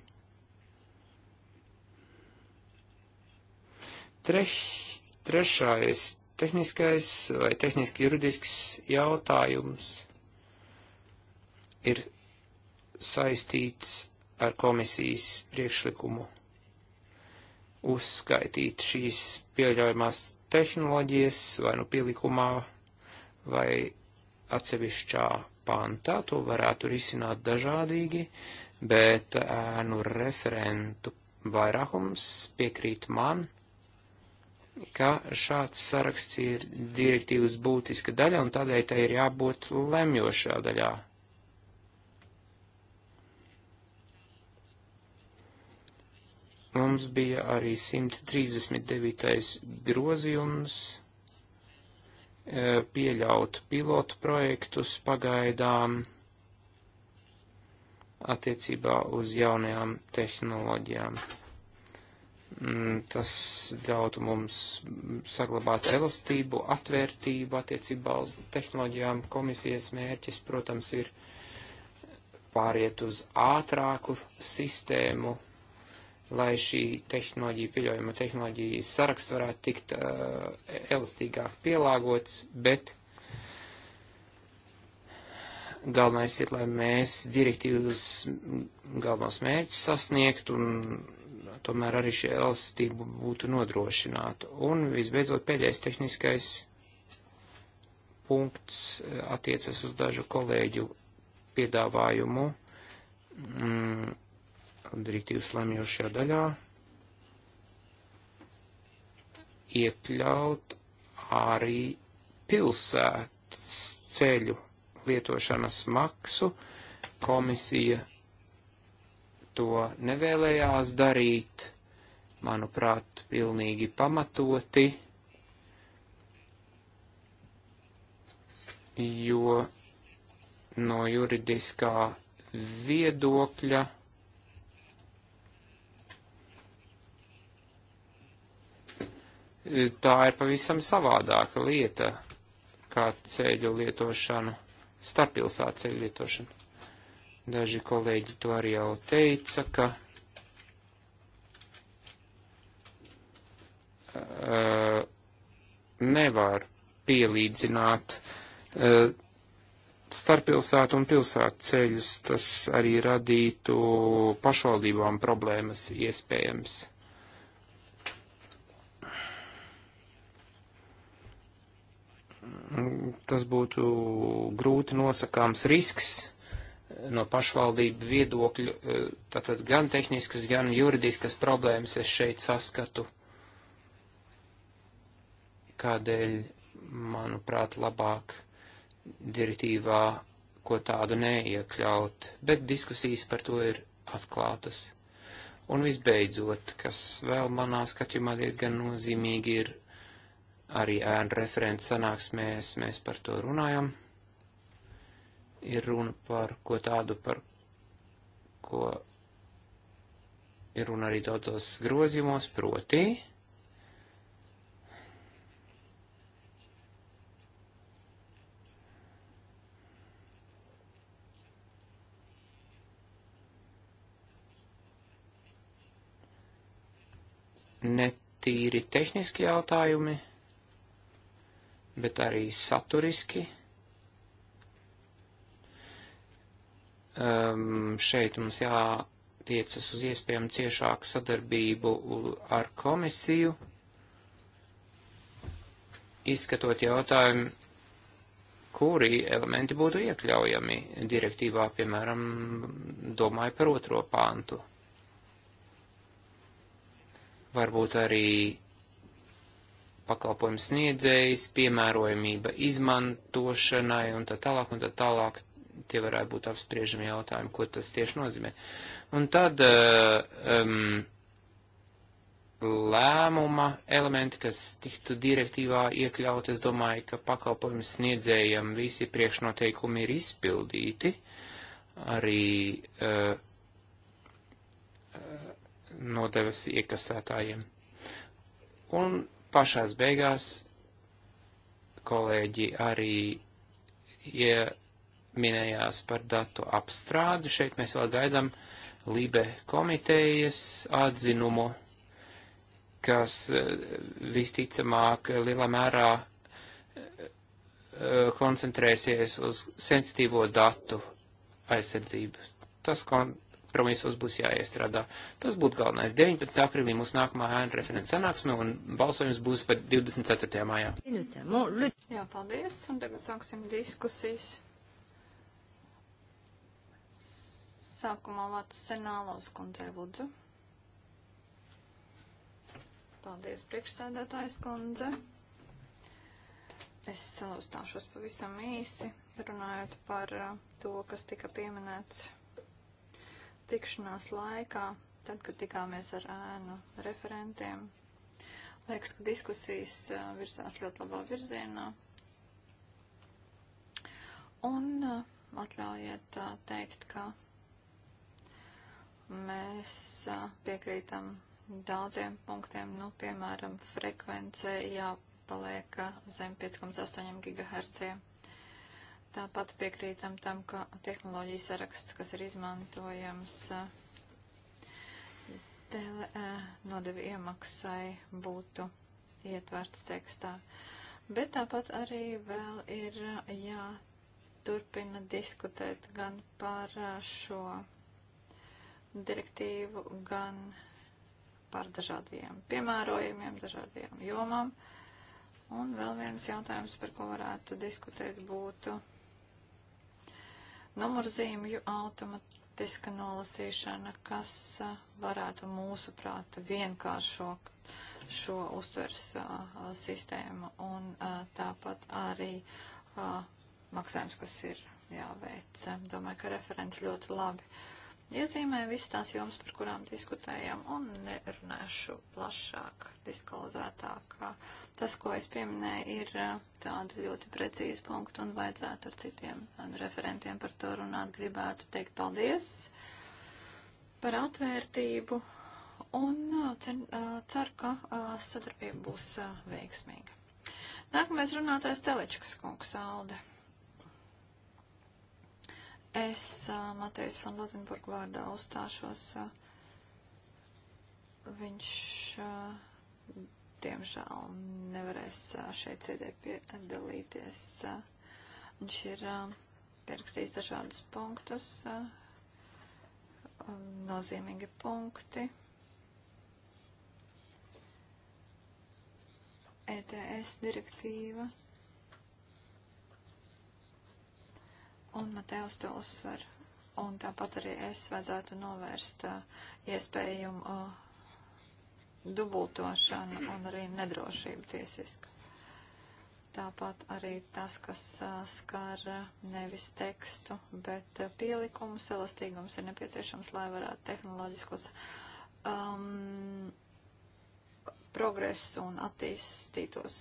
Treš, trešais tehniskais vai tehniski juridisks jautājums ir saistīts ar komisijas priekšlikumu uzskaitīt šīs pieļaujamās tehnoloģijas vai nu pielikumā vai atsevišķā pantā, to varētu risināt dažādīgi, bet ēnu referentu vairākums piekrīt man, ka šāds saraksts ir direktīvas būtiska daļa un tādēļ tai ir jābūt lemjošajā daļā. Mums bija arī 139. grozījums E, pieļaut pilotu projektus pagaidām attiecībā uz jaunajām tehnoloģijām. Mm, tas ļautu mums saglabāt elastību, atvērtību attiecībā uz tehnoloģijām. Komisijas mērķis, protams, ir pāriet uz ātrāku sistēmu lai šī tehnoloģija, pieļaujama tehnoloģija saraksts varētu tikt uh, elastīgāk pielāgots, bet galvenais ir, lai mēs direktīvas galvenos mērķus sasniegtu un tomēr arī šī elastība būtu nodrošināta. Un visbeidzot pēdējais tehniskais punkts eh, attiecas uz dažu kolēģu piedāvājumu. Mm, direktīvas lēmjošajā daļā iekļaut arī pilsētas ceļu lietošanas maksu. Komisija to nevēlējās darīt, manuprāt, pilnīgi pamatoti, jo no juridiskā viedokļa tā ir pavisam savādāka lieta, kā ceļu lietošana, starppilsētu ceļu lietošana. Daži kolēģi to arī jau teica, ka uh, nevar pielīdzināt uh, starppilsētu un pilsētu ceļus, tas arī radītu pašvaldībām problēmas iespējams. tas būtu grūti nosakāms risks no pašvaldību viedokļu, e, tātad gan tehniskas, gan juridiskas problēmas es šeit saskatu, kādēļ, manuprāt, labāk direktīvā ko tādu neiekļaut, bet diskusijas par to ir atklātas. Un visbeidzot, kas vēl manā skatījumā diezgan nozīmīgi ir Arī ēnu referents sanāksmēs mēs par to runājam. Ir runa par ko tādu, par ko ir runa arī daudzos grozījumos, proti. netīri tehniski jautājumi, bet arī saturiski. Um, šeit mums jātiecas uz iespējamu ciešāku sadarbību ar komisiju, izskatot jautājumu, kuri elementi būtu iekļaujami direktīvā, piemēram, domāju par otro pāntu. Varbūt arī pakalpojumu sniedzējs, piemērojamība izmantošanai un tā tālāk un tā tālāk. Tie varētu būt apspriežami jautājumi, ko tas tieši nozīmē. Un tad um, lēmuma elementi, kas tiktu direktīvā iekļaut, es domāju, ka pakalpojumu sniedzējiem visi priekšnoteikumi ir izpildīti. Arī uh, eh, eh, nodevas iekasētājiem. Un pašās beigās kolēģi arī ieminējās par datu apstrādi. Šeit mēs vēl gaidām Libe komitejas atzinumu, kas eh, visticamāk lielā mērā eh, koncentrēsies uz sensitīvo datu aizsardzību. Tas kon kompromisos būs jāiestrādā. Tas būtu galvenais. 19. aprīlī mūsu nākamā ēna referents sanāksme un balsojums būs pat 24. mājā. Jā, paldies, un tagad sāksim diskusijas. Sākumā vārds Senālaus kundzei lūdzu. Paldies, priekšsēdētājs kundze. Es uzstāšos pavisam īsi, runājot par uh, to, kas tika pieminēts tikšanās laikā, tad, kad tikāmies ar ēnu referentiem, liekas, ka diskusijas virzās ļoti labā virzienā. Un atļaujiet teikt, ka mēs piekrītam daudziem punktiem, nu, piemēram, frekvence jāpaliek zem 5,8 GHz. Tāpat piekrītam tam, ka tehnoloģijas saraksts, kas ir izmantojams tele, eh, nodevi iemaksai, būtu ietverts tekstā. Bet tāpat arī vēl ir eh, jāturpina diskutēt gan par eh, šo direktīvu, gan par dažādiem piemērojumiem, dažādiem jomām. Un vēl viens jautājums, par ko varētu diskutēt, būtu numurzīmju automatiska nolasīšana, kas varētu mūsuprāt vienkāršo šo uztvers sistēmu un tāpat arī maksājums, kas ir jāveic. Domāju, ka referents ļoti labi Iezīmēju visas tās jomas, par kurām diskutējām, un nerunāšu plašāk, diskalzētāk. Tas, ko es pieminēju, ir uh, tādi ļoti precīzi punkti, un vajadzētu ar citiem referentiem par to runāt. Gribētu teikt paldies par atvērtību, un uh, uh, ceru, ka sadarbība būs veiksmīga. Nākamais runātājs Telečkas kungs Alde. Es Matejas van Lotenburgu vārdā uzstāšos. Viņš, diemžēl, nevarēs šeit sēdē piedalīties. Viņš ir pierakstījis dažādus punktus, nozīmīgi punkti. ETS direktīva Un Mateus to uzsver. Un tāpat arī es vajadzētu novērst uh, iespējumu uh, dubultošanu un arī nedrošību tiesisku. Tāpat arī tas, kas uh, skar uh, nevis tekstu, bet uh, pielikumus, elastīgums ir nepieciešams, lai varētu tehnoloģiskos um, progresu un attīstītos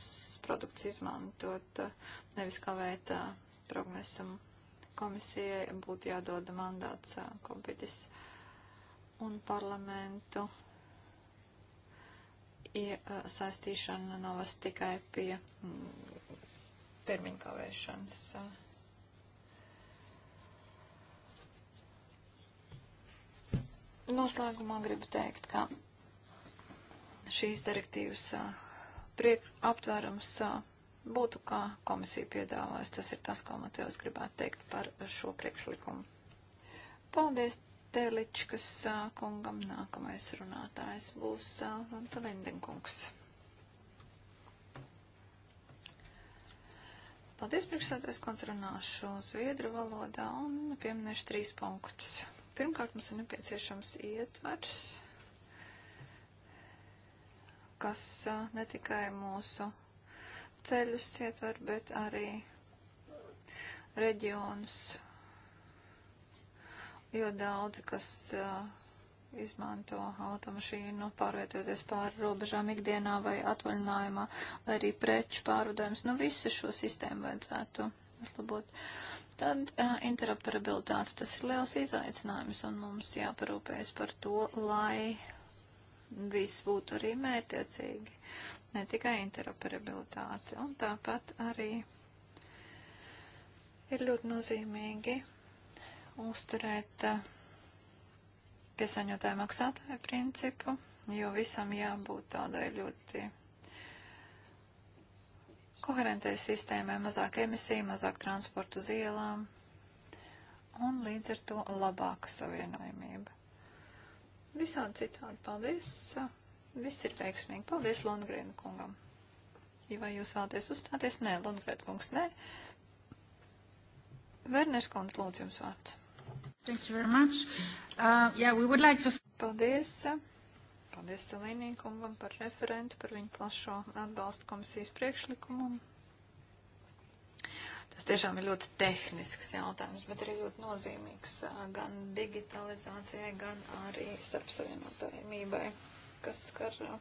produktus izmantot, uh, nevis kavēt progresumu komisijai būtu jādod mandāts kompetis un parlamentu iesaistīšana novest tikai pie mm, termiņu kavēšanas. Noslēgumā gribu teikt, ka šīs direktīvas priek, aptvērums būtu, kā komisija piedāvājas. Tas ir tas, ko Matejos gribētu teikt par šo priekšlikumu. Paldies Teličkas kungam. Nākamais runātājs būs Vanta Lindenkungs. Paldies, priekšsēdēs, kundze, runāšu zviedru valodā un pieminēšu trīs punktus. Pirmkārt, mums ir nepieciešams ietvers kas a, ne tikai mūsu ceļus ietver, bet arī reģionus, jo daudzi, kas uh, izmanto automašīnu, pārvietoties pāri robežām ikdienā vai atvaļinājumā, vai arī preču pārvadājums. Nu, visu šo sistēmu vajadzētu uzlabot. Tad uh, interoperabilitāte, tas ir liels izaicinājums, un mums jāparūpējas par to, lai viss būtu arī mērķiecīgi ne tikai interoperabilitāti. Un tāpat arī ir ļoti nozīmīgi uzturēt eh, piesaņotāju maksātāju principu, jo visam jābūt tādai ļoti koherentai sistēmai, mazāk emisiju, mazāk transportu uz ielām un līdz ar to labāka savienojumība. Visādi citādi paldies! Viss ir veiksmīgi. Paldies Lundgrēna kungam. Ja vai jūs vēlaties uzstāties? Nē, Lundgrēna kungs, nē. Verners kundz, lūdzu jums vārds. Thank you very much. Uh, yeah, we would like to... Paldies. Paldies Salīnī kungam par referentu, par viņu plašo atbalstu komisijas priekšlikumam. Tas tiešām ir ļoti tehnisks jautājums, bet arī ļoti nozīmīgs uh, gan digitalizācijai, gan arī starpsavienotojumībai kas skar uh,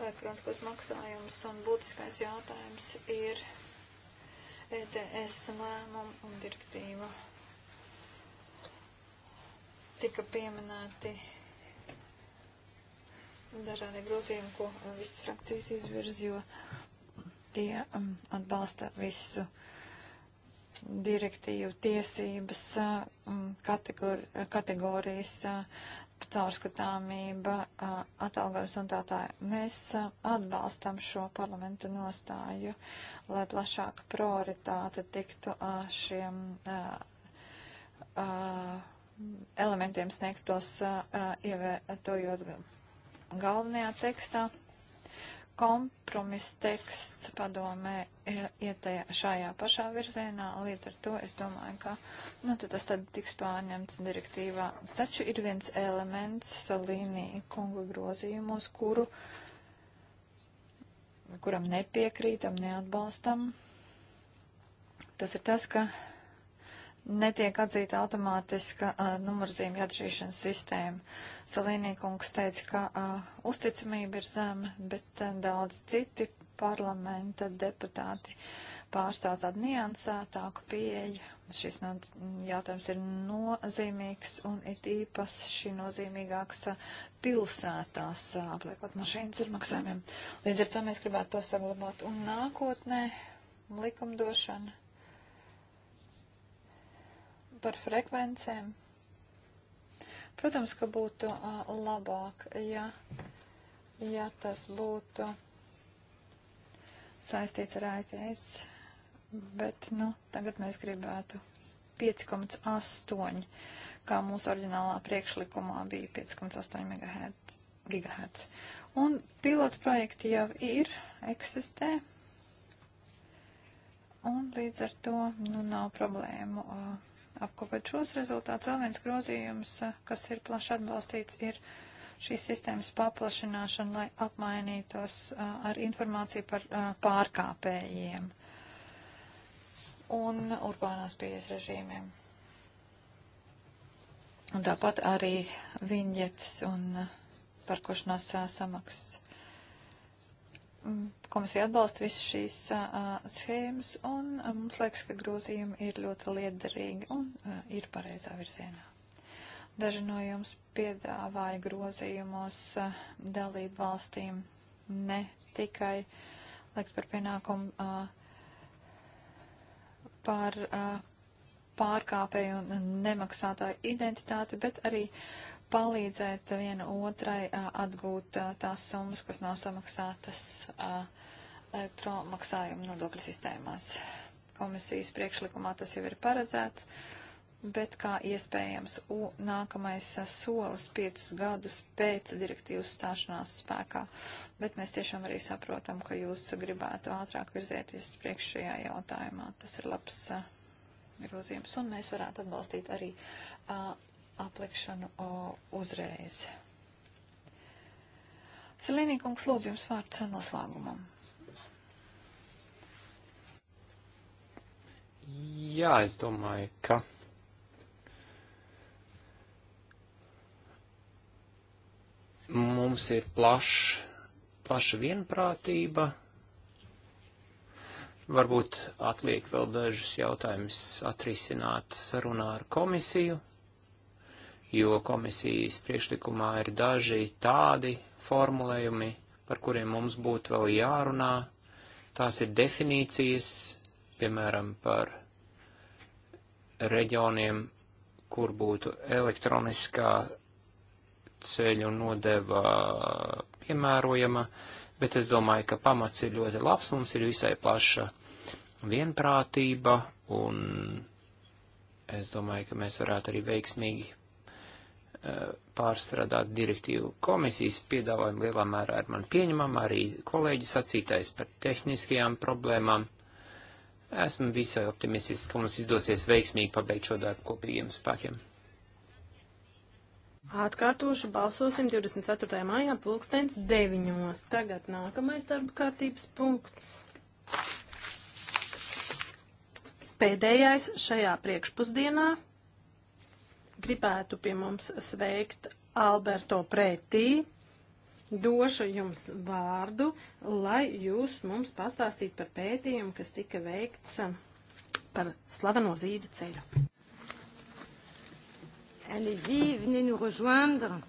elektroniskos maksājumus, un būtiskais jautājums ir ETS lēmumu un direktīva. Tika pieminēti dažādi grozījumi, ko visas frakcijas izvirz, jo tie um, atbalsta visu direktīvu tiesības uh, um, kategori, kategorijas, uh, caurskatāmība, atalgojums un tā tā. Mēs atbalstam šo parlamentu nostāju, lai plašāka prioritāte tiktu šiem elementiem sniegtos, ievietojot galvenajā tekstā kompromiss teksts padomē ietajā šajā pašā virzienā, līdz ar to es domāju, ka nu, tad tas tad tiks pārņemts direktīvā. Taču ir viens elements līnija kungu grozījumos, kuru, kuram nepiekrītam, neatbalstam. Tas ir tas, ka netiek atzīta automātiska uh, numurzīme atzīšanas sistēma. Salīnīkungs teica, ka uh, uzticamība ir zema, bet uh, daudz citi parlamenta deputāti pārstāv tādu niansētāku pieeju. Šis no, jautājums ir nozīmīgs un it īpaši nozīmīgāks uh, pilsētās, uh, apliekot mašīnas ar maksājumiem. Līdz ar to mēs gribētu to saglabāt un nākotnē likumdošana par frekvencēm. Protams, ka būtu uh, labāk, ja, ja tas būtu saistīts ar ATS, bet, nu, tagad mēs gribētu 5,8, kā mūsu oriģinālā priekšlikumā bija 5,8 MHz. Un pilotu projekti jau ir, eksistē, un līdz ar to, nu, nav problēmu. Uh, apkopot šos rezultātus. Vēl viens grozījums, eh, kas ir plaši atbalstīts, ir šīs sistēmas paplašināšana, lai apmainītos eh, ar informāciju par eh, pārkāpējiem un urbānās pieejas režīmiem. Un tāpat arī viņets un parkošanās samaksas Mm, komisija atbalsta visu šīs uh, schēmas, un uh, mums liekas, ka grozījumi ir ļoti liederīgi un uh, ir pareizā virzienā. Daži no jums piedāvāja grozījumos uh, dalību valstīm ne tikai likt par pienākumu uh, par uh, pārkāpēju un nemaksātāju identitāti, bet arī uh, palīdzēt viena otrai atgūt tās summas, kas nav samaksātas elektromaksājuma nodokļu sistēmās. Komisijas priekšlikumā tas jau ir paredzēts, bet kā iespējams u, nākamais solis piecus gadus pēc direktīvas stāšanās spēkā. Bet mēs tiešām arī saprotam, ka jūs gribētu ātrāk virzēties uz priekšu šajā jautājumā. Tas ir labs grozījums, un mēs varētu atbalstīt arī aplikšanu uzreiz. Salīnīkungs, lūdzu jums vārds noslēgumam. Jā, es domāju, ka mums ir plašs, plaša vienprātība. Varbūt atliek vēl dažus jautājumus atrisināt sarunā ar komisiju jo komisijas priekšlikumā ir daži tādi formulējumi, par kuriem mums būtu vēl jārunā. Tās ir definīcijas, piemēram, par reģioniem, kur būtu elektroniskā ceļu nodeva piemērojama, bet es domāju, ka pamats ir ļoti labs, mums ir visai plaša vienprātība, un es domāju, ka mēs varētu arī veiksmīgi pārstrādāt direktīvu. Komisijas piedāvājumi lielā mērā ir man pieņemam, arī kolēģi sacītais par tehniskajām problēmām. Esmu visai optimistisks, ka mums izdosies veiksmīgi pabeigt šo darbu kopīgiem spēkiem. Atkārtošu balsosim 24. maijā pulkstens 9. Tagad nākamais darba kārtības punkts. Pēdējais šajā priekšpusdienā gribētu pie mums sveikt Alberto Pretī. Došu jums vārdu, lai jūs mums pastāstītu par pētījumu, kas tika veikts par slaveno zīdu ceļu. Allez-y, venez nous rejoindre.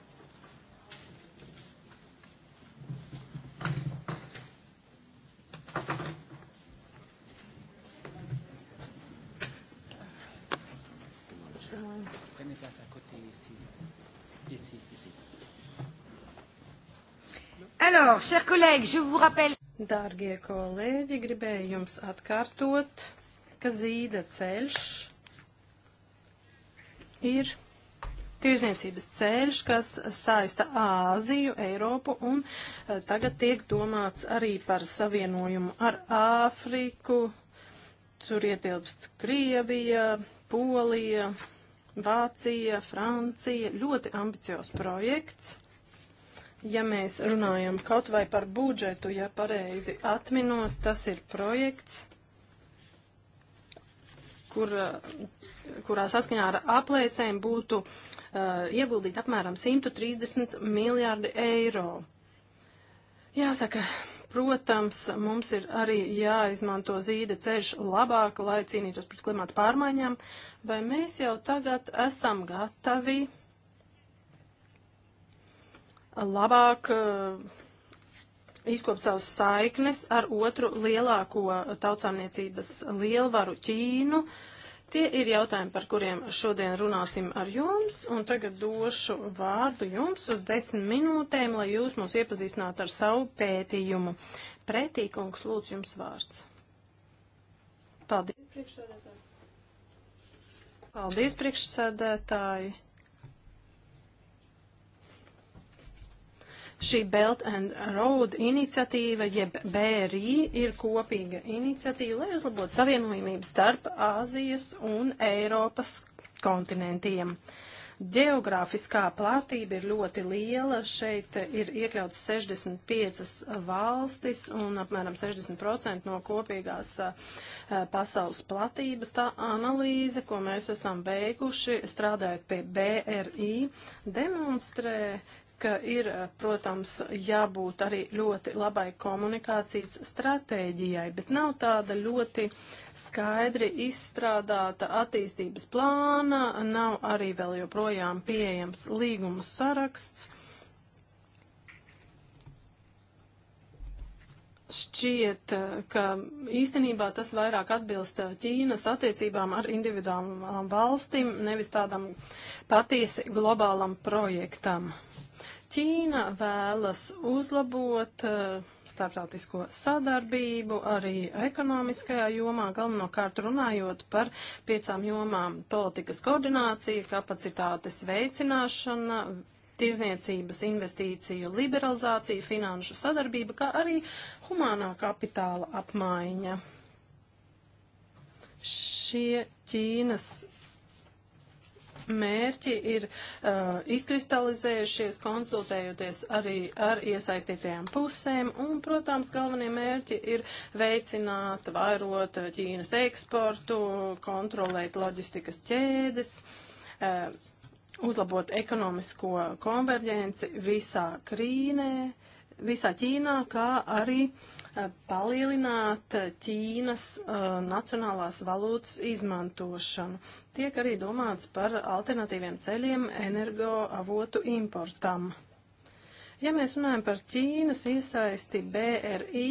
Ici, ici. Alors, chers collègues, je vous rappelle. Dārgie kolēģi, gribēju jums atkārtot, ka zīda ceļš ir tirzniecības ceļš, kas saista Āziju, Eiropu un eh, tagad tiek domāts arī par savienojumu ar Āfriku. Tur ietilpst Krievija, Polija, Vācija, Francija, ļoti ambiciozs projekts. Ja mēs runājam kaut vai par budžetu, ja pareizi atminos, tas ir projekts, kur, kurā saskaņā ar aplēsēm būtu uh, ieguldīt apmēram 130 miljārdi eiro. Jāsaka, protams, mums ir arī jāizmanto zīda ceļš labāk, lai cīnītos pret klimata pārmaiņām. Vai mēs jau tagad esam gatavi labāk eh, izkopt savus saiknes ar otru lielāko tautsāniecības lielvaru Ķīnu? Uh, Tie ir jautājumi, par kuriem šodien runāsim ar jums, un tagad došu vārdu jums uz desmit minūtēm, lai jūs mūs iepazīstinātu ar savu pētījumu. Pretīkungs, lūdzu jums vārds. Paldies, priekšsēdētāji. Paldies, priekšsēdētāji. Šī Belt and Road iniciatīva, jeb BRI, ir kopīga iniciatīva, lai uzlabotu savienojumību starp Āzijas un Eiropas kontinentiem. Geogrāfiskā platība ir ļoti liela. Šeit ir iekļauts 65 valstis un apmēram 60% no kopīgās a, pasaules platības. Tā analīze, ko mēs esam veikuši, strādājot pie BRI, demonstrē, ka ir, eh, protams, jābūt arī ļoti labai komunikācijas stratēģijai, bet nav tāda ļoti skaidri izstrādāta attīstības plāna, nav arī vēl joprojām pieejams līgumu saraksts. šķiet, eh, ka īstenībā tas vairāk atbilst eh, Ķīnas attiecībām ar individuālām valstīm, nevis tādam patiesi globālam projektam. Ķīna vēlas uzlabot eh, starptautisko sadarbību arī ekonomiskajā jomā, galvenokārt runājot par piecām jomām - politikas koordinācija, kapacitātes veicināšana, tirzniecības investīciju liberalizācija, finanšu sadarbība, kā arī humānā kapitāla apmaiņa. Šie Ķīnas mērķi ir uh, izkristalizējušies, konsultējoties arī ar iesaistītajām pusēm, un, protams, galvenie mērķi ir veicināt, vairot Ķīnas eksportu, kontrolēt loģistikas ķēdes. Uh, uzlabot ekonomisko konverģenci visā krīnē, visā Ķīnā, kā arī uh, Eh, palielināt Ķīnas eh, nacionālās valūtas izmantošanu. Tiek arī domāts par alternatīviem ceļiem energoavotu importam. Ja mēs runājam par Ķīnas iesaisti BRI,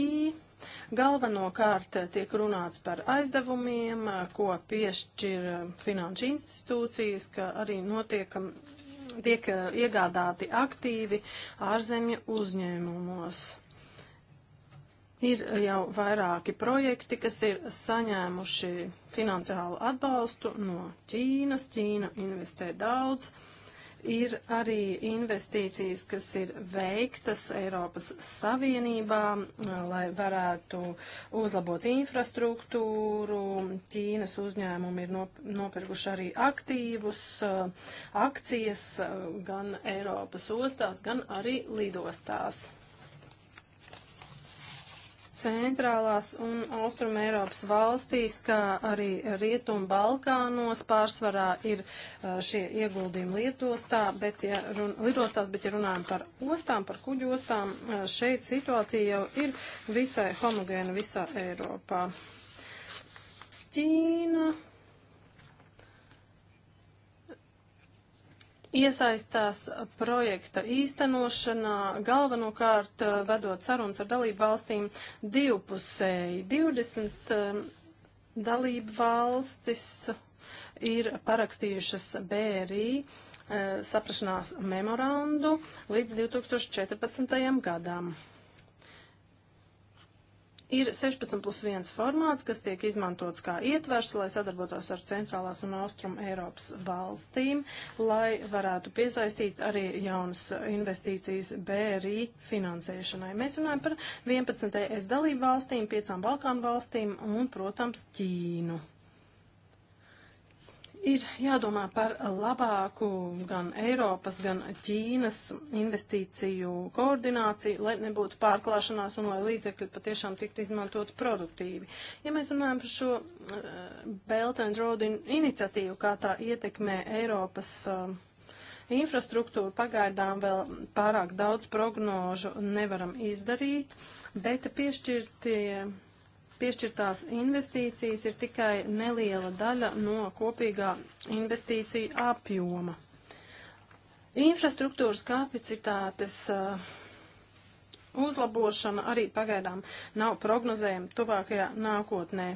Galvenokārt tiek runāts par aizdevumiem, eh, ko piešķir finanšu institūcijas, ka arī notiekam, mm, tiek iegādāti aktīvi ārzemju uzņēmumos. Ir jau vairāki projekti, kas ir saņēmuši finansiālu atbalstu no Ķīnas. Ķīna investē daudz. Ir arī investīcijas, kas ir veiktas Eiropas Savienībā, lai varētu uzlabot infrastruktūru. Ķīnas uzņēmumi ir nopirkuši arī aktīvus, akcijas gan Eiropas ostās, gan arī lidostās. Centrālās un Austrum Eiropas valstīs, kā arī Rietum Balkānos pārsvarā ir šie ieguldījumi lietostā, bet, ja run, lidostās, bet ja runājam par ostām, par kuģu ostām, šeit situācija jau ir visai homogēna visā Eiropā. Ķīna iesaistās projekta īstenošanā, galvenokārt eh, vedot sarunas ar dalību valstīm divpusēji. 20 eh, dalību valstis ir parakstījušas BRI eh, saprašanās memorandu līdz 2014. gadam. Ir 16 plus 1 formāts, kas tiek izmantots kā ietvers, lai sadarbotos ar centrālās un austrum Eiropas valstīm, lai varētu piesaistīt arī jaunas investīcijas BRI finansēšanai. Mēs runājam par 11 ES dalību valstīm, 5 Balkānu valstīm un, protams, Ķīnu. Ir jādomā par labāku gan Eiropas, gan Ķīnas investīciju koordināciju, lai nebūtu pārklāšanās un lai līdzekļi patiešām tiktu izmantot produktīvi. Ja mēs runājam par šo eh, Belt and Road iniciatīvu, kā tā ietekmē Eiropas eh, infrastruktūru, pagaidām vēl pārāk daudz prognožu nevaram izdarīt, bet piešķirtie Piešķirtās investīcijas ir tikai neliela daļa no kopīgā investīcija apjoma. Infrastruktūras kapacitātes uh, uzlabošana arī pagaidām nav prognozējama tuvākajā nākotnē.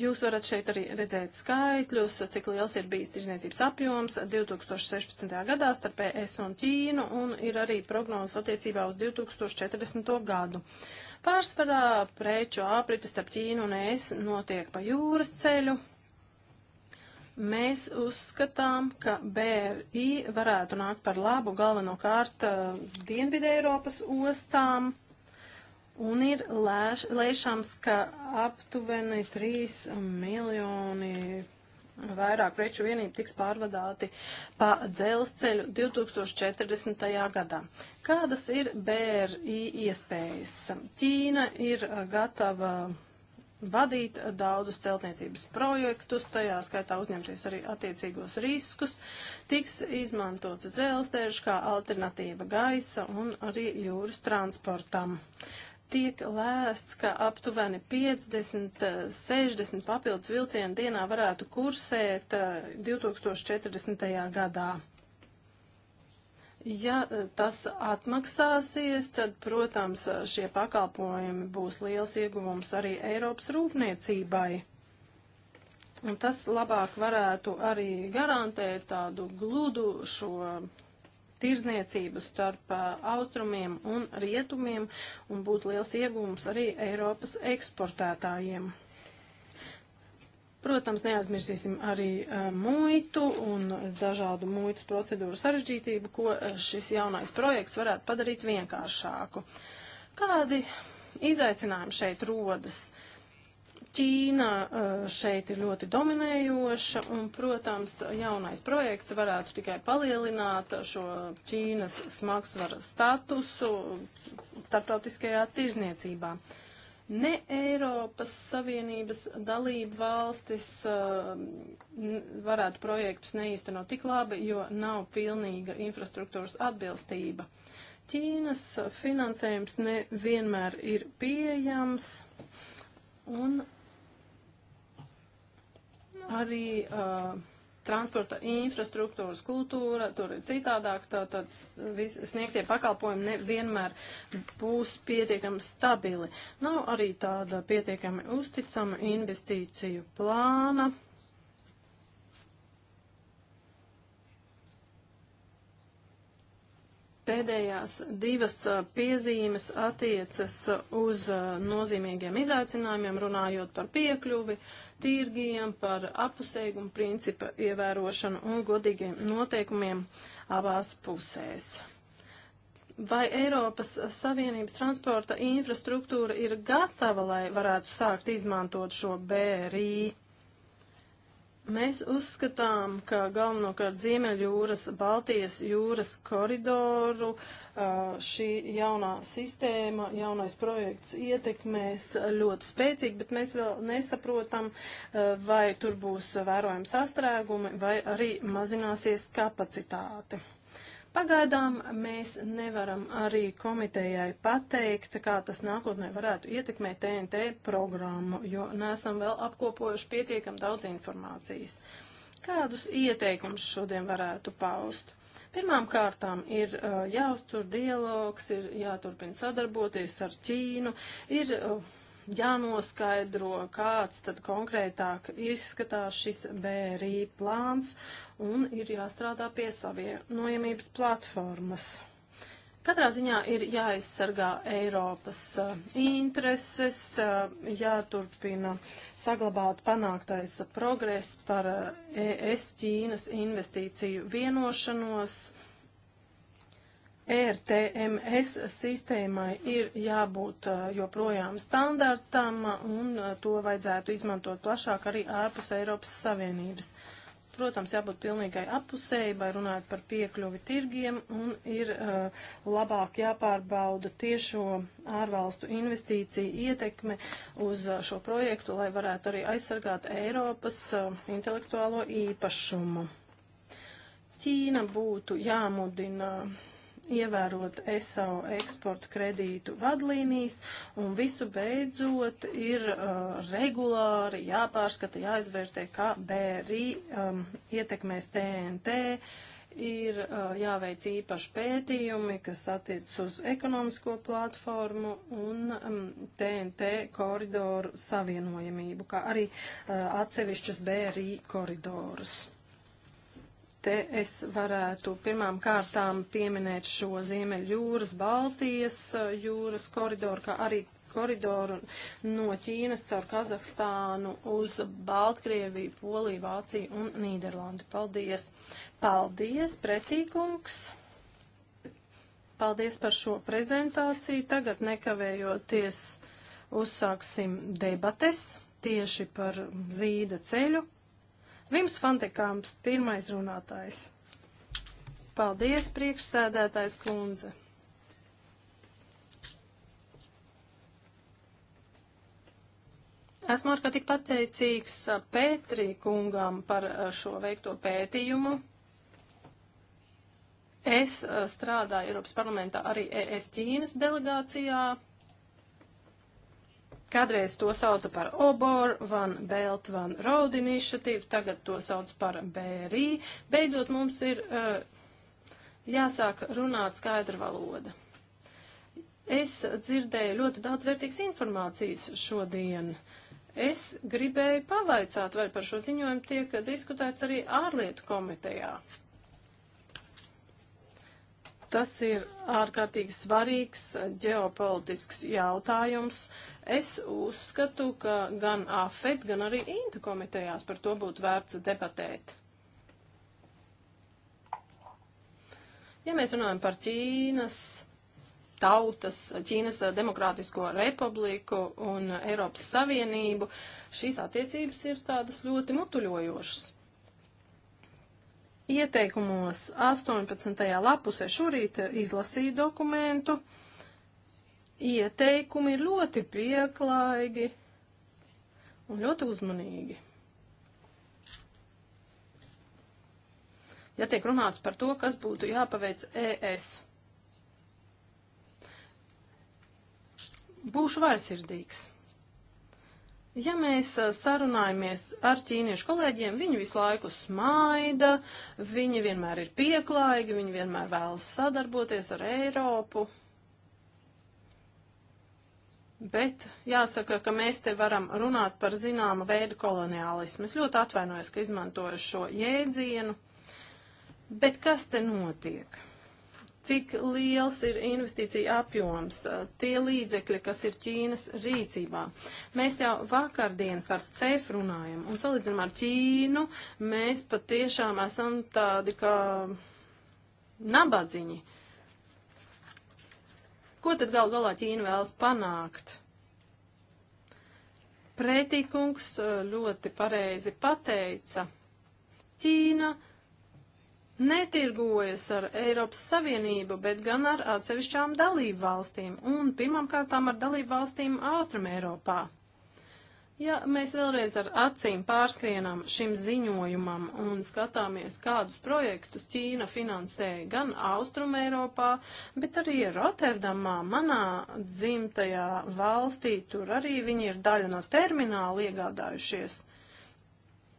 Jūs varat šeit arī redzēt skaitļus, cik liels ir bijis tirzniecības apjoms 2016. gadā starp ES un Ķīnu, un ir arī prognozes attiecībā uz 2040. gadu. Uh, Pārsvarā preču aprites starp Ķīnu un es notiek pa jūras ceļu. Mēs uzskatām, ka BRI varētu nākt par labu galvenokārt uh, Dienvidē Eiropas ostām. Un ir lēš, lēšams, ka aptuveni 3 miljoni vairāk preču vienību tiks pārvadāti pa dzelzceļu 2040. gadā. Kādas ir BRI iespējas? Ķīna ir gatava vadīt daudzus celtniecības projektus, tajā skaitā uzņemties arī attiecīgos riskus, tiks izmantots dzelzceļš kā alternatīva gaisa un arī jūras transportam. Uh, tiek lēsts, ka aptuveni 50-60 eh, papildus vilcienu dienā varētu kursēt 2040. Eh, gadā. Ja eh, tas atmaksāsies, tad, protams, šie pakalpojumi būs liels ieguvums arī Eiropas rūpniecībai. Un tas labāk varētu arī garantēt tādu gludu šo tirzniecību starp austrumiem un rietumiem un būtu liels iegūms arī Eiropas eksportētājiem. Protams, neaizmirsīsim arī muitu un dažādu muitas procedūru sarežģītību, ko šis jaunais projekts varētu padarīt vienkāršāku. Kādi izaicinājumi šeit rodas? Uh, Ķīna eh, šeit ir ļoti dominējoša un, protams, jaunais projekts varētu tikai palielināt šo Ķīnas smagsvara statusu starptautiskajā tirzniecībā. Ne Eiropas Savienības dalība valstis eh, varētu projektus neīstenot tik labi, jo nav pilnīga infrastruktūras atbilstība. Ķīnas finansējums nevienmēr ir pieejams un Arī uh, transporta infrastruktūras kultūra, tur ir citādāk, tātad sniegtie pakalpojumi nevienmēr būs pietiekami stabili. Nav arī tāda pietiekami uzticama investīciju plāna. Pēdējās divas piezīmes attiecas uz nozīmīgiem izaicinājumiem, runājot par piekļuvi tīrgiem, par apusēgumu principa ievērošanu un godīgiem noteikumiem abās pusēs. Vai Eiropas Savienības transporta infrastruktūra ir gatava, lai varētu sākt izmantot šo BRI? Mēs uzskatām, ka galvenokārt Ziemeļjūras, Baltijas jūras koridoru šī jaunā sistēma, jaunais projekts ietekmēs ļoti spēcīgi, bet mēs vēl nesaprotam, vai tur būs vērojami sastrēgumi, vai arī mazināsies kapacitāte. Pagaidām mēs nevaram arī komitejai pateikt, kā tas nākotnē varētu ietekmēt TNT programmu, jo nesam vēl apkopojuši pietiekam daudz informācijas. Kādus ieteikumus šodien varētu paust? Pirmām kārtām ir uh, jāuztur dialogs, ir jāturpina sadarboties ar Ķīnu, ir uh, jānoskaidro, kāds tad konkrētāk izskatās šis BRI plāns un ir jāstrādā pie savienojamības platformas. Katrā ziņā ir jāaizsargā Eiropas uh, intereses, uh, jāturpina saglabāt panāktais progress par uh, eh, ES Ķīnas investīciju vienošanos ERTMS sistēmai ir jābūt uh, joprojām standartam uh, un uh, to vajadzētu izmantot plašāk arī ārpus Eiropas Savienības. Protams, jābūt pilnīgai apusējībai, runājot par piekļuvi tirgiem, un ir uh, labāk jāpārbauda tiešo ārvalstu investīciju ietekme uz uh, šo projektu, lai varētu arī aizsargāt Eiropas uh, intelektuālo īpašumu. Ķīna būtu jāmudina. Uh, ievērot ESO eksporta kredītu vadlīnijas un visu beidzot ir uh, regulāri jāpārskata, jāizvērtē, kā BRI um, ietekmēs TNT. Ir uh, jāveic īpaši pētījumi, kas attiec uz ekonomisko platformu un um, TNT koridoru savienojamību, kā arī uh, atsevišķus BRI koridorus. Te es varētu pirmām kārtām pieminēt šo Ziemeļjūras, Baltijas uh, jūras koridoru, kā arī koridoru no Ķīnas caur Kazahstānu uz Baltkrieviju, Poliju, Vāciju un Nīderlandi. Paldies! Paldies, pretīkungs! Paldies par šo prezentāciju. Tagad nekavējoties uzsāksim debates tieši par zīda ceļu. Vims Fantekāms, pirmais runātājs. Paldies, priekšsēdētājs kundze. Esmu ārkārtīgi pateicīgs Pētrī kungam par šo veikto pētījumu. Es strādāju Eiropas parlamentā arī ES Ķīnas delegācijā. Kādreiz to sauca par Obor, Van Belt, Van Road iniciatīvu, tagad to sauc par BRI. Beidzot mums ir uh, jāsāk runāt skaidra valoda. Es dzirdēju ļoti daudz vērtīgas informācijas šodien. Es gribēju pavaicāt, vai par šo ziņojumu tiek diskutēts arī ārlietu komitejā. Tas ir ārkārtīgi svarīgs ģeopolitisks jautājums. Es uzskatu, ka gan AFET, gan arī INTA komitejās par to būtu vērts debatēt. Ja mēs runājam par Ķīnas tautas, Ķīnas Demokrātisko republiku un Eiropas Savienību, šīs attiecības ir tādas ļoti mutuļojošas. Ieteikumos 18. lapusē šorīt izlasīju dokumentu. Ieteikumi ir ļoti pieklājīgi un ļoti uzmanīgi. ja tiek runāts par to, kas būtu jāpaveic ES. Būšu vairsirdīgs. Ja mēs sarunājamies ar ķīniešu kolēģiem, viņi visu laiku smaida, viņi vienmēr ir pieklājīgi, viņi vienmēr vēlas sadarboties ar Eiropu. Bet jāsaka, ka mēs te varam runāt par zināma veida koloniālismu. Es ļoti atvainojos, ka izmantoju šo jēdzienu. Bet kas te notiek? cik liels ir investīcija apjoms, tie līdzekļi, kas ir Ķīnas rīcībā. Mēs jau vakardien par CEF runājam, un salīdzinām ar Ķīnu, mēs patiešām esam tādi kā nabadziņi. Ko tad gal galā Ķīna vēlas panākt? Pretīkungs ļoti pareizi pateica. Ķīna netirgojas ar Eiropas Savienību, bet gan ar atsevišķām dalību valstīm un pirmkārtām ar dalību valstīm Austrum Eiropā. Ja mēs vēlreiz ar acīm pārskrienam šim ziņojumam un skatāmies, kādus projektus Ķīna finansē gan Austrum Eiropā, bet arī Rotterdamā, manā dzimtajā valstī, tur arī viņi ir daļa no termināla iegādājušies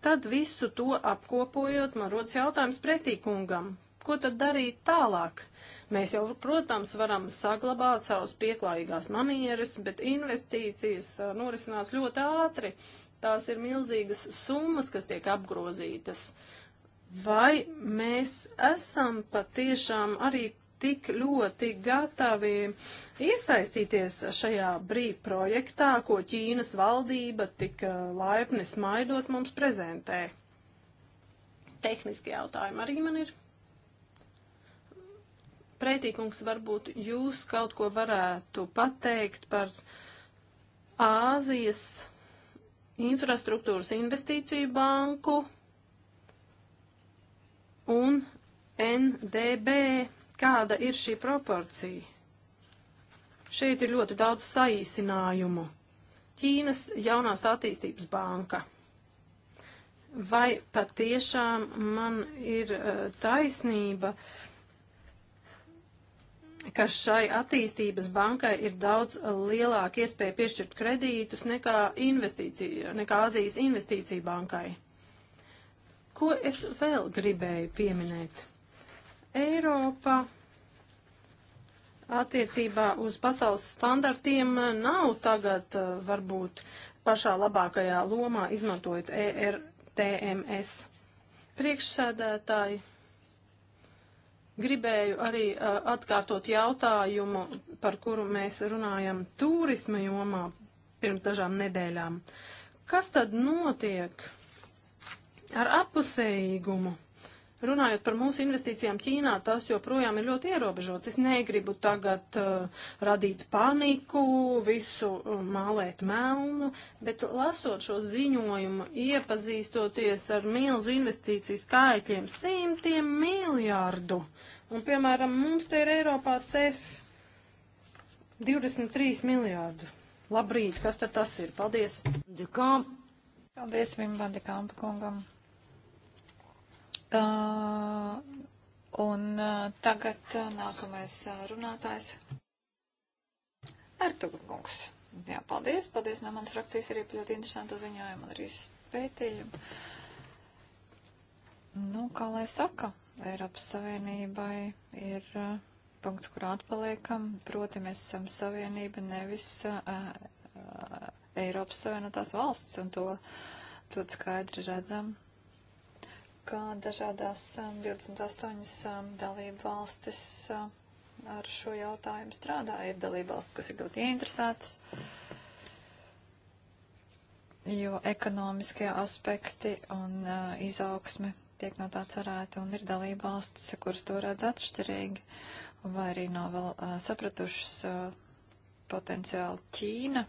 Tad visu to apkopojot, man rodas jautājums pretī kungam. Ko tad darīt tālāk? Mēs jau, protams, varam saglabāt savus pieklājīgās manieres, bet investīcijas norisinās ļoti ātri. Tās ir milzīgas summas, kas tiek apgrozītas. Vai mēs esam patiešām arī tik ļoti gatavi iesaistīties šajā brīv projektā, ko Ķīnas valdība tik eh, laipni smaidot mums prezentē? Tehniski jautājumi arī man ir. Prētīkungs, varbūt jūs kaut ko varētu pateikt par Āzijas infrastruktūras investīciju banku un NDB. Kāda ir šī proporcija? Šeit ir ļoti daudz saīsinājumu. Ķīnas jaunās attīstības banka. Vai patiešām man ir eh, taisnība, ka šai attīstības bankai ir daudz eh, lielāka iespēja piešķirt kredītus nekā, nekā Azijas investīcija bankai? Ko es vēl gribēju pieminēt? Eiropa attiecībā uz pasaules standartiem nav tagad eh, varbūt pašā labākajā lomā izmantojot ERTMS. Priekšsēdētāji gribēju arī eh, atkārtot jautājumu, par kuru mēs runājam turisma jomā pirms dažām nedēļām. Kas tad notiek ar apusējīgumu? Runājot par mūsu investīcijām Ķīnā, tas joprojām ir ļoti ierobežots. Es negribu tagad uh, radīt paniku, visu uh, mālēt melnu, bet lasot šo ziņojumu, iepazīstoties ar milzu investīciju skaitļiem, simtiem miljārdu. Un, piemēram, mums te ir Eiropā CEF 23 miljārdu. Labrīt, kas tad tas ir? Paldies! Paldies, Vim Vandekampa kungam! Uh, un uh, tagad uh, nākamais uh, runātājs. Ertuga kungs. Jā, paldies. Paldies no manas frakcijas arī par ļoti interesantu ziņojumu un arī pētījumu. Nu, kā lai saka, Eiropas Savienībai ir uh, punkts, kur atpaliekam, proti mēs esam savienība, nevis uh, uh, Eiropas Savienotās valsts, un to, to skaidri redzam ka dažādās 28 um, um, dalību valstis um, ar šo jautājumu strādā. Ir dalību valsts, kas ir ļoti interesētas, jo ekonomiskie aspekti un uh, izaugsme tiek no tā cerēta, un ir dalību valstis, kuras to redz atšķirīgi, vai arī nav vēl uh, sapratušas uh, potenciāli Ķīna.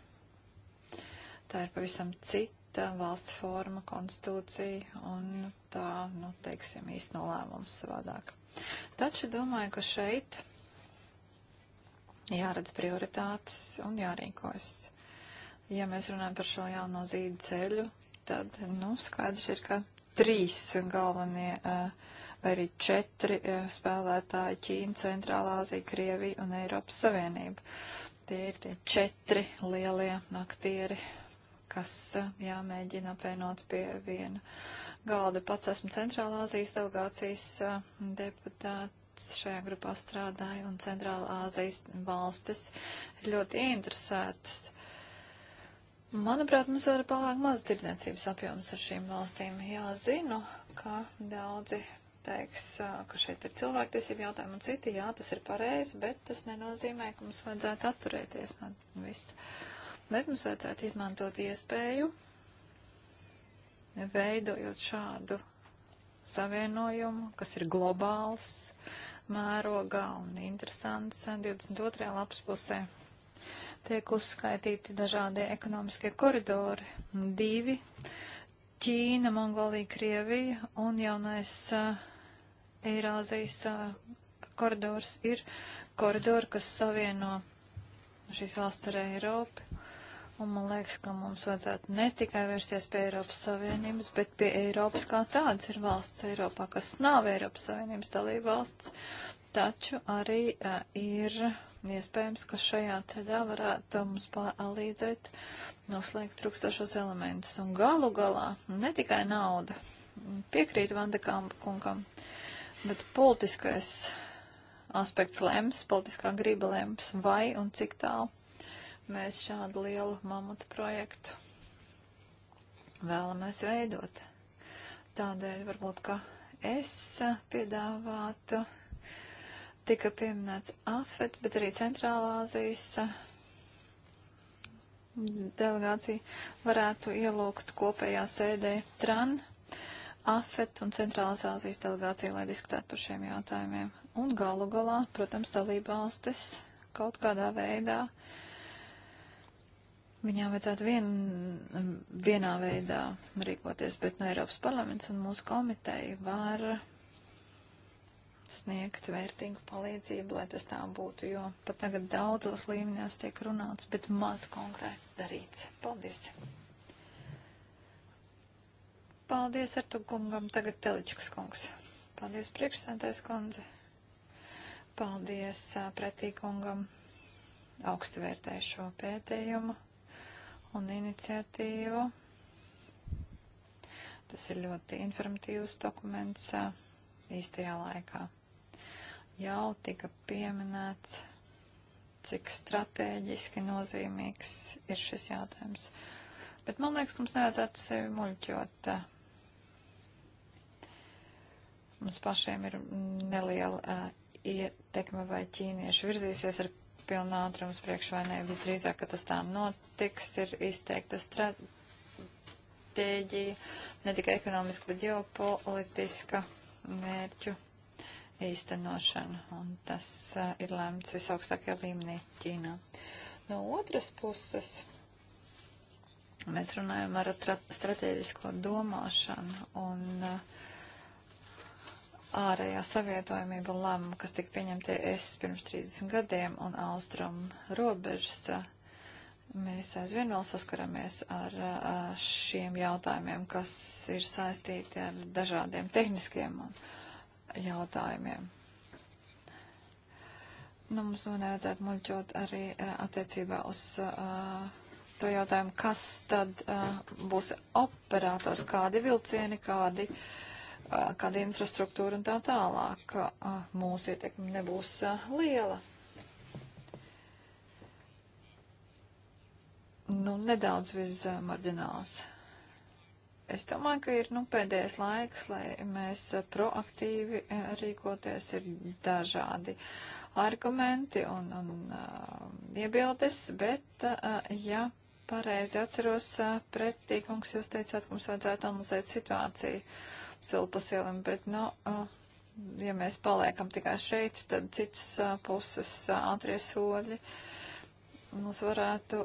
Tā ir pavisam cita valsts forma, konstitūcija un tā, nu, teiksim, īsteno lēmumu savādāk. Taču domāju, ka šeit jāredz prioritātes un jārīkojas. Ja mēs runājam par šo jauno zīdu ceļu, tad, nu, skaidrs ir, ka trīs galvenie vai arī četri spēlētāji - Ķīna, Centrālā Azija, Krievija un Eiropas Savienība. Tie ir tie četri lielie aktieri kas eh, jāmēģina apvienot pie viena galda. Pats esmu Centrālā Azijas delegācijas eh, deputāts šajā grupā strādāju, un Centrāla Āzijas valstis ir ļoti interesētas. Manuprāt, mums ir pārāk maz tirdzniecības apjoms ar šīm valstīm. Jā, zinu, ka daudzi teiks, eh, ka šeit ir cilvēktiesība jautājumi un citi. Jā, tas ir pareizi, bet tas nenozīmē, ka mums vajadzētu atturēties no viss. Bet mums vajadzētu izmantot iespēju, veidojot šādu savienojumu, kas ir globāls, mērogā un interesants 22. lapas pusē. Tiek uzskaitīti dažādie ekonomiskie koridori, divi - Ķīna, Mongolija, Krievija un jaunais uh, Eirāzijas uh, koridors ir koridori, kas savieno šīs valsts ar Eiropu Un man liekas, ka mums vajadzētu ne tikai vērsties pie Eiropas Savienības, bet pie Eiropas kā tādas ir valsts Eiropā, kas nav Eiropas Savienības dalība valsts. Taču arī a, eh, ir iespējams, ka šajā ceļā varētu mums palīdzēt noslēgt trūkstošos elementus. Un galu galā ne tikai nauda. Piekrīt Vandekām kungam, bet politiskais aspekts lems, politiskā griba lems, vai un cik tālu mēs šādu lielu mamutu projektu vēlamies veidot. Tādēļ varbūt, ka es piedāvātu, tika pieminēts AFET, bet arī Centrālā Azijas delegācija varētu ielūgt kopējā sēdē TRAN, AFET un Centrālās Āzijas delegācija, lai diskutētu par šiem jautājumiem. Un galu galā, protams, dalībvalstis kaut kādā veidā uh, Viņām vajadzētu vien, vienā veidā rīkoties, bet no Eiropas parlaments un mūsu komiteja var sniegt vērtīgu palīdzību, lai tas tā būtu, jo pat tagad daudzos līmeņos tiek runāts, bet maz konkrēti darīts. Paldies! Paldies ar to kungam, tagad Teličkas kungs. Paldies priekšsēdētājs kundze. Paldies pretīkungam. Augstu vērtēju šo pētījumu un iniciatīvu. Tas ir ļoti informatīvs dokuments īstajā laikā. Jau tika pieminēts, cik strateģiski nozīmīgs ir šis jautājums. Bet man liekas, mums nevajadzētu sevi muļķot. Mums pašiem ir mm, neliela ietekme, vai ķīnieši virzīsies ar pilnā ātrums priekšvainē. Visdrīzāk, ka tas tā notiks, ir izteikta stratēģija, ne tikai ekonomiska, bet ģeopolitiska mērķu īstenošana. Un tas uh, ir lēmts visaugstākajā līmenī Ķīnā. No otras puses, mēs runājam ar stratēģisko domāšanu un uh, ārējā savietojamība un lēmumi, kas tika pieņemti es pirms 30 gadiem un austrum robežas, mēs aizvien vēl saskaramies ar šiem jautājumiem, kas ir saistīti ar dažādiem tehniskiem jautājumiem. Nu, mums nu nevajadzētu muļķot arī attiecībā uz uh, to jautājumu, kas tad uh, būs operators, kādi vilcieni, kādi uh, kāda infrastruktūra un tā tālāk, mūsu ietekme nebūs liela. Nu, nedaudz vismarģināls. Es domāju, ka ir nu, pēdējais laiks, lai mēs proaktīvi rīkoties. Ir dažādi argumenti un, un uh, iebildes, bet, uh, ja pareizi atceros, uh, pretī, kungs, jūs teicāt, ka mums vajadzētu analizēt situāciju. Uh, cilpas ielim, bet, nu, ja mēs paliekam tikai šeit, tad citas puses ātrie soļi mums varētu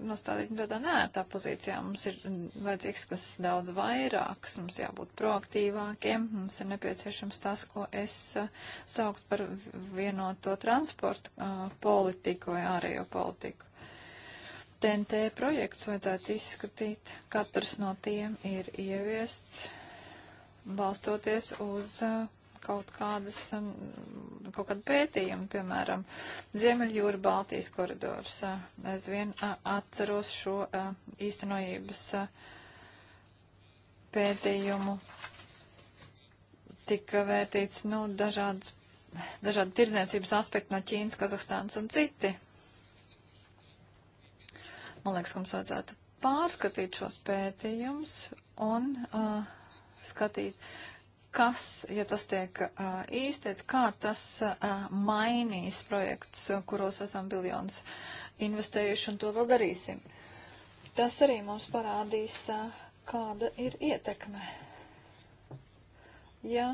nostādīt tādā nērtā pozīcijā. Mums ir vajadzīgs kas daudz vairāks, mums jābūt proaktīvākiem, mums ir nepieciešams tas, ko es a, saukt par vienoto transportu a, politiku vai ārējo politiku. TNT projekts vajadzētu izskatīt, katrs no tiem ir ieviests balstoties uz uh, kaut kādas, um, kaut kādu pētījumu, piemēram, Ziemeļjūra Baltijas koridors. Es uh, vien uh, atceros šo īstenojības pētījumu. Tika vērtīts, nu, dažādas, dažādi tirdzniecības aspekti no Ķīnas, Kazahstānas un citi. Man liekas, ka mums vajadzētu pārskatīt šos pētījumus un uh, skatīt, kas, ja tas tiek uh, īstēts, kā tas uh, mainīs projekts, kuros esam biljons investējuši un to vēl darīsim. Tas arī mums parādīs, uh, kāda ir ietekme. Ja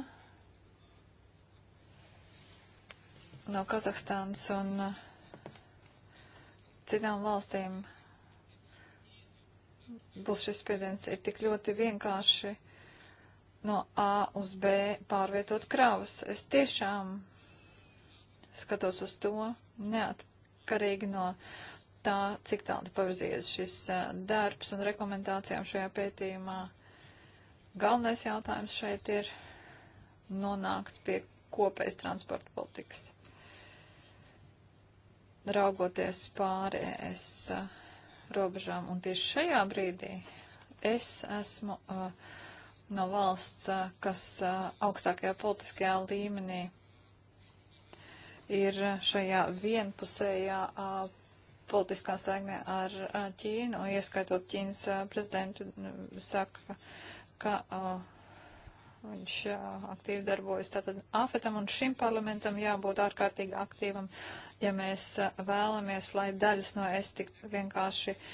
no Kazahstānas un uh, citām valstīm būs šis spiediens, ir tik ļoti vienkārši no A uz B pārvietot kravas. Es tiešām skatos uz to neatkarīgi no tā, cik tālu pavirzies šis eh, darbs un rekomendācijām šajā pētījumā. Galvenais jautājums šeit ir nonākt pie kopējas transporta politikas. Raugoties pāri es eh, robežām un tieši šajā brīdī es esmu uh, no valsts, kas augstākajā politiskajā līmenī ir šajā vienpusējā politiskā saiknē ar Ķīnu, ieskaitot Ķīnas prezidentu, nu, saka, ka viņš aktīvi darbojas. Tātad AFETam un šim parlamentam jābūt ārkārtīgi aktīvam, ja mēs vēlamies, lai daļas no es tik vienkārši uh,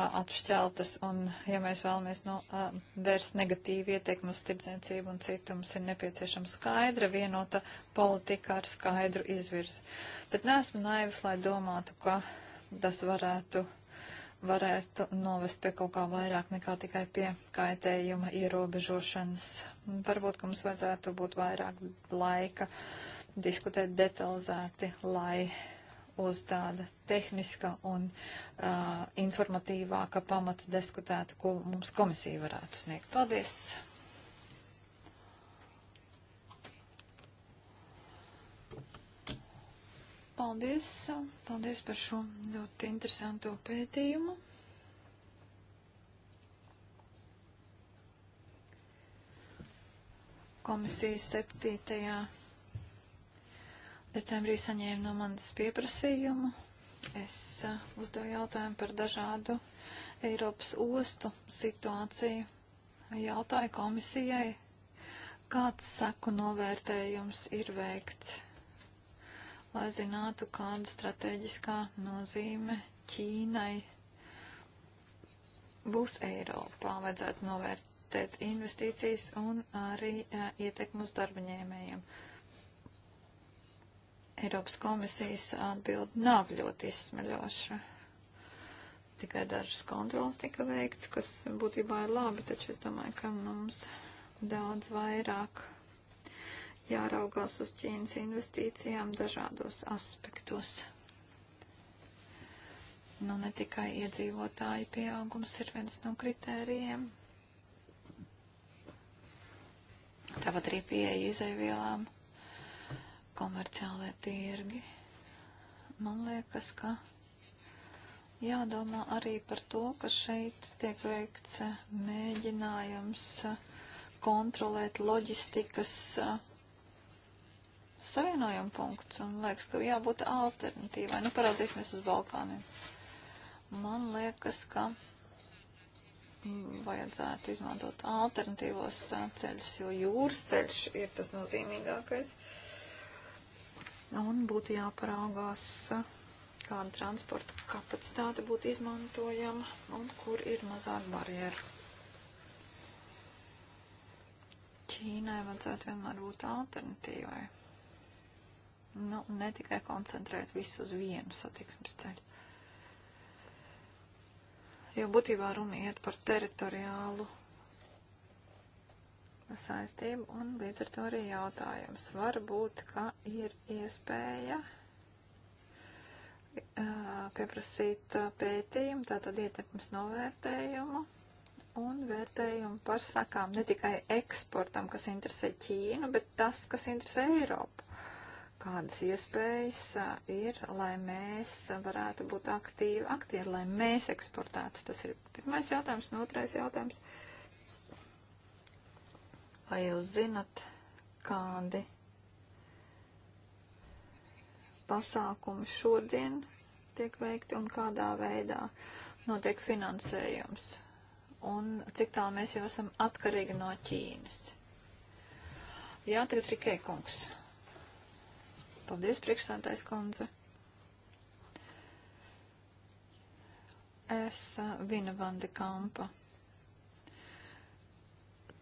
atšķeltas, un ja mēs vēlamies novērst nu, negatīvu ietekmu uz tirdzniecību un citu, mums ir nepieciešama skaidra, vienota politika ar skaidru izvirzi. Bet neesmu naivs, lai domātu, ka tas varētu, varētu novest pie kaut kā vairāk nekā tikai pie kaitējuma ierobežošanas. Varbūt, ka mums vajadzētu būt vairāk laika diskutēt detalizēti, lai uz tāda tehniska un uh, informatīvāka pamata diskutētu, ko mums komisija varētu sniegt. Paldies! Paldies! Paldies par šo ļoti interesanto pētījumu. Komisija 7 decembrī saņēma no manas pieprasījumu. Es uh, uzdevu jautājumu par dažādu Eiropas ostu situāciju. Jautāju komisijai, kāds seku novērtējums ir veikts, lai zinātu, kāda strateģiskā nozīme Ķīnai būs Eiropā. Vajadzētu novērtēt investīcijas un arī uh, ietekmus darbaņēmējiem. Uh, Eiropas komisijas atbildi nav ļoti izsmeļoša. Tikai dažas kontrolas tika veikts, kas būtībā ir labi, taču es domāju, ka mums daudz vairāk jāraugās uz Ķīnas investīcijām dažādos aspektos. Nu, ne tikai iedzīvotāju pieaugums ir viens no kritērijiem. Tāpat arī pieeja izēvielām komerciālie tirgi. Man liekas, ka jādomā arī par to, ka šeit tiek veikts eh, mēģinājums eh, kontrolēt loģistikas eh, savienojumu punkts, un liekas, ka jābūt alternatīvai. Nu, paraudzīsimies uz Balkāniem. Man liekas, ka mm, vajadzētu izmantot alternatīvos ceļus, jo jūras ceļš ir tas nozīmīgākais. Un būtu jāparaugās, kāda transporta kapacitāte būtu izmantojama un kur ir mazāk barjeru. Ķīnai vajadzētu vienmēr būt alternatīvai. Nu, ne tikai koncentrēt visu uz vienu satiksmes ceļu. Jo būtībā runa iet par teritoriālu saistību un līdz ar to arī jautājums. Varbūt, ka ir iespēja pieprasīt pētījumu, tātad ietekmes novērtējumu un vērtējumu par sakām ne tikai eksportam, kas interesē Ķīnu, bet tas, kas interesē Eiropu. Kādas iespējas ir, lai mēs varētu būt aktīvi aktieri, lai mēs eksportētu? Tas ir pirmais jautājums, un otrais jautājums. Uh, Vai jūs zinat, kādi pasākumi šodien tiek veikti un kādā veidā notiek finansējums? Un cik tā mēs jau esam atkarīgi no Ķīnas? Jā, tagad Rikē kungs. Paldies, priekšsēdājs kundze. Es uh, Vina Vande Kampa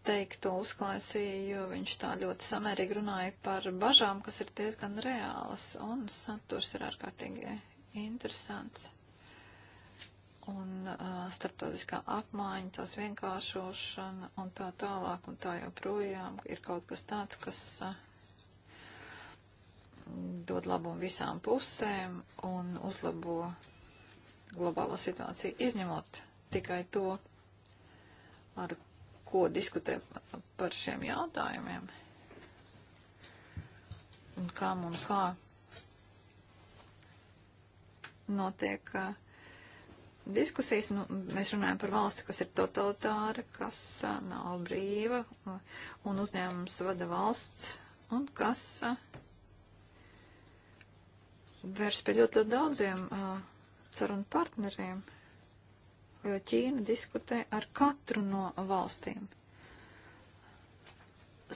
teikto uzklāsīju, jo viņš tā ļoti samērīgi runāja par bažām, kas ir diezgan reālas, un saturs ir ārkārtīgi interesants. Un uh, starptautiskā apmaiņa, tās vienkāršošana un tā tālāk un tā joprojām ir kaut kas tāds, kas uh, dod labumu visām pusēm un uzlabo globālo situāciju, izņemot tikai to, ar ko diskutē par šiem jautājumiem. Un kam un kā notiek uh, diskusijas. Nu, mēs runājam par valsti, kas ir totalitāra, kas uh, nav brīva uh, un uzņēmums vada valsts un kas uh, vērs pie ļoti, ļoti daudziem uh, sarunu partneriem. Uh, jo Ķīna diskutē ar katru no valstīm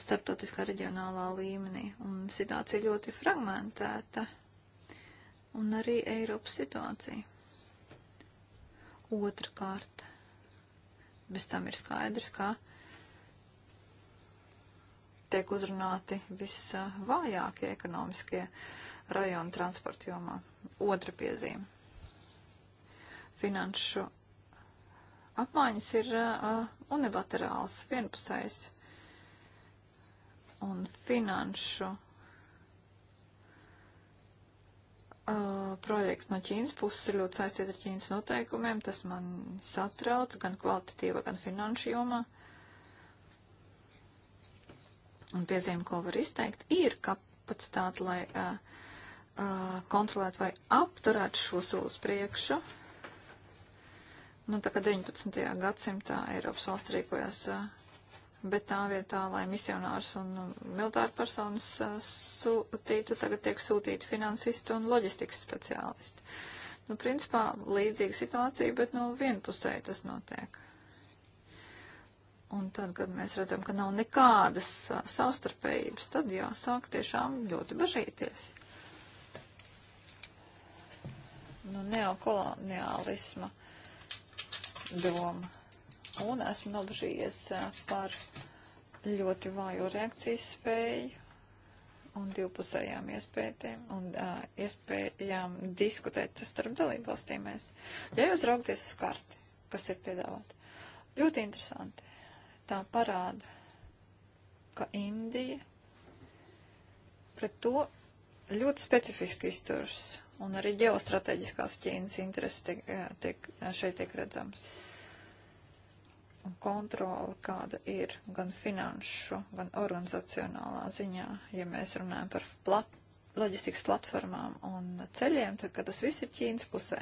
starptautiskā reģionālā līmenī, un situācija ļoti fragmentēta, un arī Eiropas situācija. Otrakārt, bez tam ir skaidrs, ka tiek uzrunāti visvājākie ekonomiskie rajoni transporta jomā. Otra piezīme. Finanšu apmaiņas ir uh, unilaterāls, vienpusējs. Un finanšu uh, projekti no Ķīnas puses ir ļoti saistīti ar Ķīnas noteikumiem. Tas man satrauc gan kvalitatīva, gan finanšu jomā. Un piezīme, ko var izteikt, ir kapacitāte, lai uh, uh, kontrolētu vai apturētu šo soli uz priekšu. Uh, Nu, tā kā 19. gadsimtā Eiropas valsts rīkojās, bet tā vietā, lai misionārs un nu, militāru personas sūtītu, tagad tiek sūtīti finansisti un loģistikas speciālisti. Nu, principā līdzīga situācija, bet nu vienpusēji tas notiek. Un tad, kad mēs redzam, ka nav nekādas savstarpējības, tad jāsāk tiešām ļoti bažīties. Nu, neokoloniālisma. Uh, doma. Un esmu nobežījies par ļoti vājo reakcijas spēju un divpusējām iespējām un uh, iespējām diskutēt starp dalību valstīm. Mēs, ja jūs raugties uz karti, kas ir piedāvāta, ļoti interesanti. Tā parāda, ka Indija pret to ļoti specifiski izturs un arī ģeostrateģiskās Ķīnas intereses tiek, eh, tiek, eh, šeit tiek redzams. Un kontrola, kāda ir gan finanšu, gan organizacionālā ziņā, ja mēs runājam par plat, loģistikas platformām un ceļiem, tad, kad tas viss ir Ķīnas pusē.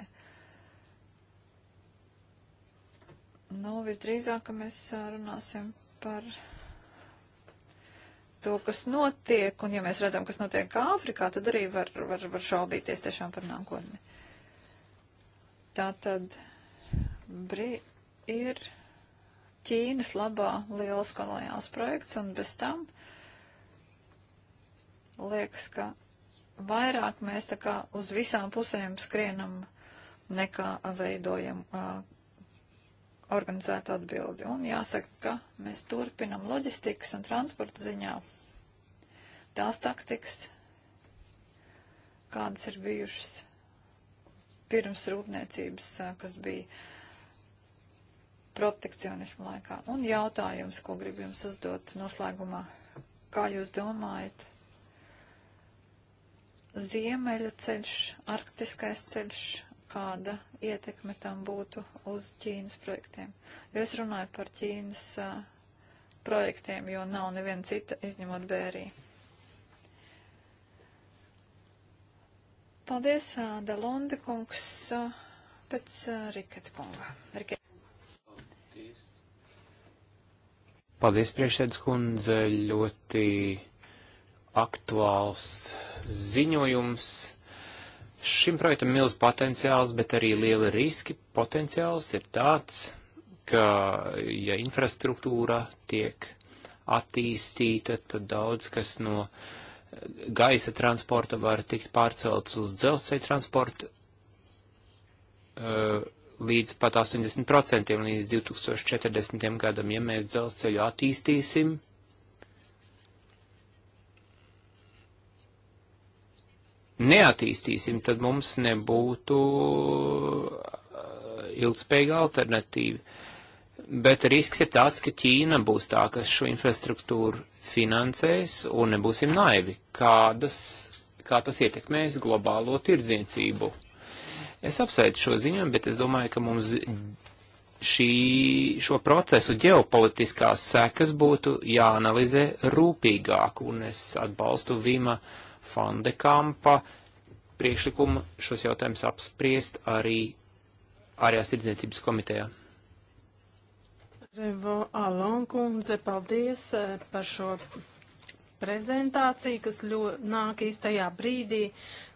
Nu, visdrīzāk, ka mēs eh, runāsim par to, kas notiek, un ja mēs redzam, kas notiek Āfrikā, tad arī var, var, var šaubīties tiešām par nākotni. Tā tad bri ir Ķīnas labā liels koloniāls projekts, un bez tam liekas, ka vairāk mēs tā kā uz visām pusēm skrienam nekā veidojam uh, organizētu atbildi. Un jāsaka, ka mēs turpinam loģistikas un transporta ziņā tās taktikas, kādas ir bijušas pirms rūpniecības, kas bija protekcionismu laikā. Un jautājums, ko gribu jums uzdot noslēgumā. Kā jūs domājat, ziemeļu ceļš, arktiskais ceļš, kāda ietekme tam būtu uz Ķīnas projektiem. Jo es runāju par Ķīnas uh, projektiem, jo nav neviena cita izņemot Bērī. Paldies, uh, Dalonde kungs, uh, pēc Riketa kunga. Riket. Paldies. Paldies, priekšsēdz kundze, ļoti aktuāls ziņojums Šim projektam milz potenciāls, bet arī lieli riski. Potenciāls ir tāds, ka, ja infrastruktūra tiek attīstīta, tad daudz kas no gaisa transporta var tikt pārcelts uz dzelzceļa transportu eh, līdz pat 80% līdz 2040. gadam, ja mēs dzelzceļu attīstīsim neattīstīsim, tad mums nebūtu ilgspējīga alternatīva. Bet risks ir tāds, ka Ķīna būs tā, kas šo infrastruktūru finansēs, un nebūsim naivi, kādas, kā tas ietekmēs globālo tirdzniecību. Es apsveicu šo ziņu, bet es domāju, ka mums šī, šo procesu ģeopolitiskās sekas būtu jāanalizē rūpīgāk, un es atbalstu Vīma uh, Fandekampa priekšlikumu šos jautājumus apspriest arī ārējās tirdzniecības komitejā. Revo Alonkundze, paldies eh, par šo prezentāciju, kas ļoti nāk īstajā brīdī.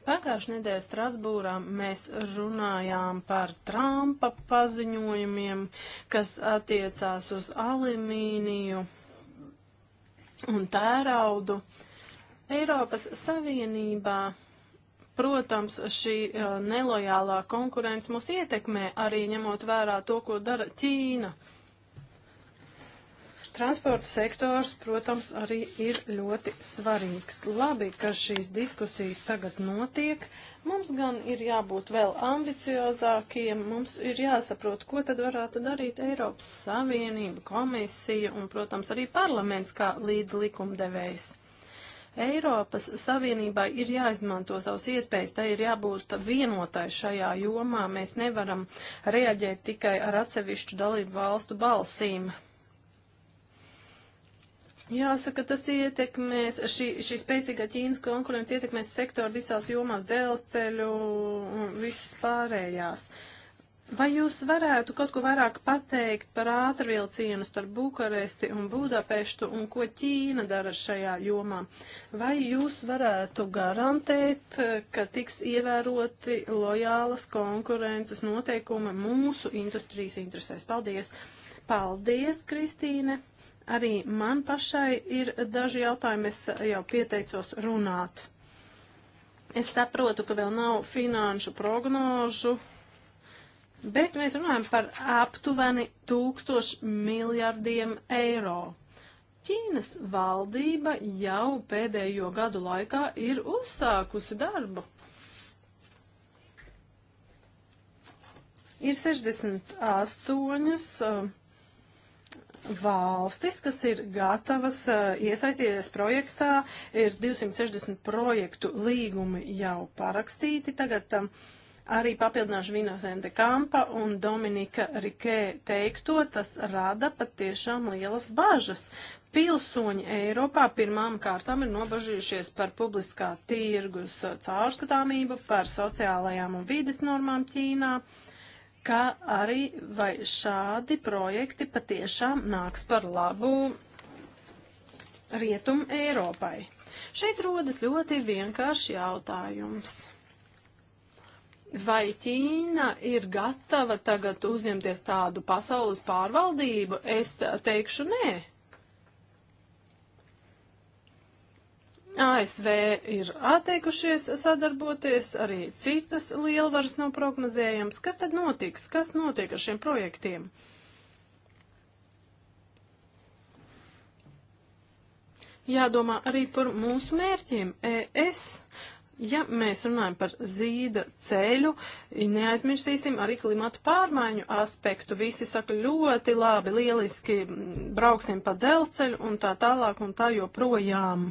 Pagājušajā nedēļā Strasbūrā mēs runājām par Trumpa paziņojumiem, kas attiecās uz alumīniju un tēraudu. Uh, Eiropas Savienībā, protams, šī uh, nelojālā konkurence mūs ietekmē arī ņemot vērā to, ko dara Ķīna. Transporta sektors, protams, arī ir ļoti svarīgs. Labi, ka šīs diskusijas tagad notiek. Mums gan ir jābūt vēl ambiciozākiem, mums ir jāsaprot, ko tad varētu darīt Eiropas Savienība, komisija un, protams, arī parlaments kā līdzlikumdevējs. Eiropas Savienībai ir jāizmanto savas iespējas, tai ir jābūt vienotai šajā jomā. Mēs nevaram reaģēt tikai ar atsevišķu dalību valstu balsīm. Jāsaka, tas ietekmēs, šī, šī spēcīgā Ķīnas konkurence ietekmēs sektoru visās jomās, dzelzceļu un visas pārējās. Uh, Vai jūs varētu kaut ko vairāk pateikt par ātrvilcienu starp Bukaresti un Budapeštu un ko Ķīna dara šajā jomā? Vai jūs varētu garantēt, ka tiks ievēroti lojālas konkurences noteikumi mūsu industrijas interesēs? Paldies! Paldies, Kristīne! Arī man pašai ir daži jautājumi, es jau pieteicos runāt. Es saprotu, ka vēl nav finanšu prognožu Bet mēs runājam par aptuveni tūkstošu miljardiem eiro. Ķīnas valdība jau pēdējo gadu laikā ir uzsākusi darbu. Ir 68 uh, valstis, kas ir gatavas uh, iesaistīties projektā, ir 260 projektu līgumi jau parakstīti. Tagad um, Arī papildināšu Vinosende Kampa un Dominika Rikē teikto, tas rada patiešām lielas bažas. Pilsoņi Eiropā pirmām kārtām ir nobažījušies par publiskā tirgus caurskatāmību, par sociālajām un vides normām Ķīnā kā arī vai šādi projekti patiešām nāks par labu Rietum Eiropai. Šeit rodas ļoti vienkārši jautājums. Vai Ķīna ir gatava tagad uzņemties tādu pasaules pārvaldību? Es teikšu nē. ASV ir atteikušies sadarboties, arī citas lielvaras nav prognozējams. Kas tad notiks? Kas notiek ar šiem projektiem? Jādomā arī par mūsu mērķiem. ES Ja mēs runājam par zīda ceļu, neaizmirsīsim arī klimata pārmaiņu aspektu. Visi saka ļoti labi, lieliski brauksim pa dzelzceļu un tā tālāk un tā joprojām.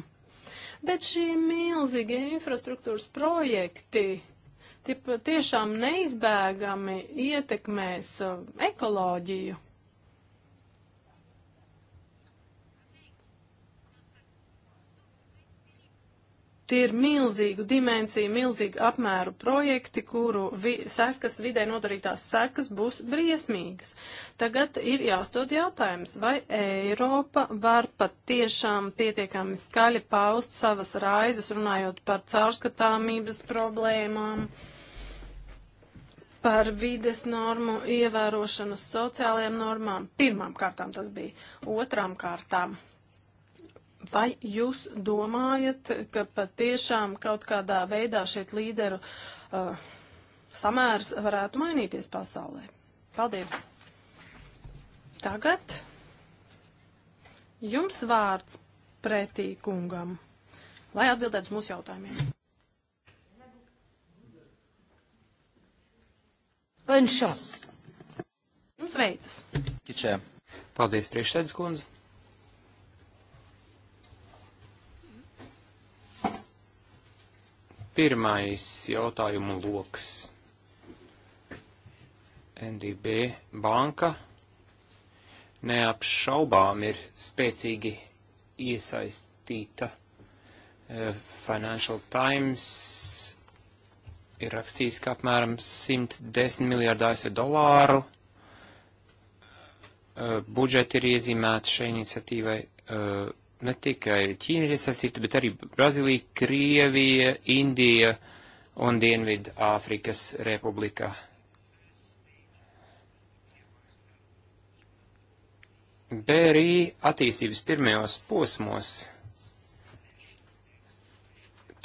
Bet šie milzīgie infrastruktūras projekti tie tiešām neizbēgami ietekmēs uh, ekoloģiju. Tie ir milzīgu dimensiju, milzīgu apmēru projekti, kuru vi sekas, vidē nodarītās sekas būs briesmīgas. Tagad ir jāuzdod jautājums, vai Eiropa var pat tiešām pietiekami skaļi paust savas raizes, runājot par caurskatāmības problēmām, par vides normu ievērošanu sociālajām normām. Pirmām kārtām tas bija, otrām kārtām Vai jūs domājat, ka patiešām kaut kādā veidā šeit līderu uh, samērs varētu mainīties pasaulē? Paldies! Tagad jums vārds pretī kungam, lai atbildētu uz mūsu jautājumiem. Bonne chance! Jums veicas! Paldies, priekšsēdus kundze! Pirmais jautājumu loks. NDB banka neapšaubām ir spēcīgi iesaistīta. E, Financial Times ir rakstījis, ka apmēram 110 miljārdu ASV dolāru e, budžeti ir iezīmēti šai iniciatīvai. Uh, ne tikai Ķīna ir iesaistīta, bet arī Brazīlija, Krievija, Indija un Dienvidu Āfrikas republika. Bērī attīstības pirmajos posmos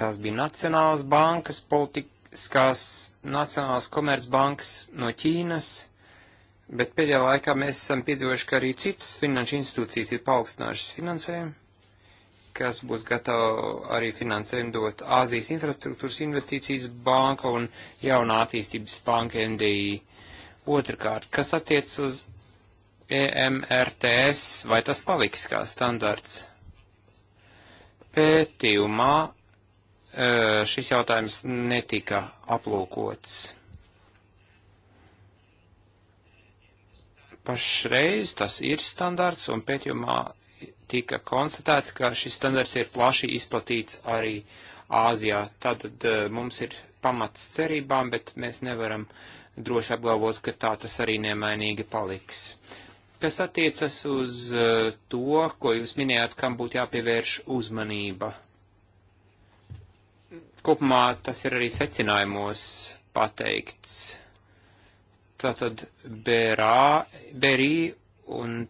tās bija Nacionālās bankas, politiskās Nacionālās komercbankas no Ķīnas bet pēdējā laikā mēs esam piedzīvojuši, ka arī citas finanšu institūcijas ir paaugstinājušas finansējumu kas būs gatava arī finansējumu dot Āzijas infrastruktūras investīcijas banka un jaunā attīstības banka NDI. Otrakārt, kas attiec uz EMRTS, vai tas paliks kā standarts? Pētījumā e, šis jautājums netika aplūkots. pašreiz tas ir standarts, un pētījumā tika konstatēts, ka šis standarts ir plaši izplatīts arī Āzijā. Tātad eh, mums ir pamats cerībām, bet mēs nevaram droši apgalvot, ka tā tas arī nemainīgi paliks. Kas attiecas uz eh, to, ko jūs minējāt, kam būtu jāpievērš uzmanība? Kopumā tas ir arī secinājumos pateikts. Tātad BRA, BRI un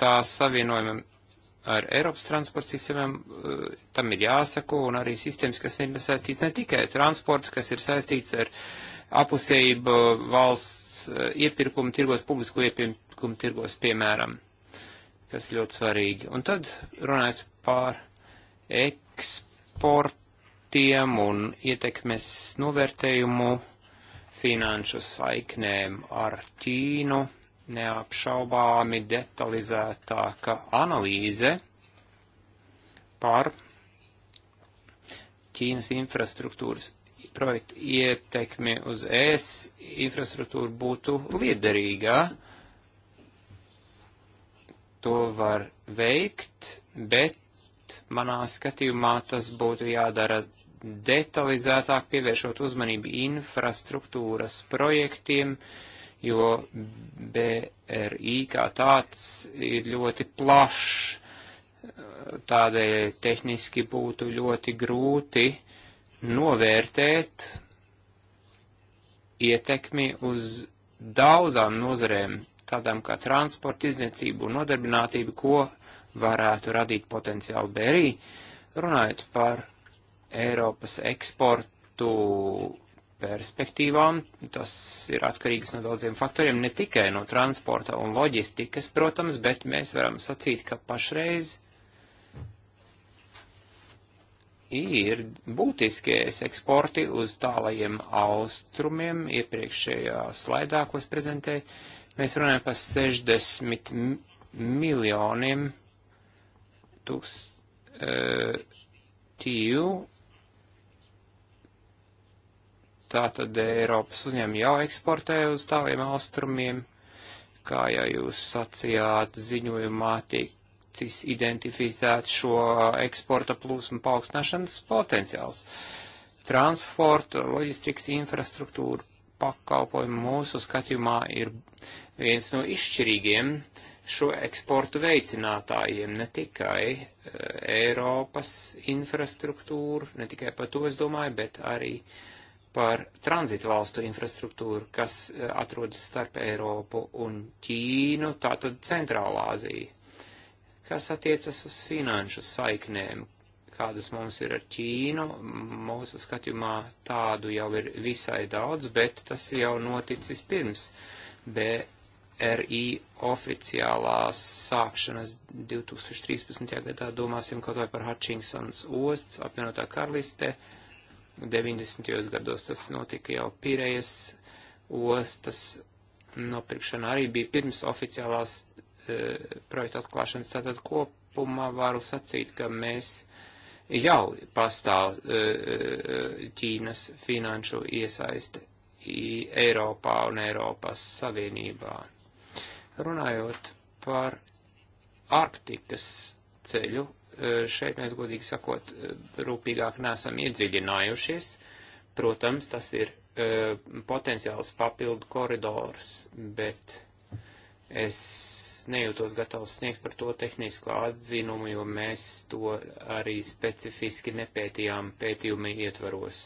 tā savienojumam ar Eiropas transporta sistēmām, eh, tam ir jāsako, un arī sistēmas, kas ir saistīts ne tikai ar transportu, kas ir saistīts ar apusējību valsts eh, iepirkumu tirgos, publisko iepirkumu tirgos, piemēram, kas ļoti svarīgi. Un tad runājot pār eksportiem un ietekmes novērtējumu finanšu saiknēm ar Ķīnu neapšaubāmi detalizētāka analīze par Ķīnas infrastruktūras projektu ietekmi uz ES infrastruktūru būtu liederīgā. To var veikt, bet manā skatījumā tas būtu jādara detalizētāk, pievēršot uzmanību infrastruktūras projektiem, uh, jo BRI kā tāds ir ļoti plašs, tādēļ tehniski būtu ļoti grūti novērtēt ietekmi uz daudzām nozarēm, tādām kā transporta, izniecību un nodarbinātību, ko varētu radīt potenciāli BRI, runājot par Eiropas eksportu perspektīvām. Tas ir atkarīgs no daudziem faktoriem, ne tikai no transporta un loģistikas, protams, bet mēs varam sacīt, ka pašreiz ir būtiskies eksporti uz tālajiem austrumiem. Iepriekšējā slaidā, ko es prezentēju, mēs runājam par 60 miljoniem tūkst, e, eh, tīju Tātad Eiropas uzņēmumi jau eksportē uz tāliem austrumiem, kā jau jūs sacījāt, ziņojumā tiks identificēts šo eksporta plūsmu paaugstināšanas potenciāls. Transporta, loģistikas infrastruktūra pakalpojumi mūsu skatījumā ir viens no izšķirīgiem šo eksportu veicinātājiem, ne tikai e, Eiropas infrastruktūru, ne tikai par to es domāju, bet arī uh, par tranzitu valstu infrastruktūru, kas eh, atrodas starp Eiropu un Ķīnu, tātad Centrālā Āzija, kas attiecas uz finanšu saiknēm, kādas mums ir ar Ķīnu. Mūsu skatījumā tādu jau ir visai daudz, bet tas jau noticis pirms BRI oficiālās sākšanas 2013. gadā. Domāsim kaut vai par Hutchinsons osts, apvienotā karliste. Uh, 90. gados tas notika jau Pirejas ostas nopirkšana arī bija pirms oficiālās e, projekta atklāšanas. Tātad kopumā varu sacīt, ka mēs jau pastāv e, e Ķīnas finanšu iesaiste Eiropā un Eiropas Savienībā. Runājot par Arktikas ceļu Eh, šeit mēs, godīgi sakot, eh, rūpīgāk nesam iedziļinājušies. Protams, tas ir eh, potenciāls papildu koridors, bet es nejūtos gatavs sniegt par to tehnisko atzinumu, jo mēs to arī specifiski nepētījām pētījumi ietvaros.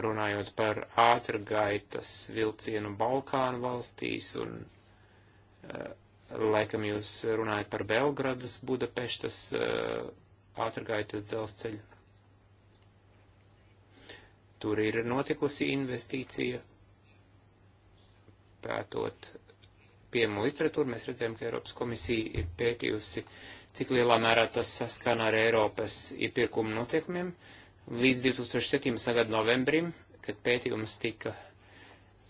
Runājot par ātrgaitas vilcienu Balkānu valstīs un uh, Laikam jūs runājat par Belgradas, Budapeštas eh, ātrgaitas dzelzceļu. Tur ir notikusi investīcija. Pētot pieejamu literatūru, mēs redzējām, ka Eiropas komisija ir pētījusi, cik lielā mērā tas saskana ar Eiropas iepirkuma notiekumiem. Līdz 2017. gada novembrim, kad pētījums tika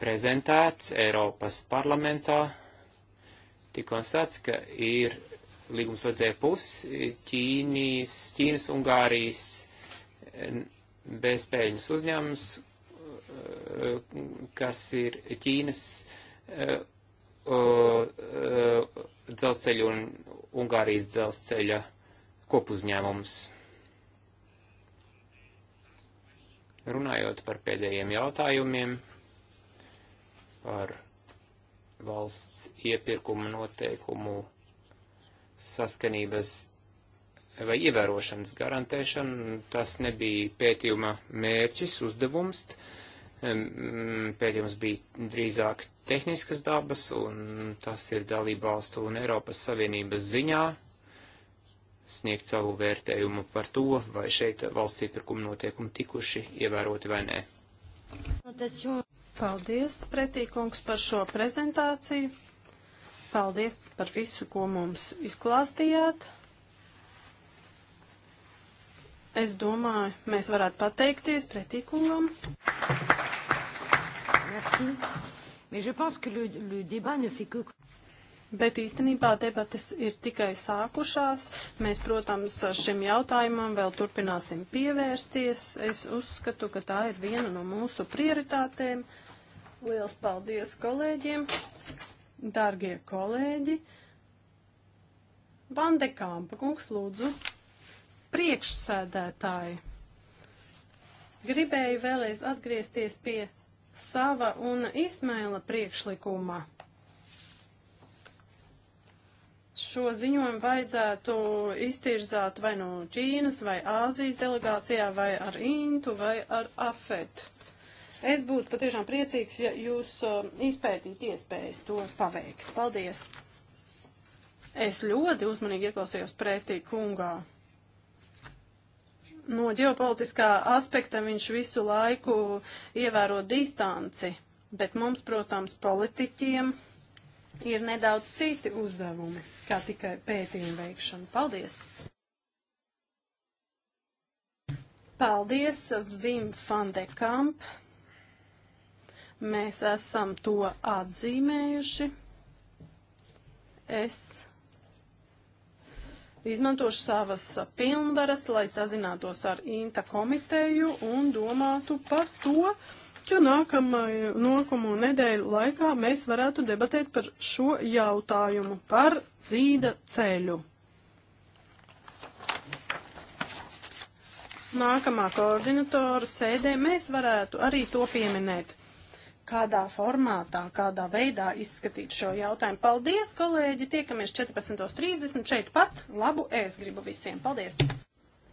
prezentēts Eiropas parlamentā, tik konstatēts, ka ir līgums vajadzēja pusi Ķīnijas, Ķīnas, Ungārijas bezpēļņas uzņēmums, eh, kas ir Ķīnas eh, eh, dzelzceļa un Ungārijas dzelzceļa kopuzņēmums. Runājot par pēdējiem jautājumiem, par valsts iepirkumu noteikumu saskanības vai ievērošanas garantēšanu. Tas nebija pētījuma mērķis, uzdevums. Pētījums bija drīzāk tehniskas dabas, un tas ir dalība valstu un Eiropas Savienības ziņā sniegt savu vērtējumu par to, vai šeit valsts iepirkuma notiekumi tikuši ievēroti vai nē. Paldies, pretīkungs, par šo prezentāciju. Paldies par visu, ko mums izklāstījāt. Es domāju, mēs varētu pateikties pretīkungam. Merci. Mais je pense que le, le débat ne fait que... Bet īstenībā debates ir tikai sākušās. Mēs, protams, šim jautājumam vēl turpināsim pievērsties. Es uzskatu, ka tā ir viena no mūsu prioritātēm. Liels paldies kolēģiem, dargie kolēģi. Vandekāmpa kungs lūdzu priekšsēdētāji. Gribēju vēlreiz atgriezties pie sava un Ismaila priekšlikuma. Šo ziņojumu vajadzētu iztirzāt vai no Ķīnas, vai Āzijas delegācijā, vai ar Intu, vai ar Afetu. Es būtu patiešām priecīgs, ja jūs uh, izpētītu iespējas to paveikt. Paldies! Es ļoti uzmanīgi ieklausījos pretī kungā. No ģeopolitiskā aspekta viņš visu laiku ievēro distanci, bet mums, protams, politiķiem ir nedaudz citi uzdevumi, kā tikai pētījumu veikšana. Paldies! Paldies, Vim van de Kamp! Mēs esam to atzīmējuši. Es izmantošu savas pilnvaras, lai sazinātos ar INTA komiteju un domātu par to, ka nākamo nedēļu laikā mēs varētu debatēt par šo jautājumu, par zīda ceļu. Nākamā koordinatora sēdē mēs varētu arī to pieminēt kādā formātā, kādā veidā izskatīt šo jautājumu. Paldies, kolēģi! Tiekamies 14.30 šeit pat. Labu ēst gribu visiem! Paldies!